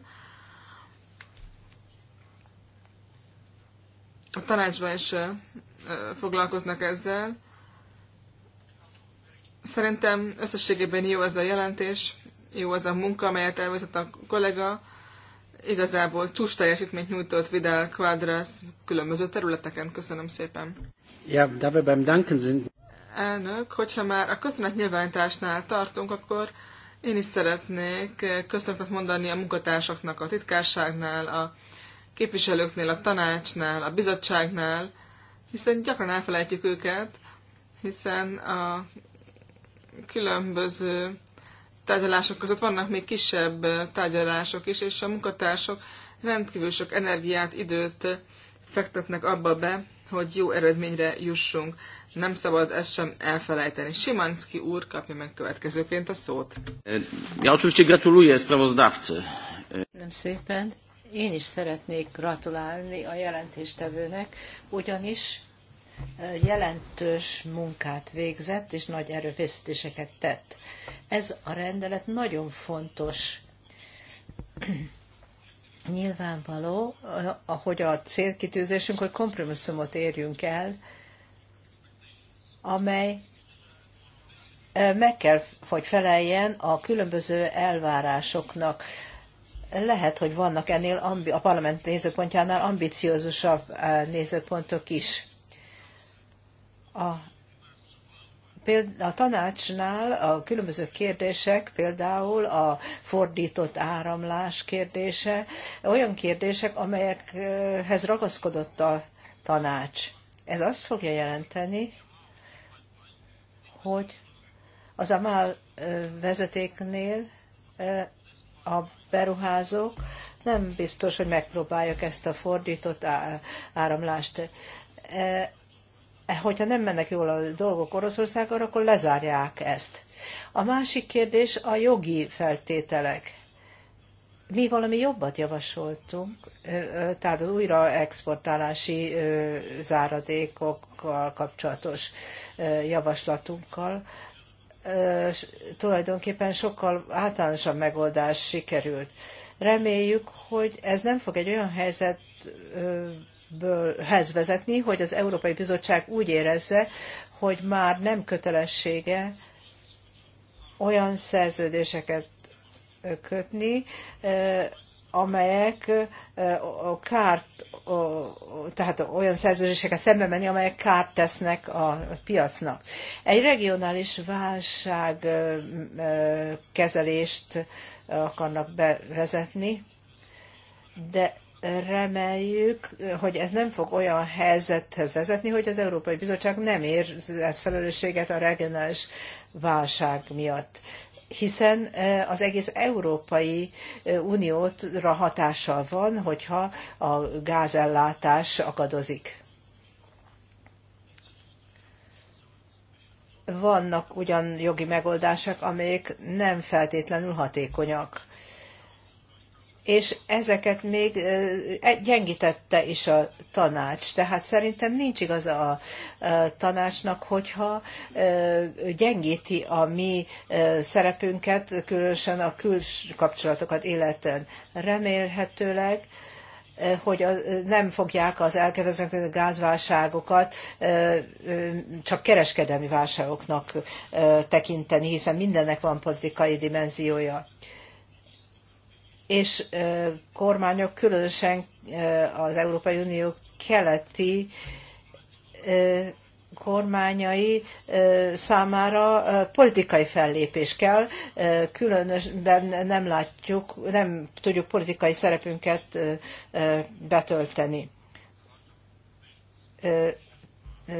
a tanácsban is foglalkoznak ezzel. Szerintem összességében jó ez a jelentés, jó az a munka, amelyet elvezett a kollega. Igazából csúcs teljesítményt nyújtott Vidal Quadras különböző területeken. Köszönöm szépen.
Ja, beim Danken sind.
Elnök, hogyha már a köszönet nyilvánításnál tartunk, akkor én is szeretnék köszönetet mondani a munkatársaknak a titkárságnál, a képviselőknél, a tanácsnál, a bizottságnál, hiszen gyakran elfelejtjük őket, hiszen a különböző tárgyalások között vannak még kisebb tárgyalások is, és a munkatársak rendkívül sok energiát, időt fektetnek abba be, hogy jó eredményre jussunk. Nem szabad ezt sem elfelejteni. Simanski úr kapja meg következőként
a szót.
Ja oczywiście gratuluję sprawozdawcy.
Nem szépen. Én is szeretnék gratulálni a jelentéstevőnek, ugyanis jelentős munkát végzett, és nagy erőfeszítéseket tett. Ez a rendelet nagyon fontos. Nyilvánvaló, ahogy a célkitűzésünk, hogy kompromisszumot érjünk el, amely meg kell, hogy feleljen a különböző elvárásoknak, lehet, hogy vannak ennél a parlament nézőpontjánál ambiciózusabb eh, nézőpontok is. A, a tanácsnál a különböző kérdések, például a fordított áramlás kérdése, olyan kérdések, amelyekhez ragaszkodott a tanács. Ez azt fogja jelenteni, hogy az AMAL eh, vezetéknél eh, a beruházók nem biztos, hogy megpróbálják ezt a fordított áramlást. E, e, hogyha nem mennek jól a dolgok Oroszországon, akkor lezárják ezt. A másik kérdés a jogi feltételek. Mi valami jobbat javasoltunk, tehát az exportálási záradékokkal kapcsolatos javaslatunkkal, tulajdonképpen sokkal általánosabb megoldás sikerült. Reméljük, hogy ez nem fog egy olyan helyzethez vezetni, hogy az Európai Bizottság úgy érezze, hogy már nem kötelessége olyan szerződéseket kötni, amelyek a kárt, tehát olyan szerződésekkel szembe menni, amelyek kárt tesznek a piacnak. Egy regionális válság kezelést akarnak bevezetni, de reméljük, hogy ez nem fog olyan helyzethez vezetni, hogy az Európai Bizottság nem ér ez felelősséget a regionális válság miatt hiszen az egész Európai Unióra hatással van, hogyha a gázellátás akadozik. Vannak ugyan jogi megoldások, amelyek nem feltétlenül hatékonyak és ezeket még e, gyengítette is a tanács. Tehát szerintem nincs igaz a tanácsnak, hogyha gyengíti a mi szerepünket, különösen a küls kapcsolatokat életen, Remélhetőleg hogy nem fogják az elkevezett gázválságokat csak kereskedelmi válságoknak tekinteni, hiszen mindennek van politikai dimenziója és kormányok, különösen az Európai Unió keleti kormányai számára politikai fellépés kell, különösen nem látjuk, nem tudjuk politikai szerepünket betölteni.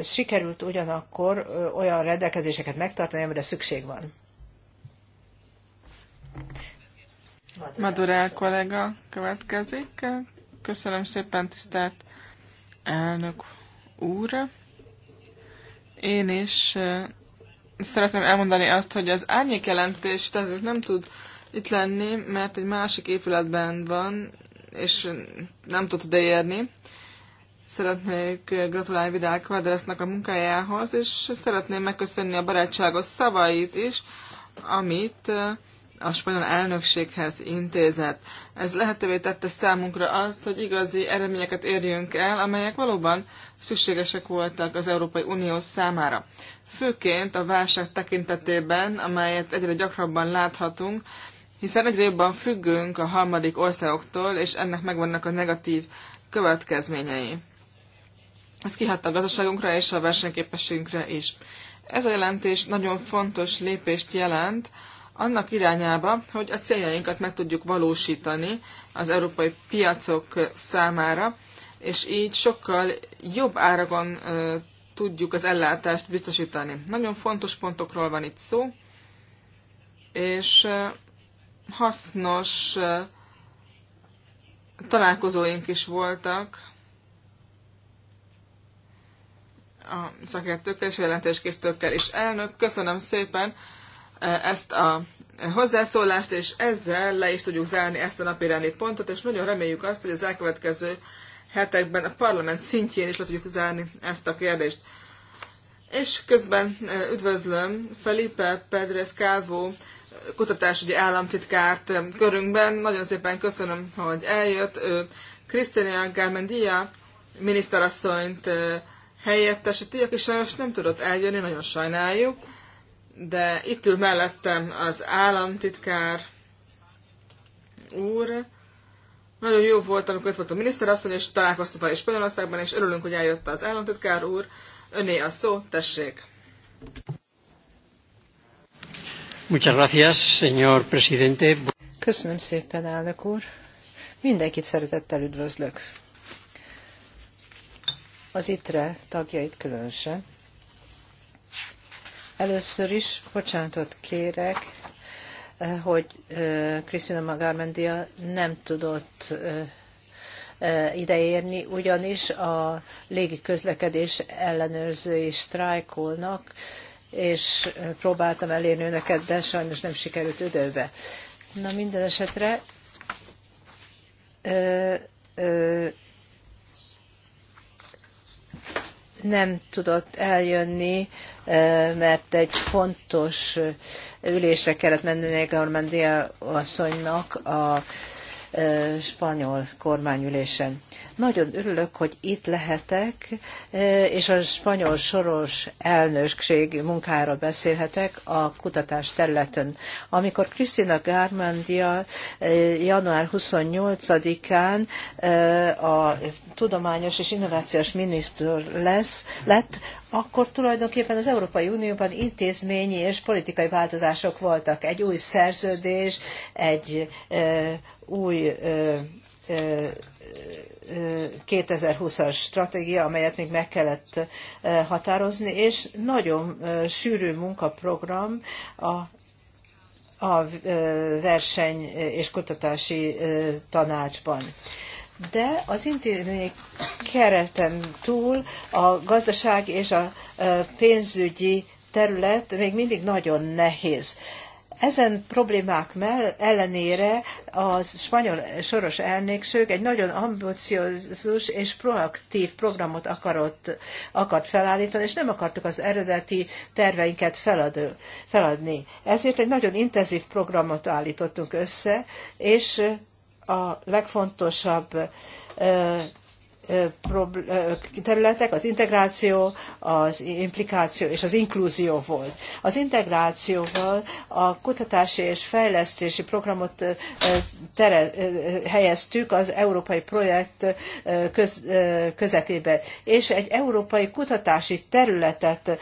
Sikerült ugyanakkor olyan rendelkezéseket megtartani, amire szükség van.
Madurel kollega
következik.
Köszönöm szépen, tisztelt elnök úr. Én is szeretném elmondani azt, hogy az árnyék jelentés nem tud itt lenni, mert egy másik épületben van, és nem tud érni. Szeretnék gratulálni Vidál Kvadresznek a munkájához, és szeretném megköszönni a barátságos szavait is, amit a spanyol elnökséghez intézett. Ez lehetővé tette számunkra azt, hogy igazi eredményeket érjünk el, amelyek valóban szükségesek voltak az Európai Unió számára. Főként a válság tekintetében, amelyet egyre gyakrabban láthatunk, hiszen egyre jobban függünk a harmadik országoktól, és ennek megvannak a negatív következményei. Ez kihat a gazdaságunkra és a versenyképességünkre is. Ez a jelentés nagyon fontos lépést jelent, annak irányába, hogy a céljainkat meg tudjuk valósítani az európai piacok számára, és így sokkal jobb áragon tudjuk az ellátást biztosítani. Nagyon fontos pontokról van itt szó, és hasznos találkozóink is voltak a szakértőkkel és jelentéskészítőkkel is. Elnök, köszönöm szépen! ezt a hozzászólást, és ezzel le is tudjuk zárni ezt a napirendi pontot, és nagyon reméljük azt, hogy az elkövetkező hetekben a parlament szintjén is le tudjuk zárni ezt a kérdést. És közben üdvözlöm Felipe Pedres Calvo kutatásügyi államtitkárt körünkben. Nagyon szépen köszönöm, hogy eljött. Ő Krisztina Gármendia miniszterasszonyt helyettesíti, aki sajnos nem tudott eljönni, nagyon sajnáljuk de itt ül mellettem az államtitkár úr. Nagyon jó volt, amikor ott volt a miniszterasszony, és találkoztuk vele Spanyolországban, és örülünk, hogy eljött az államtitkár úr. Öné
a szó, tessék!
Muchas gracias,
señor presidente.
Köszönöm szépen, elnök úr. Mindenkit szeretettel üdvözlök. Az ITRE tagjait különösen Először is bocsánatot kérek, eh, hogy Krisztina eh, Magármendia nem tudott eh, ideérni, ugyanis a légi közlekedés ellenőrzői sztrájkolnak, és próbáltam elérni önöket, de sajnos nem sikerült időbe. Na minden esetre nem tudott eljönni, mert egy fontos ülésre kellett mennie Garmandia asszonynak a spanyol kormányülésen. Nagyon örülök, hogy itt lehetek, és a spanyol soros elnökség munkára beszélhetek a kutatás területen. Amikor Krisztina Gármandia január 28-án a tudományos és innovációs miniszter lesz, lett, akkor tulajdonképpen az Európai Unióban intézményi és politikai változások voltak. Egy új szerződés, egy új 2020-as stratégia, amelyet még meg kellett határozni, és nagyon sűrű munkaprogram a a verseny és kutatási tanácsban. De az intézmény kereten túl a gazdaság és a pénzügyi terület még mindig nagyon nehéz. Ezen problémák mell ellenére a spanyol soros elnökség egy nagyon ambiciózus és proaktív programot akarott, akart felállítani, és nem akartuk az eredeti terveinket feladő, feladni. Ezért egy nagyon intenzív programot állítottunk össze, és a legfontosabb területek az integráció, az implikáció és az inklúzió volt. Az integrációval a kutatási és fejlesztési programot tere, helyeztük az európai projekt köz, közepébe, és egy európai kutatási területet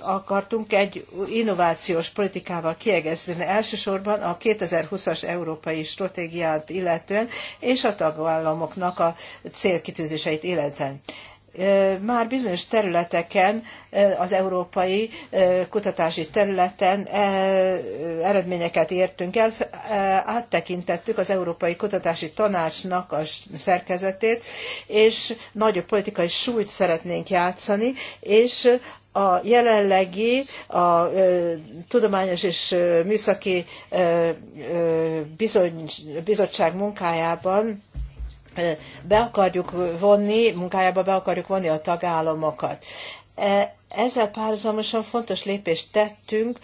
akartunk egy innovációs politikával kiegészíteni, elsősorban a 2020-as európai stratégiát illetően, és a tagállamoknak a cél célkitűzéseit életen. Már bizonyos területeken, az európai kutatási területen eredményeket értünk el, áttekintettük az Európai Kutatási Tanácsnak a szerkezetét, és nagyobb politikai súlyt szeretnénk játszani, és a jelenlegi a tudományos és műszaki bizottság munkájában be akarjuk vonni, munkájába be akarjuk vonni a tagállamokat. E, ezzel párhuzamosan fontos lépést tettünk,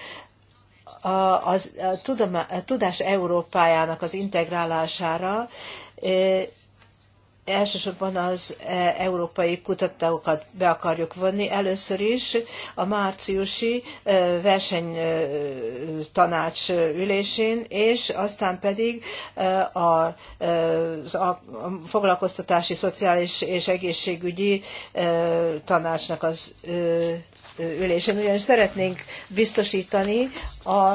a, az, a, a tudás Európájának az integrálására, e, elsősorban az e, európai kutatókat be akarjuk vonni. Először is a márciusi e, versenytanács e, ülésén, és aztán pedig a foglalkoztatási, szociális és egészségügyi tanácsnak az ülésén. Ugyanis szeretnénk biztosítani a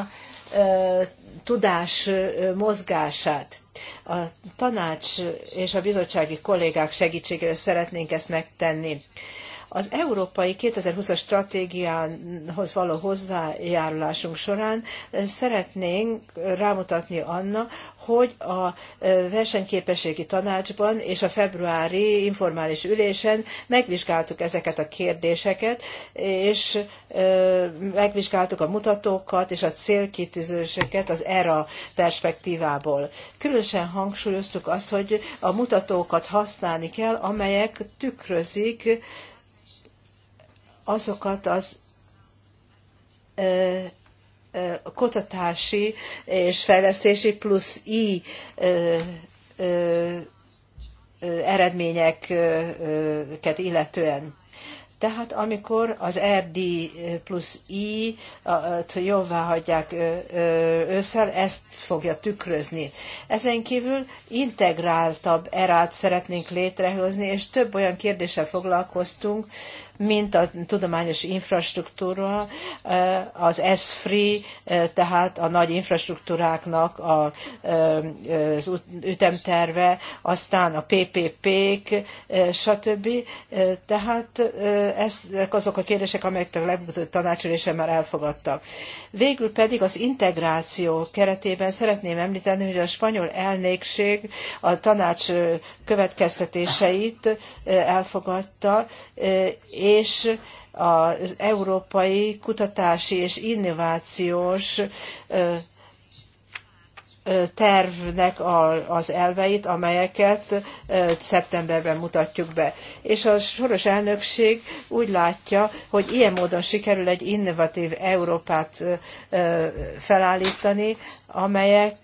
tudás mozgását a tanács és a bizottsági kollégák segítségével szeretnénk ezt megtenni. Az európai 2020-as stratégiához való hozzájárulásunk során szeretnénk rámutatni anna, hogy a versenyképességi tanácsban és a februári informális ülésen megvizsgáltuk ezeket a kérdéseket, és megvizsgáltuk a mutatókat és a célkitűzéseket az ERA perspektívából. Különösen hangsúlyoztuk azt, hogy a mutatókat használni kell, amelyek tükrözik azokat az kutatási és fejlesztési plusz I eredményeket illetően. Tehát amikor az RD plusz I jóvá hagyják ősszel, ezt fogja tükrözni. Ezen kívül integráltabb erát szeretnénk létrehozni, és több olyan kérdéssel foglalkoztunk, mint a tudományos infrastruktúra, az S-free, tehát a nagy infrastruktúráknak a, az ütemterve, aztán a PPP-k, stb. Tehát ezek azok a kérdések, amelyeket a legutóbbi tanácsülésen már elfogadtak. Végül pedig az integráció keretében szeretném említeni, hogy a spanyol elnökség a tanács következtetéseit elfogadta, és az európai kutatási és innovációs tervnek az elveit, amelyeket szeptemberben mutatjuk be. És a soros elnökség úgy látja, hogy ilyen módon sikerül egy innovatív Európát felállítani, amelyek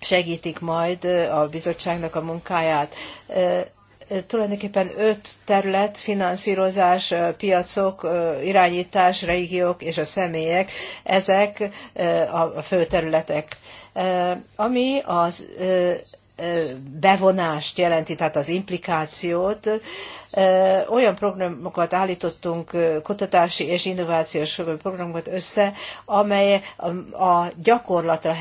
segítik majd a bizottságnak a munkáját tulajdonképpen öt terület, finanszírozás, piacok, irányítás, régiók és a személyek, ezek a fő területek. Ami az bevonást jelenti, tehát az implikációt, olyan programokat állítottunk, kutatási és innovációs programokat össze, amely a gyakorlatra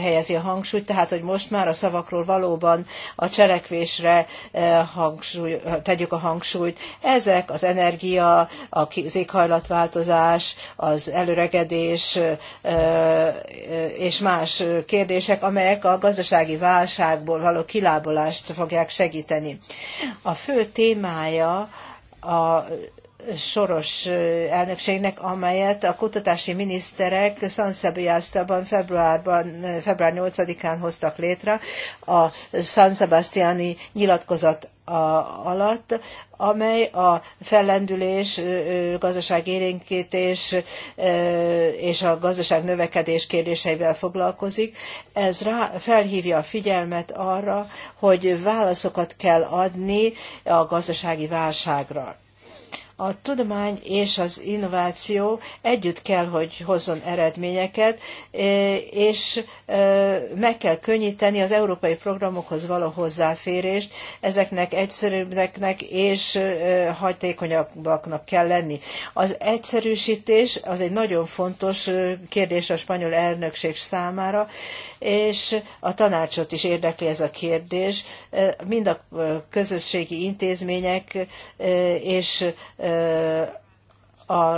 helyezi a hangsúlyt, tehát hogy most már a szavakról valóban a cselekvésre hangsúly, tegyük a hangsúlyt. Ezek az energia, az éghajlatváltozás, az előregedés és más kérdések, amelyek a gazdasági válságból való kilábalást fogják segíteni. A fő témá témája a soros elnökségnek, amelyet a kutatási miniszterek San Sebastianban februárban, február 8-án hoztak létre a San Sebastiani nyilatkozat alatt, amely a fellendülés, érénkítés és a gazdaság növekedés kérdéseivel foglalkozik. Ez rá, felhívja a figyelmet arra, hogy válaszokat kell adni a gazdasági válságra. A tudomány és az innováció együtt kell, hogy hozzon eredményeket, és meg kell könnyíteni az európai programokhoz való hozzáférést, ezeknek egyszerűbbnek és hatékonyabbaknak kell lenni. Az egyszerűsítés az egy nagyon fontos kérdés a spanyol elnökség számára, és a tanácsot is érdekli ez a kérdés. Mind a közösségi intézmények és a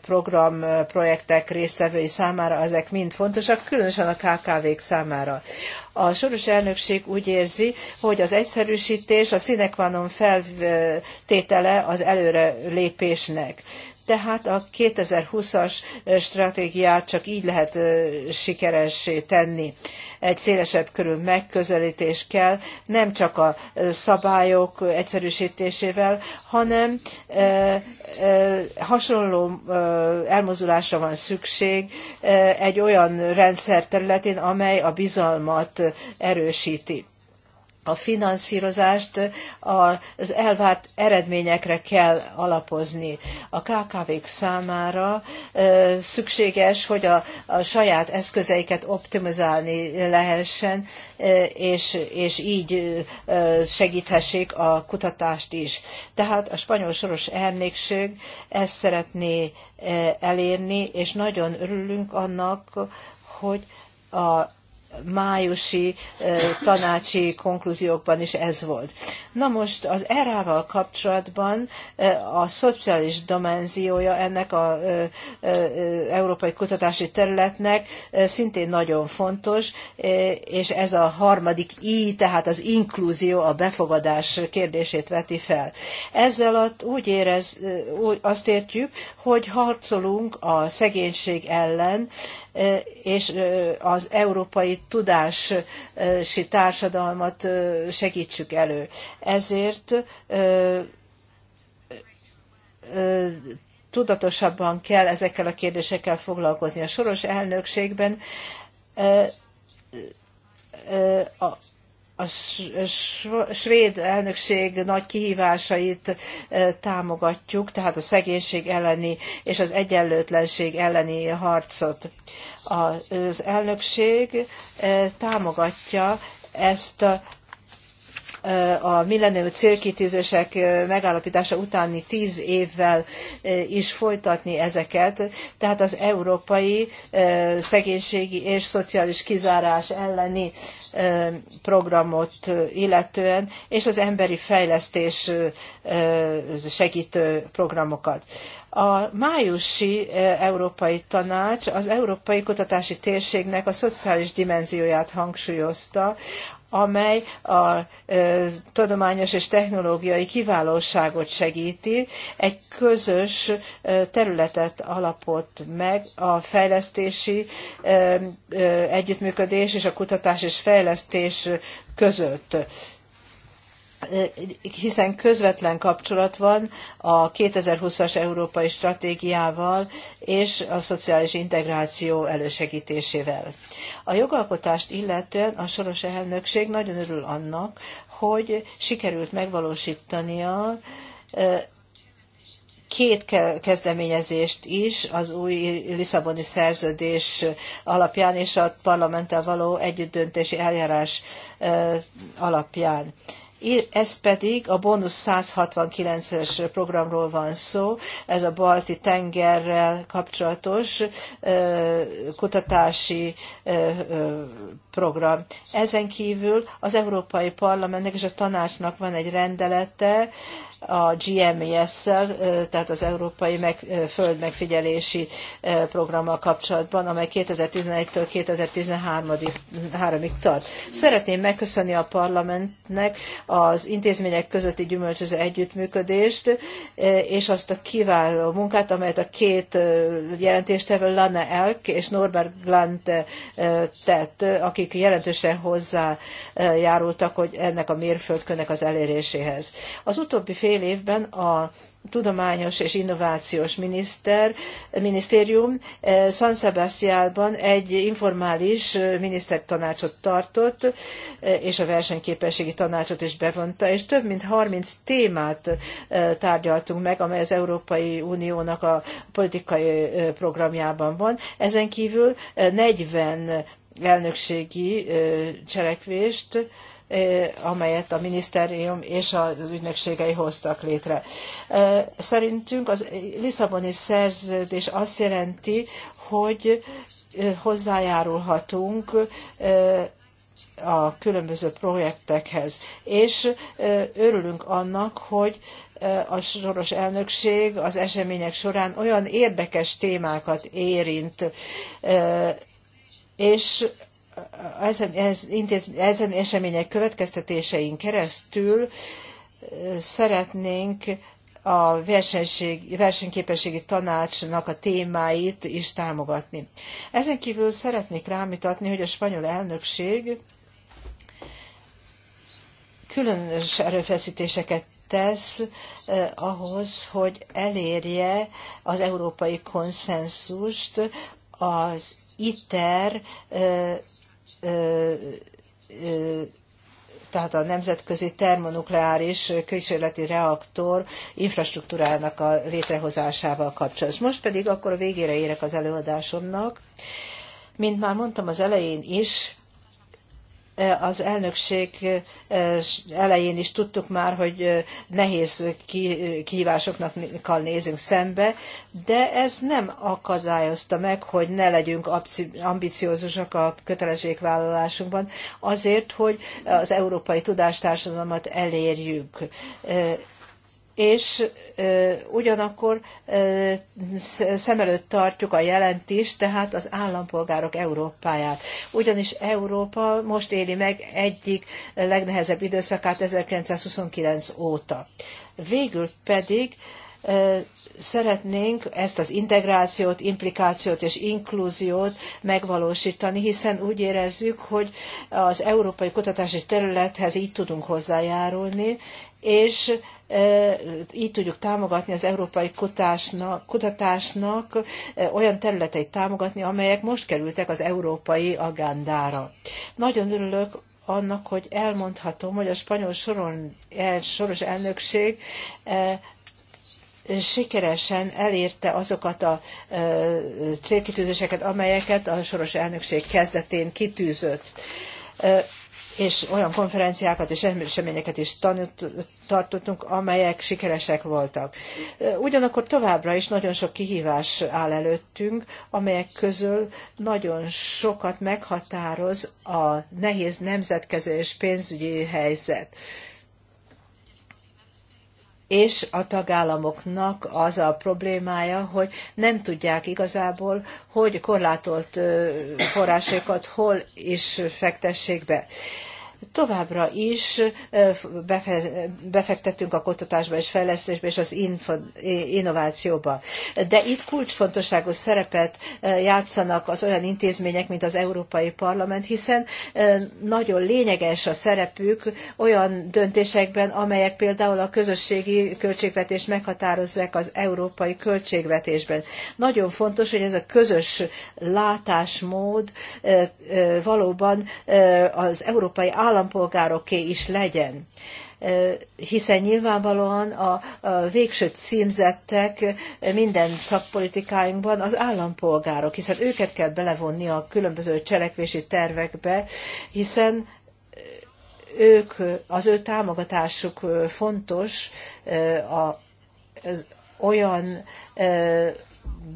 program projektek résztvevői számára ezek mind fontosak, különösen a KKV-k számára. A soros elnökség úgy érzi, hogy az egyszerűsítés a sine qua non feltétele az előre lépésnek. Tehát a 2020-as stratégiát csak így lehet sikeressé tenni. Egy szélesebb körül megközelítés kell, nem csak a szabályok egyszerűsítésével, hanem hasonló elmozdulásra van szükség egy olyan rendszer területén, amely a bizalmat erősíti a finanszírozást az elvárt eredményekre kell alapozni. A KKV-k számára szükséges, hogy a, a saját eszközeiket optimizálni lehessen, és, és így segíthessék a kutatást is. Tehát a spanyol soros elnökség ezt szeretné elérni, és nagyon örülünk annak, hogy a májusi eh, tanácsi konklúziókban is ez volt. Na most az erával kapcsolatban eh, a szociális dimenziója ennek az eh, európai kutatási területnek szintén nagyon fontos, és ez a harmadik I, tehát az inkluzió, a befogadás kérdését veti fel. Ezzel alatt úgy érez, úgy azt értjük, hogy harcolunk a szegénység ellen, E, és e, az európai tudási társadalmat e, segítsük elő. Ezért tudatosabban kell ezekkel a kérdésekkel foglalkozni. A soros elnökségben a svéd elnökség nagy kihívásait támogatjuk, tehát a szegénység elleni és az egyenlőtlenség elleni harcot. Az elnökség támogatja ezt a millennium célkitűzések megállapítása utáni tíz évvel is folytatni ezeket. Tehát az európai szegénységi és szociális kizárás elleni programot illetően, és az emberi fejlesztés segítő programokat. A májusi Európai Tanács az Európai Kutatási Térségnek a szociális dimenzióját hangsúlyozta, amely a tudományos és technológiai kiválóságot segíti, egy közös területet alapot meg a fejlesztési együttműködés és a kutatás és fejlesztés között hiszen közvetlen kapcsolat van a 2020-as európai stratégiával és a szociális integráció elősegítésével. A jogalkotást illetően a soros elnökség nagyon örül annak, hogy sikerült megvalósítania két kezdeményezést is az új Lisszaboni szerződés alapján és a parlamenttel való együttdöntési eljárás alapján. Ez pedig a Bonus 169-es programról van szó, ez a balti tengerrel kapcsolatos kutatási program. Ezen kívül az Európai Parlamentnek és a tanácsnak van egy rendelete, a GMES-szel, tehát az Európai meg, Földmegfigyelési Programmal kapcsolatban, amely 2011-től 2013-ig tart. Szeretném megköszönni a parlamentnek az intézmények közötti gyümölcsöző együttműködést, és azt a kiváló munkát, amelyet a két jelentéstevő Lana Elk és Norbert Glant tett, akik jelentősen hozzájárultak, hogy ennek a mérföldkönnek az eléréséhez. Az utóbbi fél fél évben a Tudományos és Innovációs Miniszter, Minisztérium eh, San Sebastiánban egy informális eh, minisztertanácsot tartott, eh, és a versenyképességi tanácsot is bevonta, és több mint 30 témát tárgyaltunk meg, amely az Európai Uniónak a politikai programjában van. Ezen kívül 40 elnökségi cselekvést amelyet a minisztérium és az ügynökségei hoztak létre. Szerintünk az Lisszaboni szerződés azt jelenti, hogy hozzájárulhatunk a különböző projektekhez. És örülünk annak, hogy a soros elnökség az események során olyan érdekes témákat érint, és ezen, ez, intéz, ezen események következtetésein keresztül szeretnénk a versenység, versenyképességi tanácsnak a témáit is támogatni. Ezen kívül szeretnék rámutatni, hogy a spanyol elnökség különös erőfeszítéseket tesz eh, ahhoz, hogy elérje az európai konszenzust az ITER eh, tehát a nemzetközi termonukleáris kísérleti reaktor infrastruktúrának a létrehozásával kapcsolatos. Most pedig akkor a végére érek az előadásomnak. Mint már mondtam az elején is, az elnökség eh, elején is tudtuk már, hogy eh, nehéz kihívásoknakkal nézünk szembe, de ez nem akadályozta meg, hogy ne legyünk ambiciózusak a kötelességvállalásunkban, azért, hogy az európai tudástársadalmat elérjük eh, és ugyanakkor szem előtt tartjuk a jelentést, tehát az állampolgárok Európáját. Ugyanis Európa most éli meg egyik legnehezebb időszakát 1929 óta. Végül pedig szeretnénk ezt az integrációt, implikációt és inkluziót megvalósítani, hiszen úgy érezzük, hogy az európai kutatási területhez így tudunk hozzájárulni, és E, így tudjuk támogatni az európai kutásnak, kutatásnak e, olyan területeit támogatni, amelyek most kerültek az európai agendára. Nagyon örülök annak, hogy elmondhatom, hogy a spanyol soron, e, soros elnökség sikeresen elérte azokat a célkitűzéseket, amelyeket a soros elnökség kezdetén kitűzött és olyan konferenciákat és eseményeket is tanult, tartottunk, amelyek sikeresek voltak. Ugyanakkor továbbra is nagyon sok kihívás áll előttünk, amelyek közül nagyon sokat meghatároz a nehéz nemzetközi és pénzügyi helyzet és a tagállamoknak az a problémája, hogy nem tudják igazából, hogy korlátolt forrásokat hol is fektessék be. Továbbra is befektetünk a kutatásba és fejlesztésbe és az innovációba. De itt kulcsfontosságú szerepet játszanak az olyan intézmények, mint az Európai Parlament, hiszen nagyon lényeges a szerepük olyan döntésekben, amelyek például a közösségi költségvetést meghatározzák az európai költségvetésben. Nagyon fontos, hogy ez a közös látásmód valóban az európai állampolgároké is legyen hiszen nyilvánvalóan a végső címzettek minden szakpolitikáinkban az állampolgárok, hiszen őket kell belevonni a különböző cselekvési tervekbe, hiszen ők, az ő támogatásuk fontos a, az olyan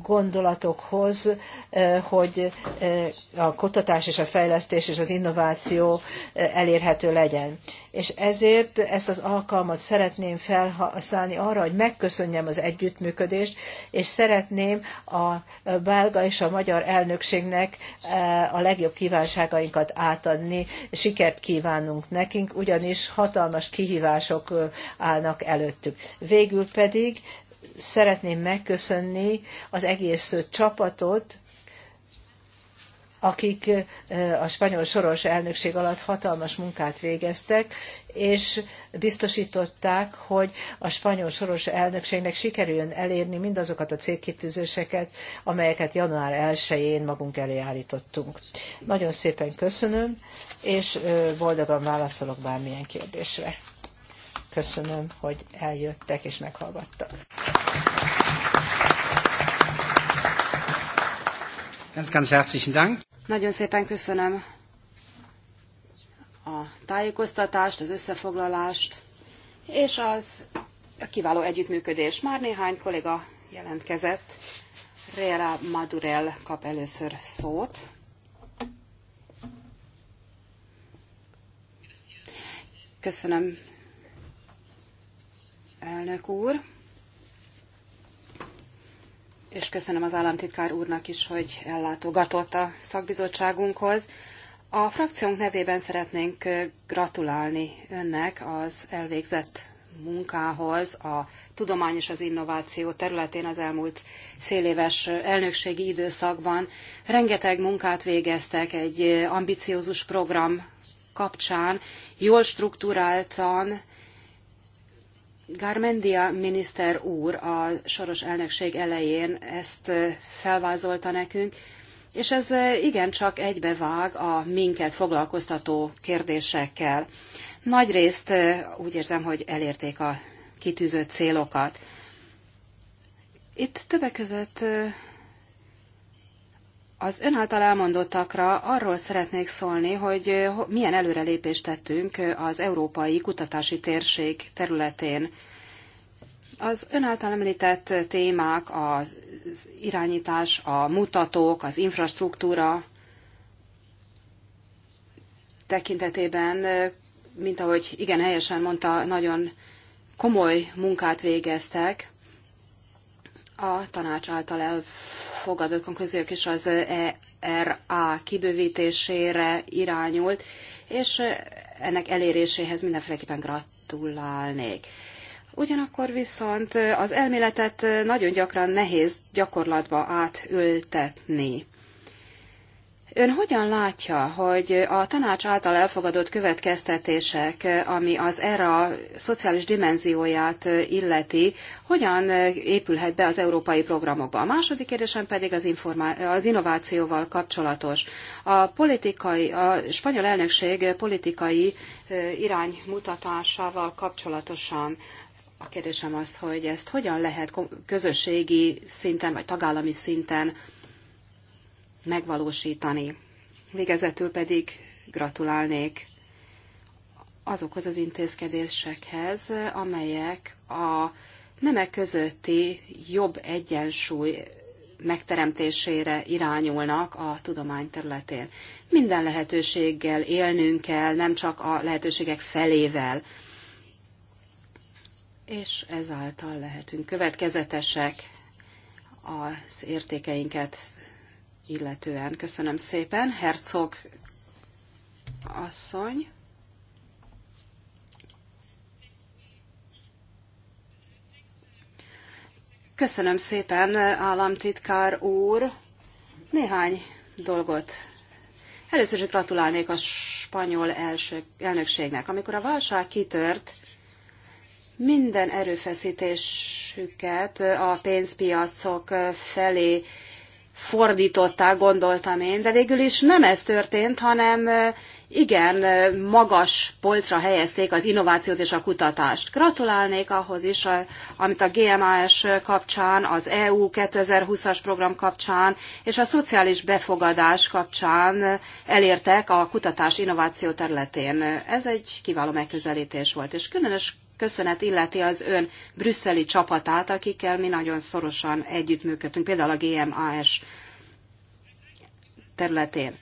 gondolatokhoz, eh, hogy eh, a kutatás és a fejlesztés és az innováció eh, elérhető legyen. És ezért ezt az alkalmat szeretném felhasználni arra, hogy megköszönjem az együttműködést, és szeretném a belga és a magyar elnökségnek a legjobb kívánságainkat átadni. Sikert kívánunk nekünk, ugyanis hatalmas kihívások állnak előttük. Végül pedig szeretném megköszönni az egész csapatot, akik eh, a spanyol soros elnökség alatt hatalmas munkát végeztek, és biztosították, hogy a spanyol soros elnökségnek sikerüljön elérni mindazokat a célkitűzéseket, amelyeket január 1-én magunk elé állítottunk. Nagyon szépen köszönöm, és eh, boldogan válaszolok bármilyen kérdésre. Köszönöm, hogy eljöttek és meghallgattak.
Nagyon szépen köszönöm a tájékoztatást, az összefoglalást és az a kiváló együttműködés. Már néhány kolléga jelentkezett. Réla Madurel kap először szót. Köszönöm elnök úr, és köszönöm az államtitkár úrnak is, hogy ellátogatott a szakbizottságunkhoz. A frakciónk nevében szeretnénk gratulálni önnek az elvégzett munkához a tudomány és az innováció területén az elmúlt féléves elnökségi időszakban. Rengeteg munkát végeztek egy ambiciózus program kapcsán, jól strukturáltan, Garmendia miniszter úr a soros elnökség elején ezt felvázolta nekünk, és ez igencsak egybevág a minket foglalkoztató kérdésekkel. Nagyrészt úgy érzem, hogy elérték a kitűzött célokat. Itt többek között az ön által elmondottakra arról szeretnék szólni, hogy eh, milyen előrelépést tettünk eh, az európai kutatási térség területén. Az ön által említett témák, az irányítás, a mutatók, az infrastruktúra tekintetében, eh, mint ahogy igen helyesen mondta, nagyon komoly munkát végeztek a tanács által elfogadott elfogadott konklúziók is az ERA kibővítésére irányult, és ennek eléréséhez mindenféleképpen gratulálnék. Ugyanakkor viszont az elméletet nagyon gyakran nehéz gyakorlatba átültetni. Ön hogyan látja, hogy a tanács által elfogadott következtetések, ami az ERA szociális dimenzióját illeti, hogyan épülhet be az európai programokba? A második kérdésem pedig az, az innovációval kapcsolatos. A, politikai, a spanyol elnökség politikai iránymutatásával kapcsolatosan a kérdésem az, hogy ezt hogyan lehet közösségi szinten vagy tagállami szinten megvalósítani. Végezetül pedig gratulálnék azokhoz az intézkedésekhez, amelyek a nemek közötti jobb egyensúly megteremtésére irányulnak a tudomány területén. Minden lehetőséggel élnünk kell, nem csak a lehetőségek felével. És ezáltal lehetünk következetesek, az értékeinket illetően. Köszönöm szépen. Herzog asszony. Köszönöm szépen, államtitkár úr. Néhány dolgot. Először is gratulálnék a spanyol első, elnökségnek. Amikor a válság kitört, minden erőfeszítésüket a pénzpiacok felé fordították, gondoltam én, de végül is nem ez történt, hanem igen, magas polcra helyezték az innovációt és a kutatást. Gratulálnék ahhoz is, amit a GMAS kapcsán, az EU 2020-as program kapcsán és a szociális befogadás kapcsán elértek a kutatás innováció területén. Ez egy kiváló megközelítés volt, és különös köszönet illeti az ön brüsszeli csapatát, akikkel mi nagyon szorosan együttműködtünk, például a GMAS területén.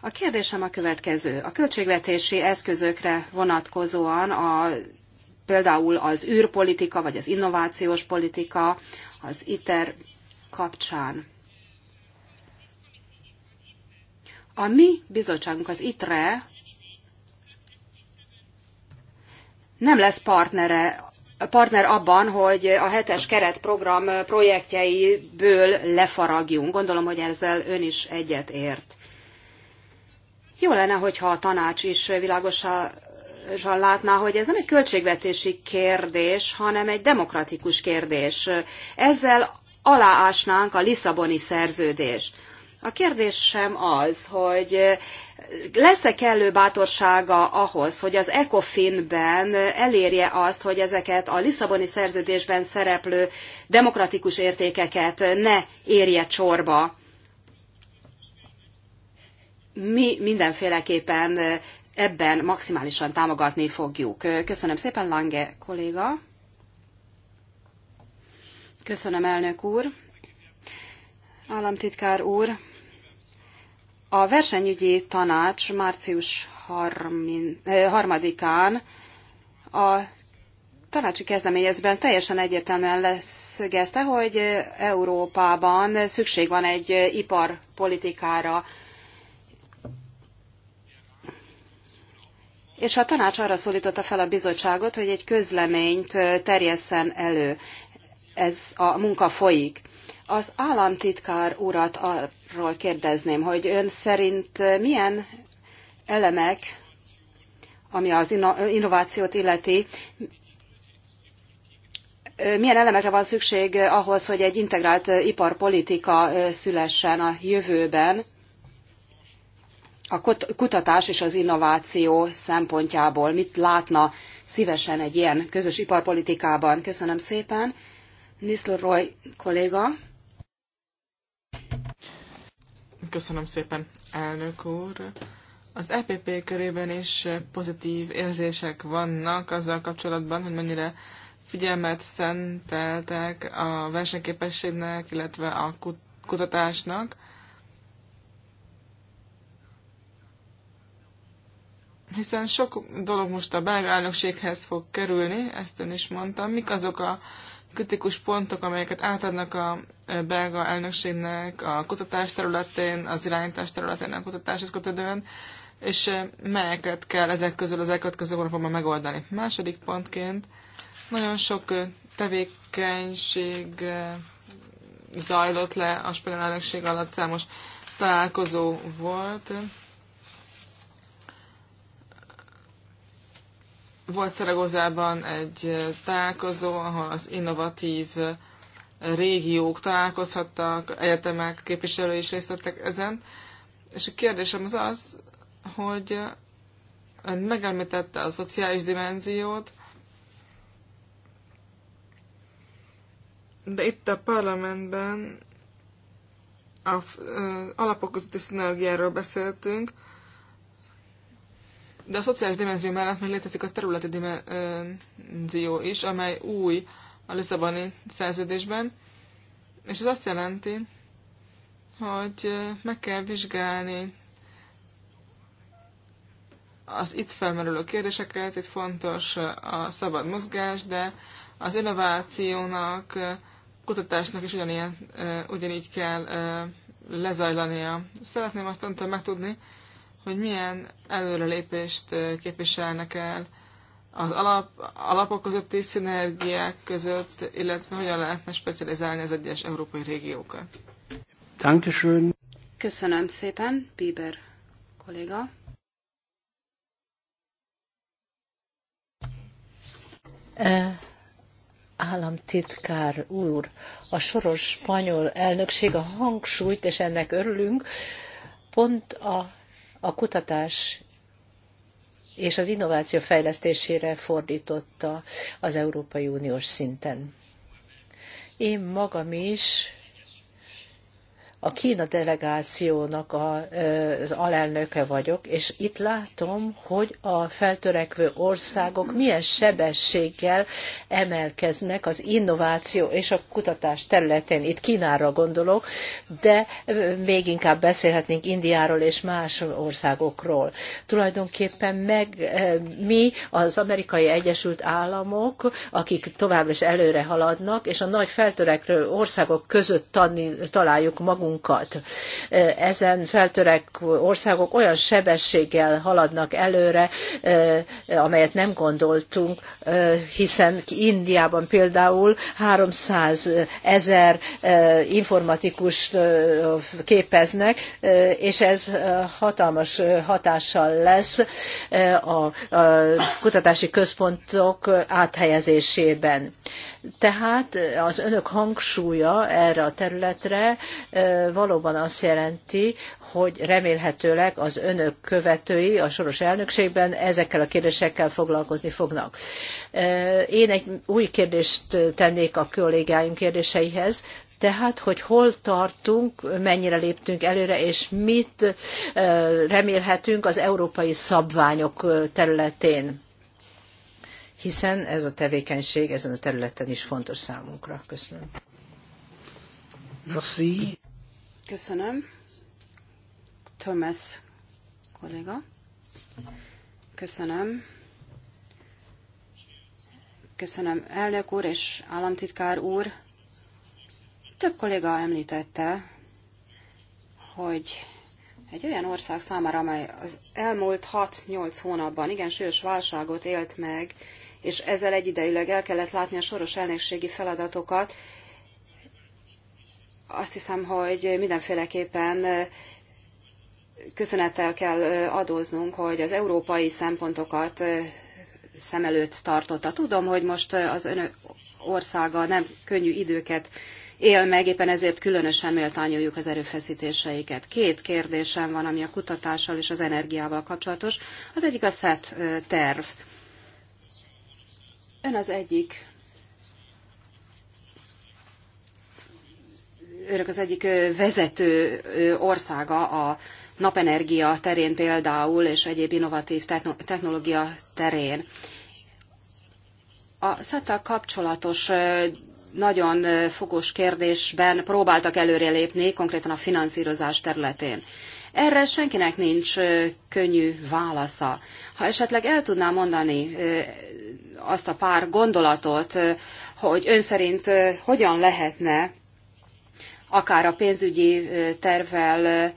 A kérdésem a következő. A költségvetési eszközökre vonatkozóan a, például az űrpolitika vagy az innovációs politika az ITER kapcsán. A mi bizottságunk, az ITRE nem lesz partnere partner abban, hogy a hetes keretprogram projektjeiből lefaragjunk. Gondolom, hogy ezzel ön is egyet ért. Jó lenne, hogyha a tanács is világosan látná, hogy ez nem egy költségvetési kérdés, hanem egy demokratikus kérdés. Ezzel aláásnánk a Lisszaboni szerződést. A kérdésem az, hogy lesz-e kellő bátorsága ahhoz, hogy az ECOFIN-ben elérje azt, hogy ezeket a Lisszaboni szerződésben szereplő demokratikus értékeket ne érje csorba? Mi mindenféleképpen ebben maximálisan támogatni fogjuk. Köszönöm szépen, Lange kolléga. Köszönöm, elnök úr. Államtitkár úr. A versenyügyi tanács március 3-án eh, a tanácsi kezdeményezben teljesen egyértelműen leszögezte, hogy Európában szükség van egy iparpolitikára. És a tanács arra szólította fel a bizottságot, hogy egy közleményt terjesszen elő ez a munka folyik. Az államtitkár urat arról kérdezném, hogy ön szerint milyen elemek, ami az innovációt illeti, milyen elemekre van szükség ahhoz, hogy egy integrált iparpolitika szülessen a jövőben a kutatás és az innováció szempontjából? Mit látna szívesen egy ilyen közös iparpolitikában? Köszönöm szépen. Niszloroy
kolléga. Köszönöm szépen, elnök úr. Az EPP körében is pozitív érzések vannak azzal kapcsolatban, hogy mennyire figyelmet szenteltek a versenyképességnek, illetve a kutatásnak. Hiszen sok dolog most a belga elnökséghez fog kerülni, ezt ön is mondtam. Mik azok a kritikus pontok, amelyeket átadnak a belga elnökségnek a kutatás területén, az irányítás területén, a kutatáshoz kötődően, és melyeket kell ezek közül az elkövetkező hónapokban megoldani. Második pontként nagyon sok tevékenység zajlott le a spanyol elnökség alatt, számos találkozó volt, Volt Szeregozában egy találkozó, ahol az innovatív régiók találkozhattak, egyetemek képviselői is részt vettek ezen. És a kérdésem az az, hogy ön megelmítette a szociális dimenziót, de itt a parlamentben a alapok közötti szinergiáról beszéltünk, de a szociális dimenzió mellett még létezik a területi dimenzió is, amely új a Lisszaboni szerződésben, és ez azt jelenti, hogy meg kell vizsgálni az itt felmerülő kérdéseket, itt fontos a szabad mozgás, de az innovációnak, kutatásnak is ugyanilyen, ugyanígy kell lezajlania. Szeretném azt öntől megtudni, hogy milyen előrelépést képviselnek el az alap, alapok közötti szinergiák között, illetve hogyan lehetne specializálni az egyes európai régiókat.
Dankeschön.
Köszönöm szépen,
Bieber kolléga.
E, államtitkár úr, a soros spanyol elnökség a hangsúlyt, és ennek örülünk, pont a a kutatás és az innováció fejlesztésére fordította az Európai Uniós szinten. Én magam is a Kína delegációnak az alelnöke vagyok, és itt látom, hogy a feltörekvő országok milyen sebességgel emelkeznek az innováció és a kutatás területén. Itt Kínára gondolok, de még inkább beszélhetnénk Indiáról és más országokról. Tulajdonképpen meg mi, az amerikai Egyesült Államok, akik továbbra is előre haladnak, és a nagy feltörekvő országok között találjuk magunkat, magunkat. Eh, ezen feltörekvő országok olyan sebességgel haladnak előre, eh, amelyet nem gondoltunk, eh, hiszen Indiában például 300 ezer informatikus képeznek, és ez hatalmas hatással lesz a kutatási központok áthelyezésében. Tehát az önök hangsúlya erre a területre valóban azt jelenti, hogy remélhetőleg az önök követői a soros elnökségben ezekkel a kérdésekkel foglalkozni fognak. Én egy új kérdést tennék a kollégáim kérdéseihez, tehát, hogy hol tartunk, mennyire léptünk előre, és mit remélhetünk az európai szabványok területén hiszen ez a tevékenység ezen a területen is fontos számunkra. Köszönöm. Merci.
Köszönöm. Thomas kolléga. Köszönöm. Köszönöm elnök úr és államtitkár úr. Több kolléga említette, hogy egy olyan ország számára, amely az elmúlt 6-8 hónapban igen súlyos válságot élt meg, és ezzel egyidejűleg el kellett látni a soros elnökségi feladatokat. Azt hiszem, hogy mindenféleképpen köszönettel kell adóznunk, hogy az európai szempontokat szem előtt tartotta. Tudom, hogy most az önök országa nem könnyű időket él meg, éppen ezért különösen méltányoljuk az erőfeszítéseiket. Két kérdésem van, ami a kutatással és az energiával kapcsolatos. Az egyik a SZET terv. Ön az egyik önök az egyik vezető országa a napenergia terén például, és egyéb innovatív technológia terén. A SZATA kapcsolatos nagyon fokos kérdésben próbáltak előrelépni, konkrétan a finanszírozás területén. Erre senkinek nincs könnyű válasza. Ha esetleg el tudná mondani azt a pár gondolatot, hogy ön szerint hogyan lehetne akár a pénzügyi tervvel,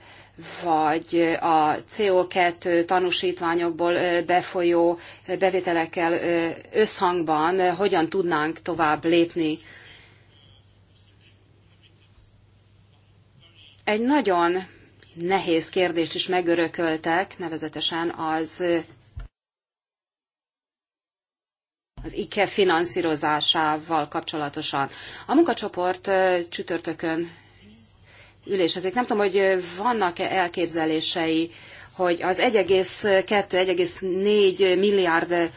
vagy a CO2 tanúsítványokból befolyó bevételekkel összhangban hogyan tudnánk tovább lépni. Egy nagyon nehéz kérdést is megörököltek, nevezetesen az az IKE finanszírozásával kapcsolatosan. A munkacsoport csütörtökön ülés azért Nem tudom, hogy vannak-e elképzelései, hogy az 1,2-1,4 milliárd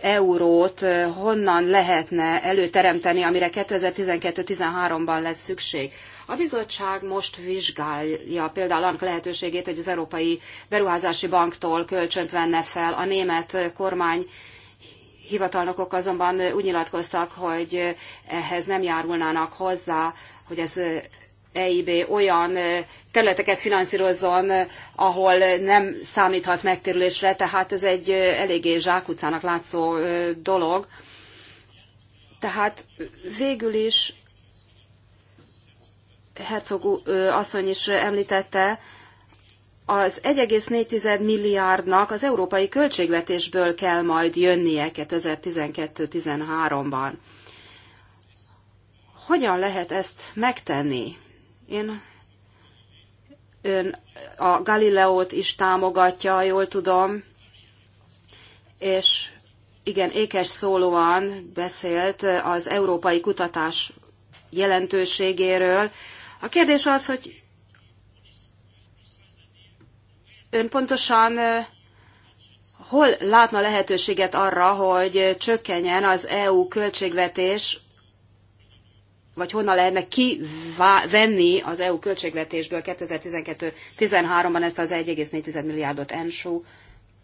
eurót honnan lehetne előteremteni, amire 2012-13-ban lesz szükség. A bizottság most vizsgálja például annak lehetőségét, hogy az Európai Beruházási Banktól kölcsönt venne fel a német kormány hivatalnokok azonban úgy nyilatkoztak, hogy ehhez nem járulnának hozzá, hogy ez EIB olyan területeket finanszírozzon, ahol nem számíthat megtérülésre, tehát ez egy eléggé zsákutcának látszó dolog. Tehát végül is Herzog asszony is említette, az 1,4 milliárdnak az európai költségvetésből kell majd jönnie 2012-13-ban. Hogyan lehet ezt megtenni? Én ön a Galileót is támogatja, jól tudom, és igen, ékes szólóan beszélt az európai kutatás jelentőségéről. A kérdés az, hogy ön pontosan hol látna lehetőséget arra, hogy csökkenjen az EU költségvetés, vagy honnan lehetne kivenni az EU költségvetésből 2012-13-ban ezt az 1,4 milliárdot Ensú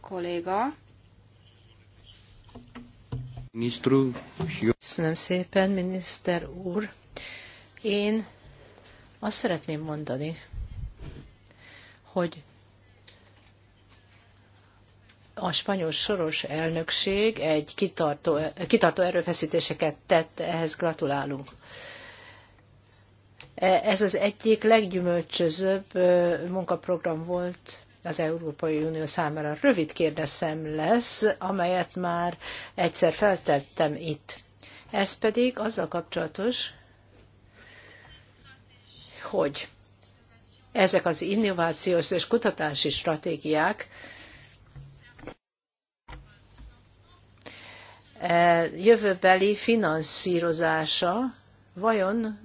kolléga?
Köszönöm szépen, miniszter úr. Én azt szeretném mondani, hogy a spanyol soros elnökség egy kitartó, kitartó erőfeszítéseket tett, ehhez gratulálunk. E, ez az egyik leggyümölcsözőbb munkaprogram volt az Európai Unió számára. Rövid kérdésem lesz, amelyet már egyszer feltettem itt. Ez pedig azzal kapcsolatos, hogy ezek az innovációs és kutatási stratégiák E, jövőbeli finanszírozása vajon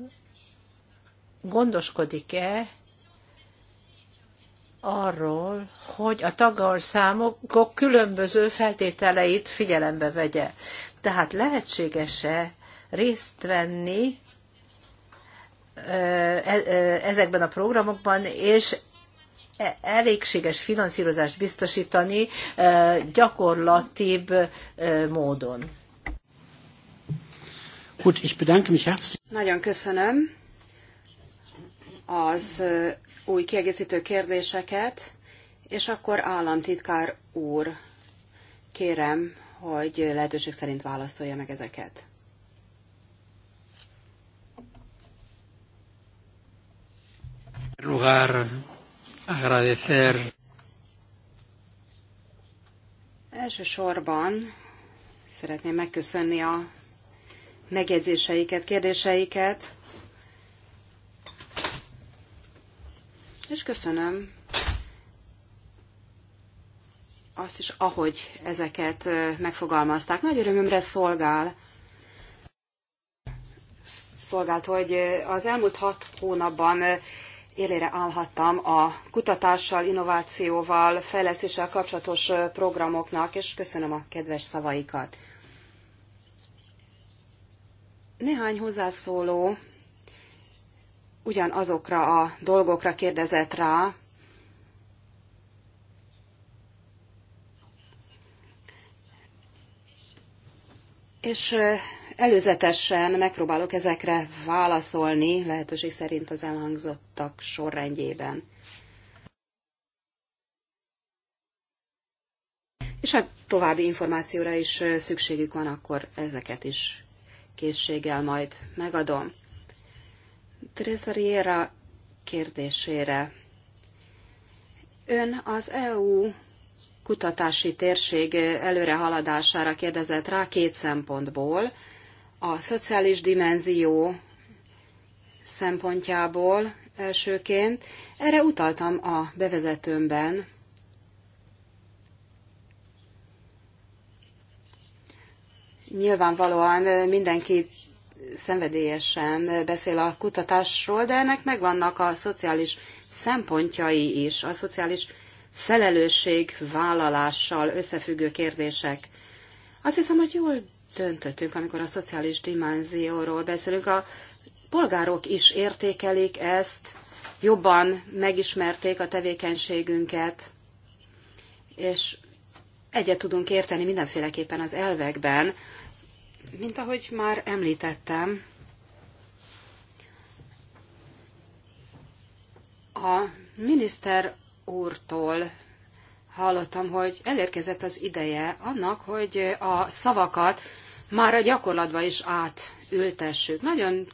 gondoskodik-e arról, hogy a tagországok különböző feltételeit figyelembe vegye. Tehát lehetséges-e részt venni e, e, ezekben a programokban, és E, elégséges finanszírozást biztosítani e, gyakorlatibb e, módon.
Gut, ich bedanke mich herzlich.
Nagyon
köszönöm az új kiegészítő kérdéseket, és akkor államtitkár úr, kérem, hogy lehetőség szerint válaszolja meg ezeket.
lugar Agradecer.
Elsősorban szeretném megköszönni a megjegyzéseiket, kérdéseiket, és köszönöm azt is, ahogy ezeket megfogalmazták. Nagy örömömre szolgál, szolgált, hogy az elmúlt hat hónapban élére állhattam a kutatással, innovációval, fejlesztéssel kapcsolatos programoknak, és köszönöm a kedves szavaikat. Néhány hozzászóló ugyanazokra a dolgokra kérdezett rá, és előzetesen megpróbálok ezekre válaszolni, lehetőség szerint az elhangzottak sorrendjében. És ha hát további információra is szükségük van, akkor ezeket is készséggel majd megadom. Teresa Riera kérdésére. Ön az EU kutatási térség előrehaladására kérdezett rá két szempontból a szociális dimenzió szempontjából elsőként. Erre utaltam a bevezetőmben. Nyilvánvalóan mindenki szenvedélyesen beszél a kutatásról, de ennek megvannak a szociális szempontjai is, a szociális felelősség vállalással összefüggő kérdések. Azt hiszem, hogy jól döntöttünk, amikor a szociális dimenzióról beszélünk. A polgárok is értékelik ezt, jobban megismerték a tevékenységünket, és egyet tudunk érteni mindenféleképpen az elvekben, mint ahogy már említettem, a miniszter úrtól hallottam, hogy elérkezett az ideje annak, hogy a szavakat már a gyakorlatba is átültessük. Nagyon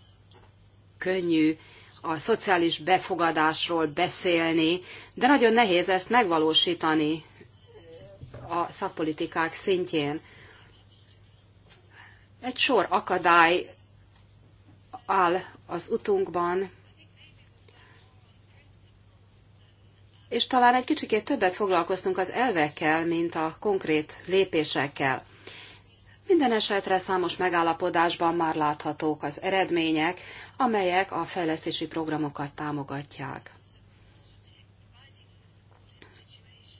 könnyű a szociális befogadásról beszélni, de nagyon nehéz ezt megvalósítani a szakpolitikák szintjén. Egy sor akadály áll az utunkban, és talán egy kicsikét többet foglalkoztunk az elvekkel, mint a konkrét lépésekkel. Minden esetre számos megállapodásban már láthatók az eredmények, amelyek a fejlesztési programokat támogatják.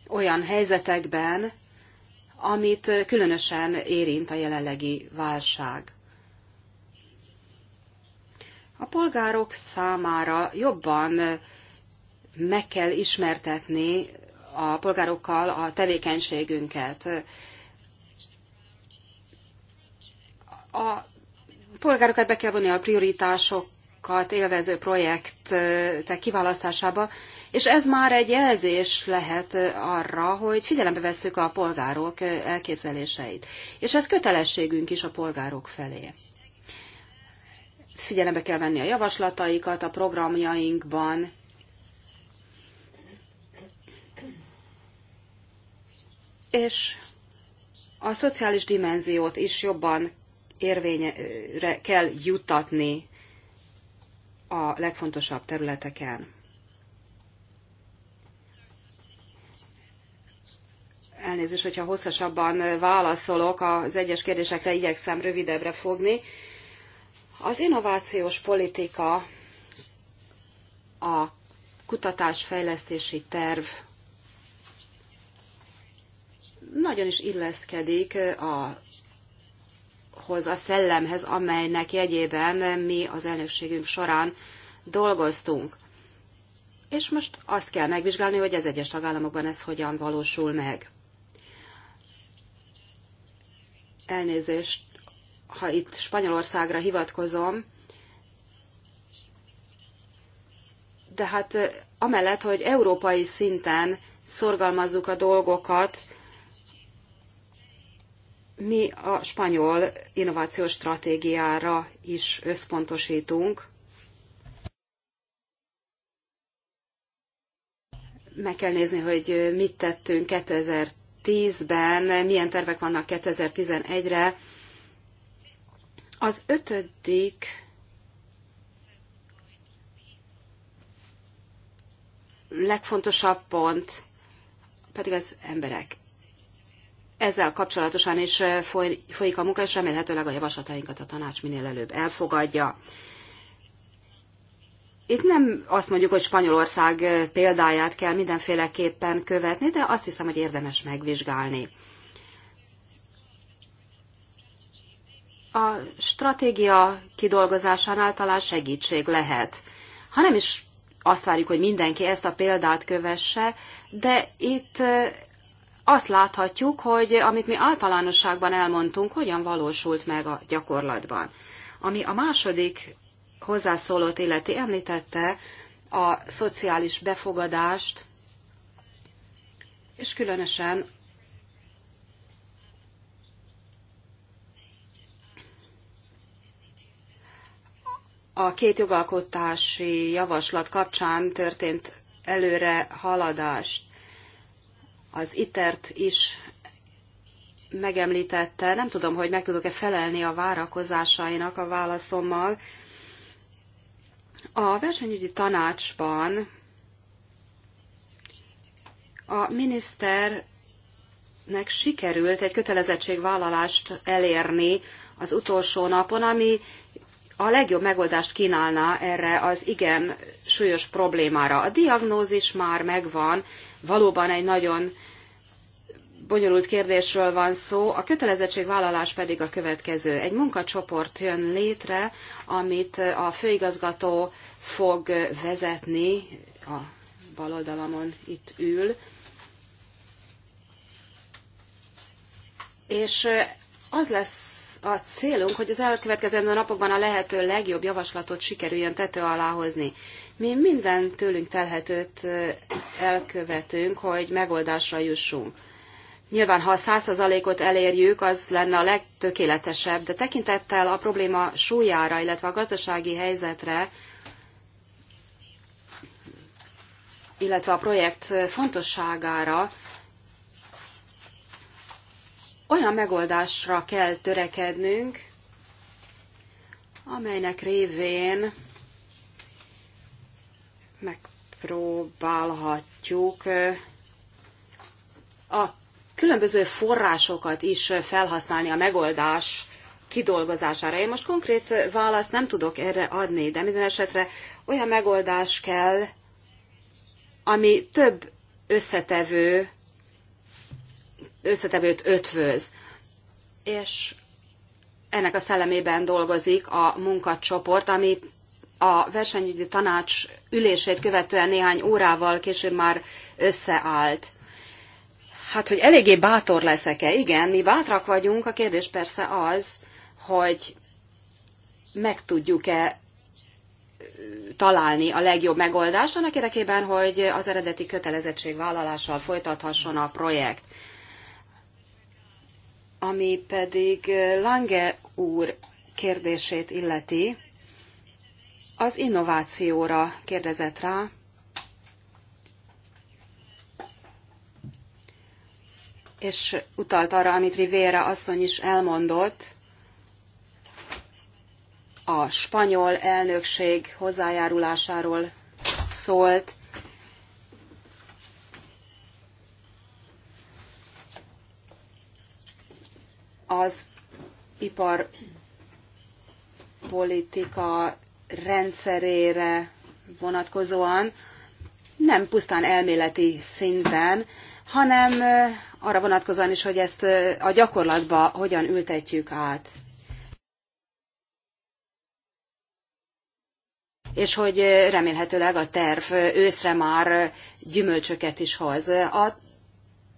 Olyan helyzetekben, amit különösen érint a jelenlegi válság. A polgárok számára jobban meg kell ismertetni a polgárokkal a tevékenységünket. A polgárokat be kell vonni a prioritásokat élvező projektek kiválasztásába, és ez már egy jelzés lehet arra, hogy figyelembe vesszük a polgárok elképzeléseit. És ez kötelességünk is a polgárok felé figyelembe kell venni a javaslataikat a programjainkban. És a szociális dimenziót is jobban érvényre kell juttatni a legfontosabb területeken. Elnézést, hogyha hosszasabban válaszolok, az egyes kérdésekre igyekszem rövidebbre fogni. Az innovációs politika, a kutatásfejlesztési terv nagyon is illeszkedik a ahhoz a szellemhez, amelynek jegyében mi az elnökségünk során dolgoztunk. És most azt kell megvizsgálni, hogy az egyes tagállamokban ez hogyan valósul meg. Elnézést, ha itt Spanyolországra hivatkozom, de hát amellett, hogy európai szinten szorgalmazzuk a dolgokat, mi a spanyol innovációs stratégiára is összpontosítunk. Meg kell nézni, hogy mit tettünk 2010-ben, milyen tervek vannak 2011-re. Az ötödik legfontosabb pont pedig az emberek ezzel kapcsolatosan is folyik a munka, és remélhetőleg a javaslatainkat a tanács minél előbb elfogadja. Itt nem azt mondjuk, hogy Spanyolország példáját kell mindenféleképpen követni, de azt hiszem, hogy érdemes megvizsgálni. A stratégia kidolgozásánál talán segítség lehet. Ha nem is azt várjuk, hogy mindenki ezt a példát kövesse, de itt azt láthatjuk, hogy amit mi általánosságban elmondtunk, hogyan valósult meg a gyakorlatban. Ami a második hozzászólót illeti említette a szociális befogadást, és különösen a két jogalkotási javaslat kapcsán történt előre haladást az ITERT is megemlítette. Nem tudom, hogy meg tudok-e felelni a várakozásainak a válaszommal. A versenyügyi tanácsban a miniszternek sikerült egy kötelezettségvállalást elérni az utolsó napon, ami a legjobb megoldást kínálná erre az igen súlyos problémára. A diagnózis már megvan, valóban egy nagyon bonyolult kérdésről van szó, a kötelezettségvállalás pedig a következő. Egy munkacsoport jön létre, amit a főigazgató fog vezetni, a bal oldalamon itt ül, és eh, az lesz a célunk, hogy az elkövetkezendő napokban a lehető legjobb javaslatot sikerüljön tető alá hozni. Mi minden tőlünk telhetőt elkövetünk, hogy megoldásra jussunk. Nyilván, ha a százszerzalékot elérjük, az lenne a legtökéletesebb, de tekintettel a probléma súlyára, illetve a gazdasági helyzetre, illetve a projekt fontosságára olyan megoldásra kell törekednünk, amelynek révén megpróbálhatjuk a különböző forrásokat is felhasználni a megoldás kidolgozására. Én most konkrét választ nem tudok erre adni, de minden esetre olyan megoldás kell, ami több összetevő, összetevőt ötvöz. És ennek a szellemében dolgozik a munkacsoport, ami a versenyügyi tanács ülését követően néhány órával később már összeállt. Hát, hogy eléggé bátor leszek-e? Igen, mi bátrak vagyunk, a kérdés persze az, hogy meg tudjuk-e találni a legjobb megoldást annak érdekében, hogy az eredeti kötelezettségvállalással folytathasson a projekt. Ami pedig Lange úr kérdését illeti, az innovációra kérdezett rá. és utalt arra, amit Rivera asszony is elmondott, a spanyol elnökség hozzájárulásáról szólt. Az iparpolitika rendszerére vonatkozóan nem pusztán elméleti szinten, hanem arra vonatkozóan is, hogy ezt a gyakorlatba hogyan ültetjük át. és hogy remélhetőleg a terv őszre már gyümölcsöket is hoz. A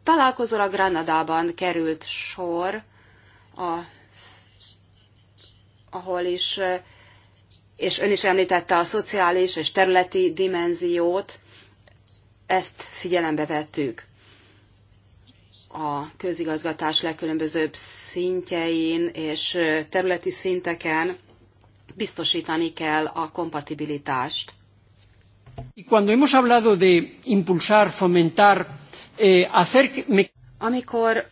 találkozóra Granadában került sor, a, ahol is és ön is említette a szociális és területi dimenziót, ezt figyelembe vettük a közigazgatás legkülönbözőbb szintjein és területi szinteken biztosítani kell a kompatibilitást.
Y cuando hemos hablado de impulsar, fomentar,
eh, hacer...
Amikor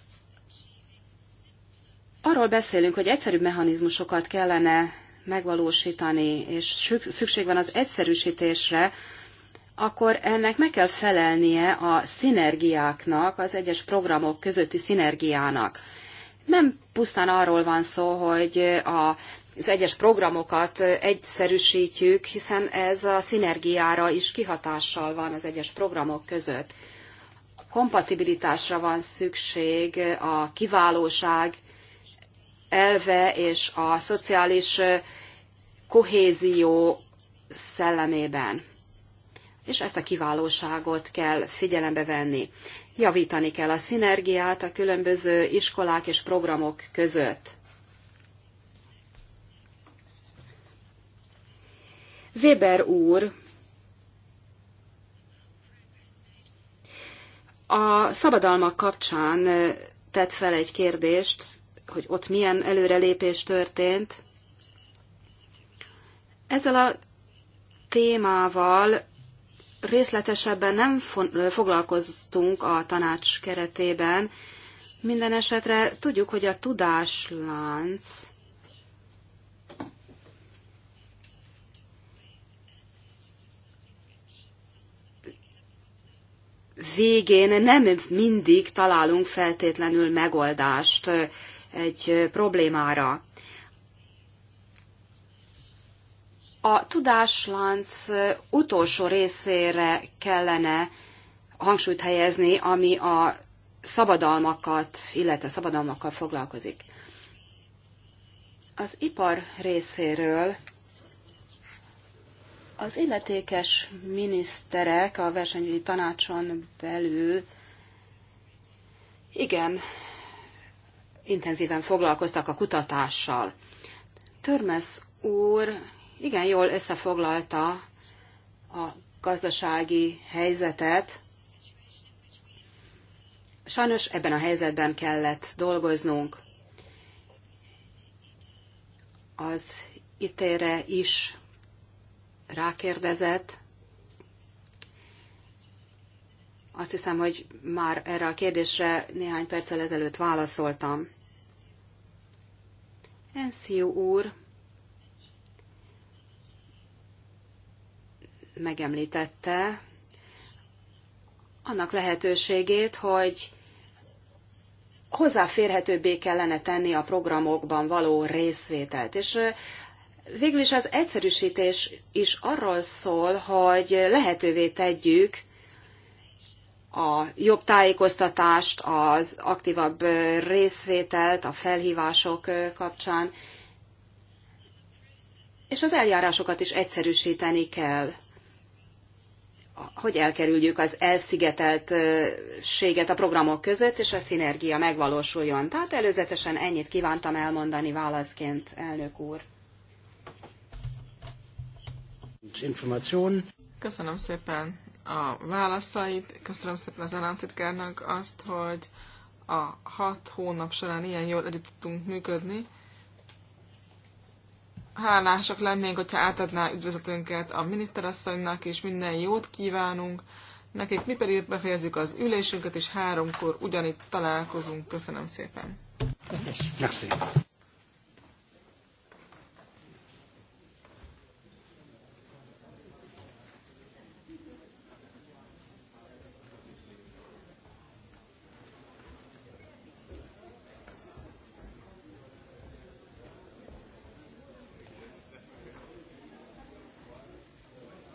arról beszélünk, hogy egyszerűbb mechanizmusokat kellene megvalósítani, és szükség van az egyszerűsítésre, akkor ennek meg kell felelnie a szinergiáknak, az egyes programok közötti szinergiának. Nem pusztán arról van szó, hogy a az egyes programokat egyszerűsítjük, hiszen ez a szinergiára is kihatással van az egyes programok között. Kompatibilitásra van szükség, a kiválóság elve és a szociális kohézió szellemében. És ezt a kiválóságot kell figyelembe venni. Javítani kell a szinergiát a különböző iskolák és programok között. Weber úr a szabadalmak kapcsán tett fel egy kérdést, hogy ott milyen előrelépés történt. Ezzel a témával részletesebben nem foglalkoztunk a tanács keretében. Minden esetre tudjuk, hogy a tudáslánc végén nem mindig találunk feltétlenül megoldást egy problémára. A tudáslánc utolsó részére kellene hangsúlyt helyezni, ami a szabadalmakat, illetve szabadalmakkal foglalkozik. Az ipar részéről az illetékes miniszterek a versenyügyi tanácson belül igen, intenzíven foglalkoztak a kutatással. Törmesz úr igen jól összefoglalta a gazdasági helyzetet. Sajnos ebben a helyzetben kellett dolgoznunk. Az itére is rákérdezett. Azt hiszem, hogy már erre a kérdésre néhány perccel ezelőtt válaszoltam. Ensió úr megemlítette annak lehetőségét, hogy hozzáférhetőbbé kellene tenni a programokban való részvételt. És végül is az egyszerűsítés is arról szól, hogy lehetővé tegyük a jobb tájékoztatást, az aktívabb részvételt a felhívások kapcsán, és az eljárásokat is egyszerűsíteni kell, hogy elkerüljük az elszigeteltséget a programok között, és a szinergia megvalósuljon. Tehát előzetesen ennyit kívántam elmondani válaszként, elnök úr.
Köszönöm szépen a válaszait. Köszönöm szépen az államtitkárnak azt, hogy a hat hónap során ilyen jól együtt tudtunk működni. Hálások lennénk, hogyha átadná üdvözletünket a miniszterasszonynak, és minden jót kívánunk. Nekik mi pedig befejezzük az ülésünket, és háromkor ugyanitt találkozunk. Köszönöm szépen.
Köszönöm.